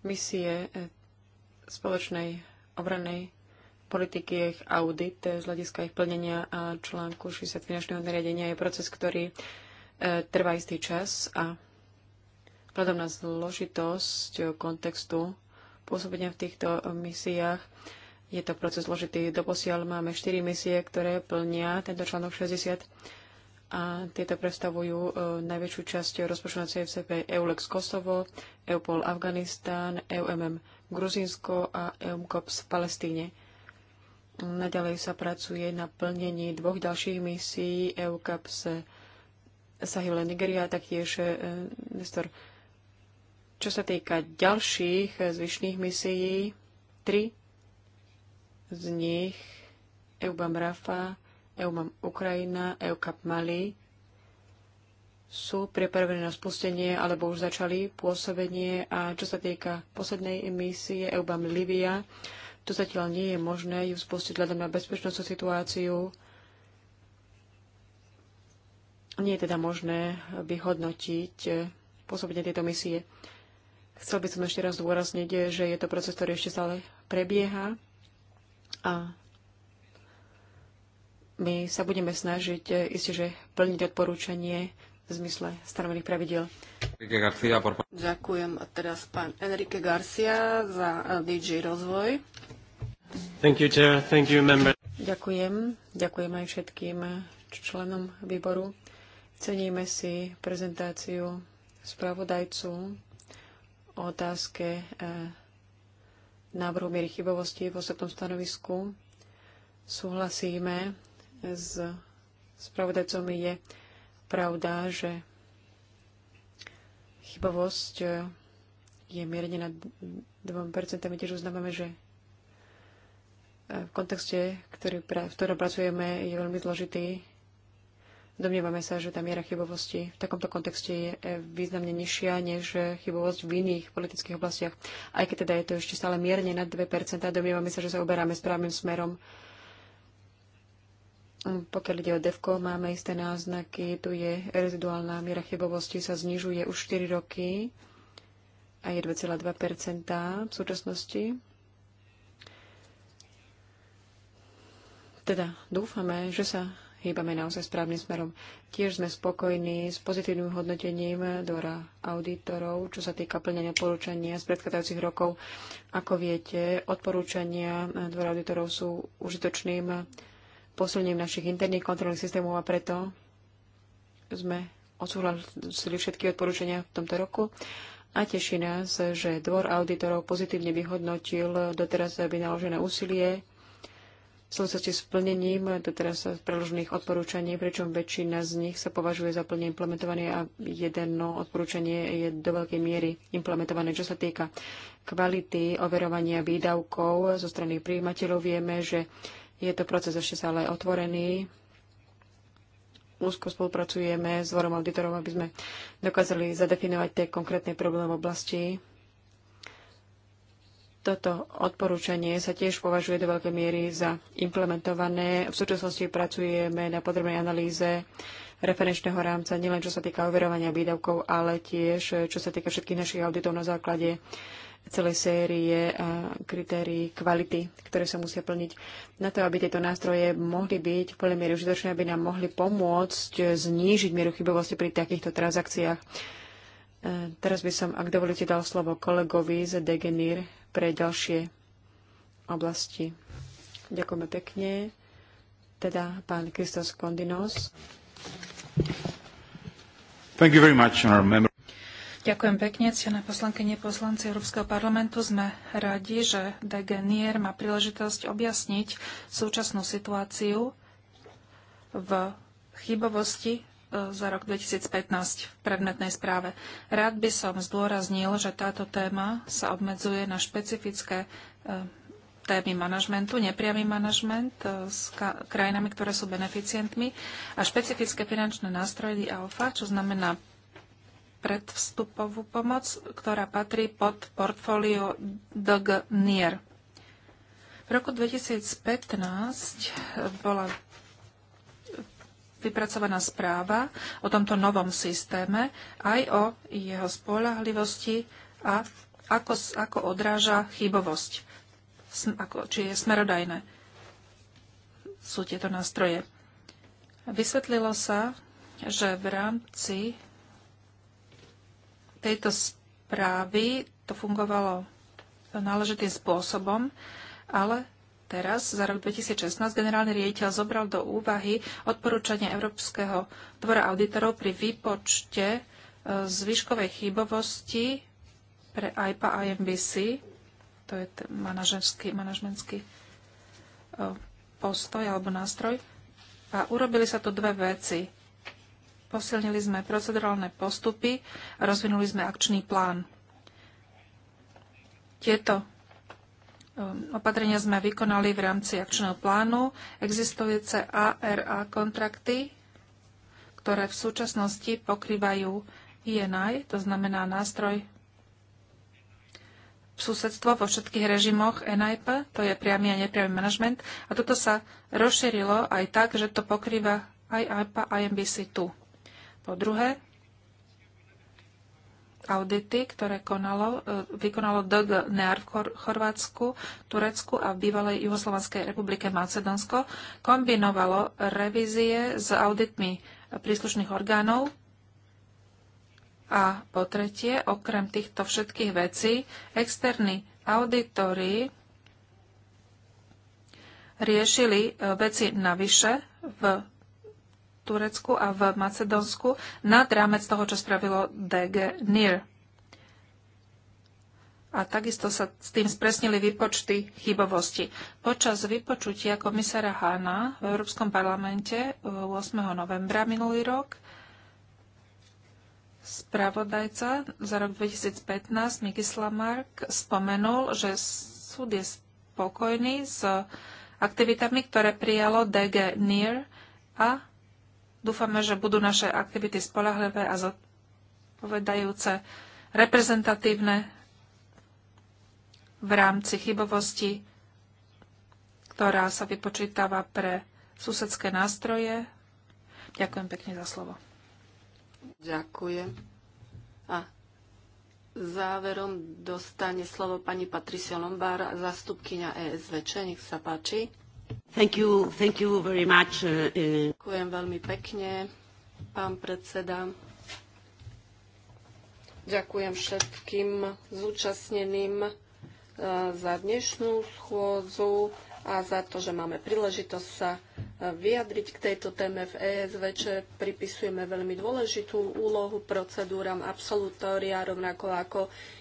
misie eh, spoločnej obranej politiky, ich audit z hľadiska ich plnenia a článku 60 finančného nariadenia je proces, ktorý eh, trvá istý čas a vzhľadom na zložitosť eh, kontextu pôsobenia v týchto misiách. Je to proces zložitý. Doposiaľ máme 4 misie, ktoré plnia tento článok 60 a tieto predstavujú e, najväčšiu časť rozpočtu na CFCP EULEX Kosovo, EUPOL Afganistán, EUMM Gruzinsko a EUMCOPS v Palestíne. Naďalej sa pracuje na plnení dvoch ďalších misií EUCAPS Sahile Nigeria taktiež taktiež Nestor čo sa týka ďalších zvyšných misií, tri z nich EUBAM Rafa, Eubam Ukrajina, EUCAP Mali sú pripravené na spustenie alebo už začali pôsobenie a čo sa týka poslednej misie EUBAM Livia, to zatiaľ nie je možné ju spustiť hľadom na bezpečnostnú situáciu. Nie je teda možné vyhodnotiť pôsobenie tejto misie. Chcel by som ešte raz dôrazniť, že je to proces, ktorý ešte stále prebieha a my sa budeme snažiť eh, isté, že plniť odporúčanie v zmysle stanovených pravidel. Ďakujem a teraz pán Enrique Garcia za eh, DJ Rozvoj. Thank you, chair. Thank you, member. Ďakujem. Ďakujem aj všetkým členom výboru. Ceníme si prezentáciu spravodajcu otázke e, návrhu miery chybovosti v osobnom stanovisku súhlasíme s spravodajcom. Je pravda, že chybovosť e, je mierne nad 2%. My tiež uznávame, že e, v kontexte, ktorý, v ktorom pracujeme, je veľmi zložitý Domnievame sa, že tá miera chybovosti v takomto kontexte je e, významne nižšia než e, chybovosť v iných politických oblastiach. Aj keď teda je to ešte stále mierne nad 2%, domnievame sa, že sa uberáme správnym smerom. Mm, pokiaľ ide o DEVKO, máme isté náznaky. Tu je reziduálna miera chybovosti, sa znižuje už 4 roky a je 2,2% v súčasnosti. Teda dúfame, že sa hýbame naozaj správnym smerom. Tiež sme spokojní s pozitívnym hodnotením Dora auditorov, čo sa týka plnenia porúčania z predchádzajúcich rokov. Ako viete, odporúčania Dora auditorov sú užitočným posilnením našich interných kontrolných systémov a preto sme odsúhlasili všetky odporúčania v tomto roku a teší nás, že dvor auditorov pozitívne vyhodnotil doteraz vynaložené úsilie súvislosti s plnením doteraz preložených odporúčaní, pričom väčšina z nich sa považuje za plne implementované a jedno odporúčanie je do veľkej miery implementované. Čo sa týka kvality overovania výdavkov zo strany príjimateľov, vieme, že je to proces ešte stále otvorený. Úzko spolupracujeme s dvorom auditorov, aby sme dokázali zadefinovať tie konkrétne problémy v oblasti toto odporúčanie sa tiež považuje do veľkej miery za implementované. V súčasnosti pracujeme na podrobnej analýze referenčného rámca, nielen čo sa týka overovania výdavkov, ale tiež čo sa týka všetkých našich auditov na základe celej série kritérií kvality, ktoré sa musia plniť. Na to, aby tieto nástroje mohli byť v plnej miere užitočné, aby nám mohli pomôcť znížiť mieru chybovosti pri takýchto transakciách. E, teraz by som, ak dovolíte, dal slovo kolegovi z Degenir pre ďalšie oblasti. Ďakujeme pekne. Teda pán Kristos Kondinos. Thank you very much, Ďakujem pekne, ctené poslankyne poslanci Európskeho parlamentu. Sme radi, že DG NIR má príležitosť objasniť súčasnú situáciu v chybovosti E, za rok 2015 v predmetnej správe. Rád by som zdôraznil, že táto téma sa obmedzuje na špecifické e, témy manažmentu, nepriamy manažment e, s krajinami, ktoré sú beneficientmi a špecifické finančné nástroje alfa, čo znamená predvstupovú pomoc, ktorá patrí pod portfólio DGNIR. V roku 2015 bola vypracovaná správa o tomto novom systéme, aj o jeho spolahlivosti a ako, ako odráža chybovosť, ako, či je smerodajné sú tieto nástroje. Vysvetlilo sa, že v rámci tejto správy to fungovalo náležitým spôsobom, ale teraz za rok 2016 generálny riaditeľ zobral do úvahy odporúčanie Európskeho dvora auditorov pri výpočte e, zvyškovej chybovosti pre IPA a MBC. To je manažerský, manažmentský e, postoj alebo nástroj. A urobili sa tu dve veci. Posilnili sme procedurálne postupy a rozvinuli sme akčný plán. Tieto Um, opatrenia sme vykonali v rámci akčného plánu. Existujúce ARA kontrakty, ktoré v súčasnosti pokrývajú INI, e to znamená nástroj susedstvo vo všetkých režimoch NIP, to je priamy a nepriamy manažment. A toto sa rozšírilo aj tak, že to pokrýva aj IPA a MBC2. Po druhé, audity, ktoré konalo, e, vykonalo DG NEAR v Chorvátsku, Turecku a v bývalej Juhoslovanskej republike Macedonsko kombinovalo revízie s auditmi príslušných orgánov. A po tretie, okrem týchto všetkých vecí, externí auditori riešili e, veci navyše v Turecku a v Macedónsku nad rámec toho, čo spravilo DG NIR. A takisto sa s tým spresnili výpočty chybovosti. Počas vypočutia komisára Hána v Európskom parlamente 8. E, novembra minulý rok spravodajca za rok 2015 Mikisla Mark spomenul, že súd je spokojný s aktivitami, ktoré prijalo DG NIR a Dúfame, že budú naše aktivity spolahlivé a zodpovedajúce, reprezentatívne v rámci chybovosti, ktorá sa vypočítava pre susedské nástroje. Ďakujem pekne za slovo. Ďakujem. A záverom dostane slovo pani Patricia Lombár, zastupkynia ESVČ. Nech sa páči. Thank you, thank you very much. Uh, uh, Ďakujem veľmi pekne, pán predseda. Ďakujem všetkým zúčastneným uh, za dnešnú schôdzu a za to, že máme príležitosť sa vyjadriť k tejto téme v e čo Pripisujeme veľmi dôležitú úlohu procedúram absolutória, rovnako ako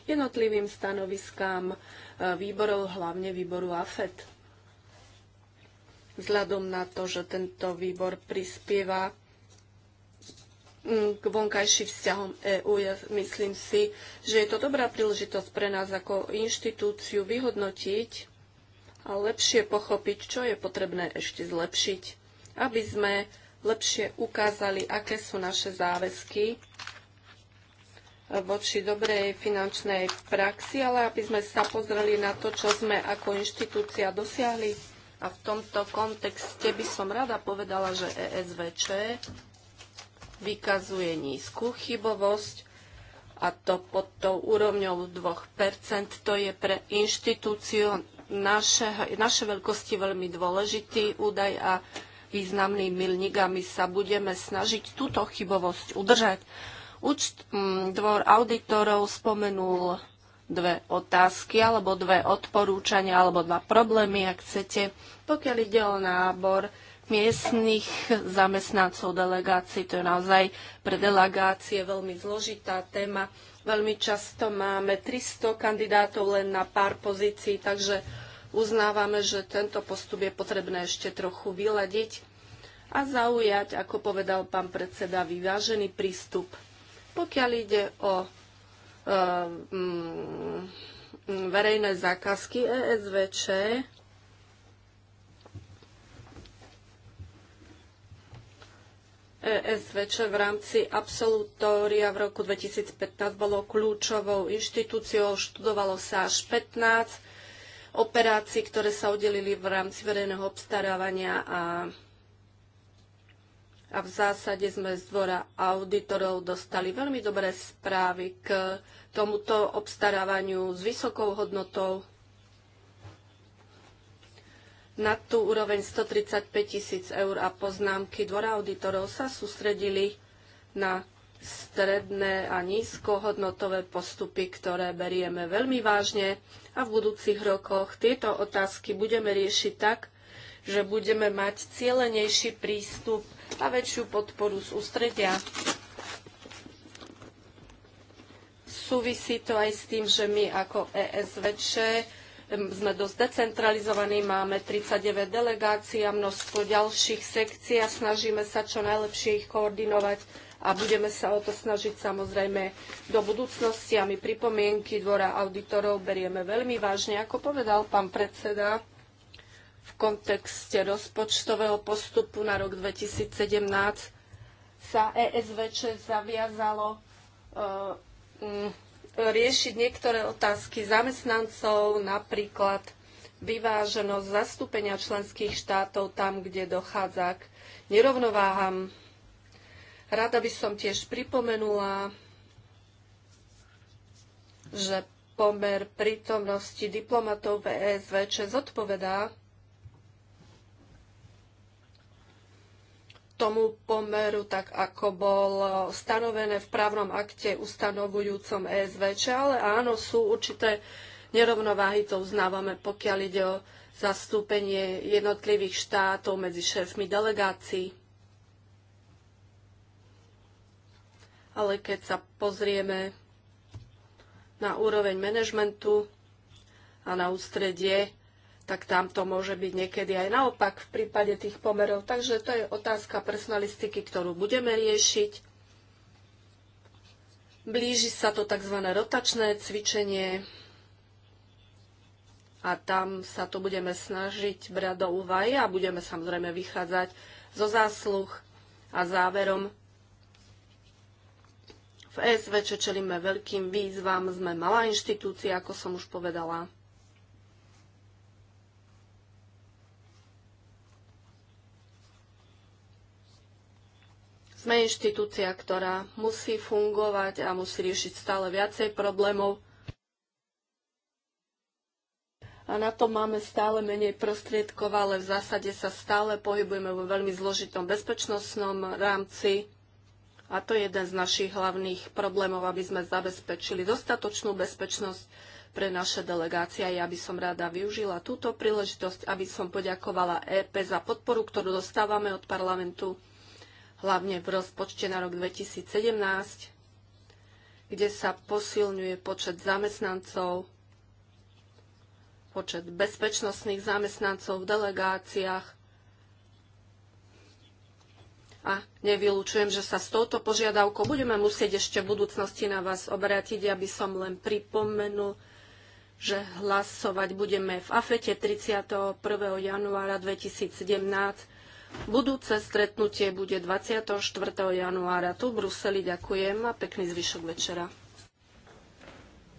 jednotlivým stanoviskám výborov, hlavne výboru AFET vzhľadom na to, že tento výbor prispieva mm, k vonkajším vzťahom EÚ. Ja myslím si, že je to dobrá príležitosť pre nás ako inštitúciu vyhodnotiť a lepšie pochopiť, čo je potrebné ešte zlepšiť, aby sme lepšie ukázali, aké sú naše záväzky voči dobrej finančnej praxi, ale aby sme sa pozreli na to, čo sme ako inštitúcia dosiahli a v tomto kontexte by som rada povedala, že ESVČ vykazuje nízku chybovosť a to pod tou úrovňou 2%. To je pre inštitúciu naše, naše veľkosti veľmi dôležitý údaj a významný milník a my sa budeme snažiť túto chybovosť udržať. Účt, mm, dvor auditorov spomenul dve otázky alebo dve odporúčania alebo dva problémy, ak chcete. Pokiaľ ide o nábor miestnych zamestnancov delegácií, to je naozaj pre delegácie veľmi zložitá téma. Veľmi často máme 300 kandidátov len na pár pozícií, takže uznávame, že tento postup je potrebné ešte trochu vyladiť a zaujať, ako povedal pán predseda, vyvážený prístup. Pokiaľ ide o Ehm, mm, verejné zákazky ESVČ ESVČ v rámci absolutória v roku 2015 bolo kľúčovou inštitúciou, študovalo sa až 15 operácií, ktoré sa udelili v rámci verejného obstarávania a a v zásade sme z dvora auditorov dostali veľmi dobré správy k tomuto obstarávaniu s vysokou hodnotou na tú úroveň 135 tisíc eur a poznámky dvora auditorov sa sústredili na stredné a nízkohodnotové postupy, ktoré berieme veľmi vážne a v budúcich rokoch tieto otázky budeme riešiť tak, že budeme mať cielenejší prístup a väčšiu podporu z ústredia. Súvisí to aj s tým, že my ako ESVČ sme dosť decentralizovaní, máme 39 delegácií a množstvo ďalších sekcií a snažíme sa čo najlepšie ich koordinovať a budeme sa o to snažiť samozrejme do budúcnosti a my pripomienky Dvora auditorov berieme veľmi vážne, ako povedal pán predseda v kontexte rozpočtového postupu na rok 2017 sa ESVČ zaviazalo eh, mm, riešiť niektoré otázky zamestnancov, napríklad vyváženosť zastúpenia členských štátov tam, kde dochádza k nerovnováham. Rada by som tiež pripomenula, že pomer prítomnosti diplomatov v ESVČ zodpovedá tomu pomeru, tak ako bol stanovené v právnom akte ustanovujúcom ESVČ, ale áno, sú určité nerovnováhy, to uznávame, pokiaľ ide o zastúpenie jednotlivých štátov medzi šéfmi delegácií. Ale keď sa pozrieme na úroveň manažmentu a na ústredie, tak tam to môže byť niekedy aj naopak v prípade tých pomerov. Takže to je otázka personalistiky, ktorú budeme riešiť. Blíži sa to tzv. rotačné cvičenie a tam sa to budeme snažiť brať do úvahy a budeme samozrejme vychádzať zo zásluh a záverom. V ESV, čo čelíme veľkým výzvam, sme malá inštitúcia, ako som už povedala. Sme inštitúcia, ktorá musí fungovať a musí riešiť stále viacej problémov. A na to máme stále menej prostriedkov, ale v zásade sa stále pohybujeme vo veľmi zložitom bezpečnostnom rámci. A to je jeden z našich hlavných problémov, aby sme zabezpečili dostatočnú bezpečnosť pre naše delegácie. Ja by som rada využila túto príležitosť, aby som poďakovala EP e za podporu, ktorú dostávame od parlamentu hlavne v rozpočte na rok 2017, kde sa posilňuje počet zamestnancov, počet bezpečnostných zamestnancov v delegáciách. A nevylučujem, že sa s touto požiadavkou budeme musieť ešte v budúcnosti na vás obrátiť, aby som len pripomenul, že hlasovať budeme v AFETE 31. januára 2017 Budúce stretnutie bude 24. januára tu v Bruseli. Ďakujem a pekný zvyšok večera.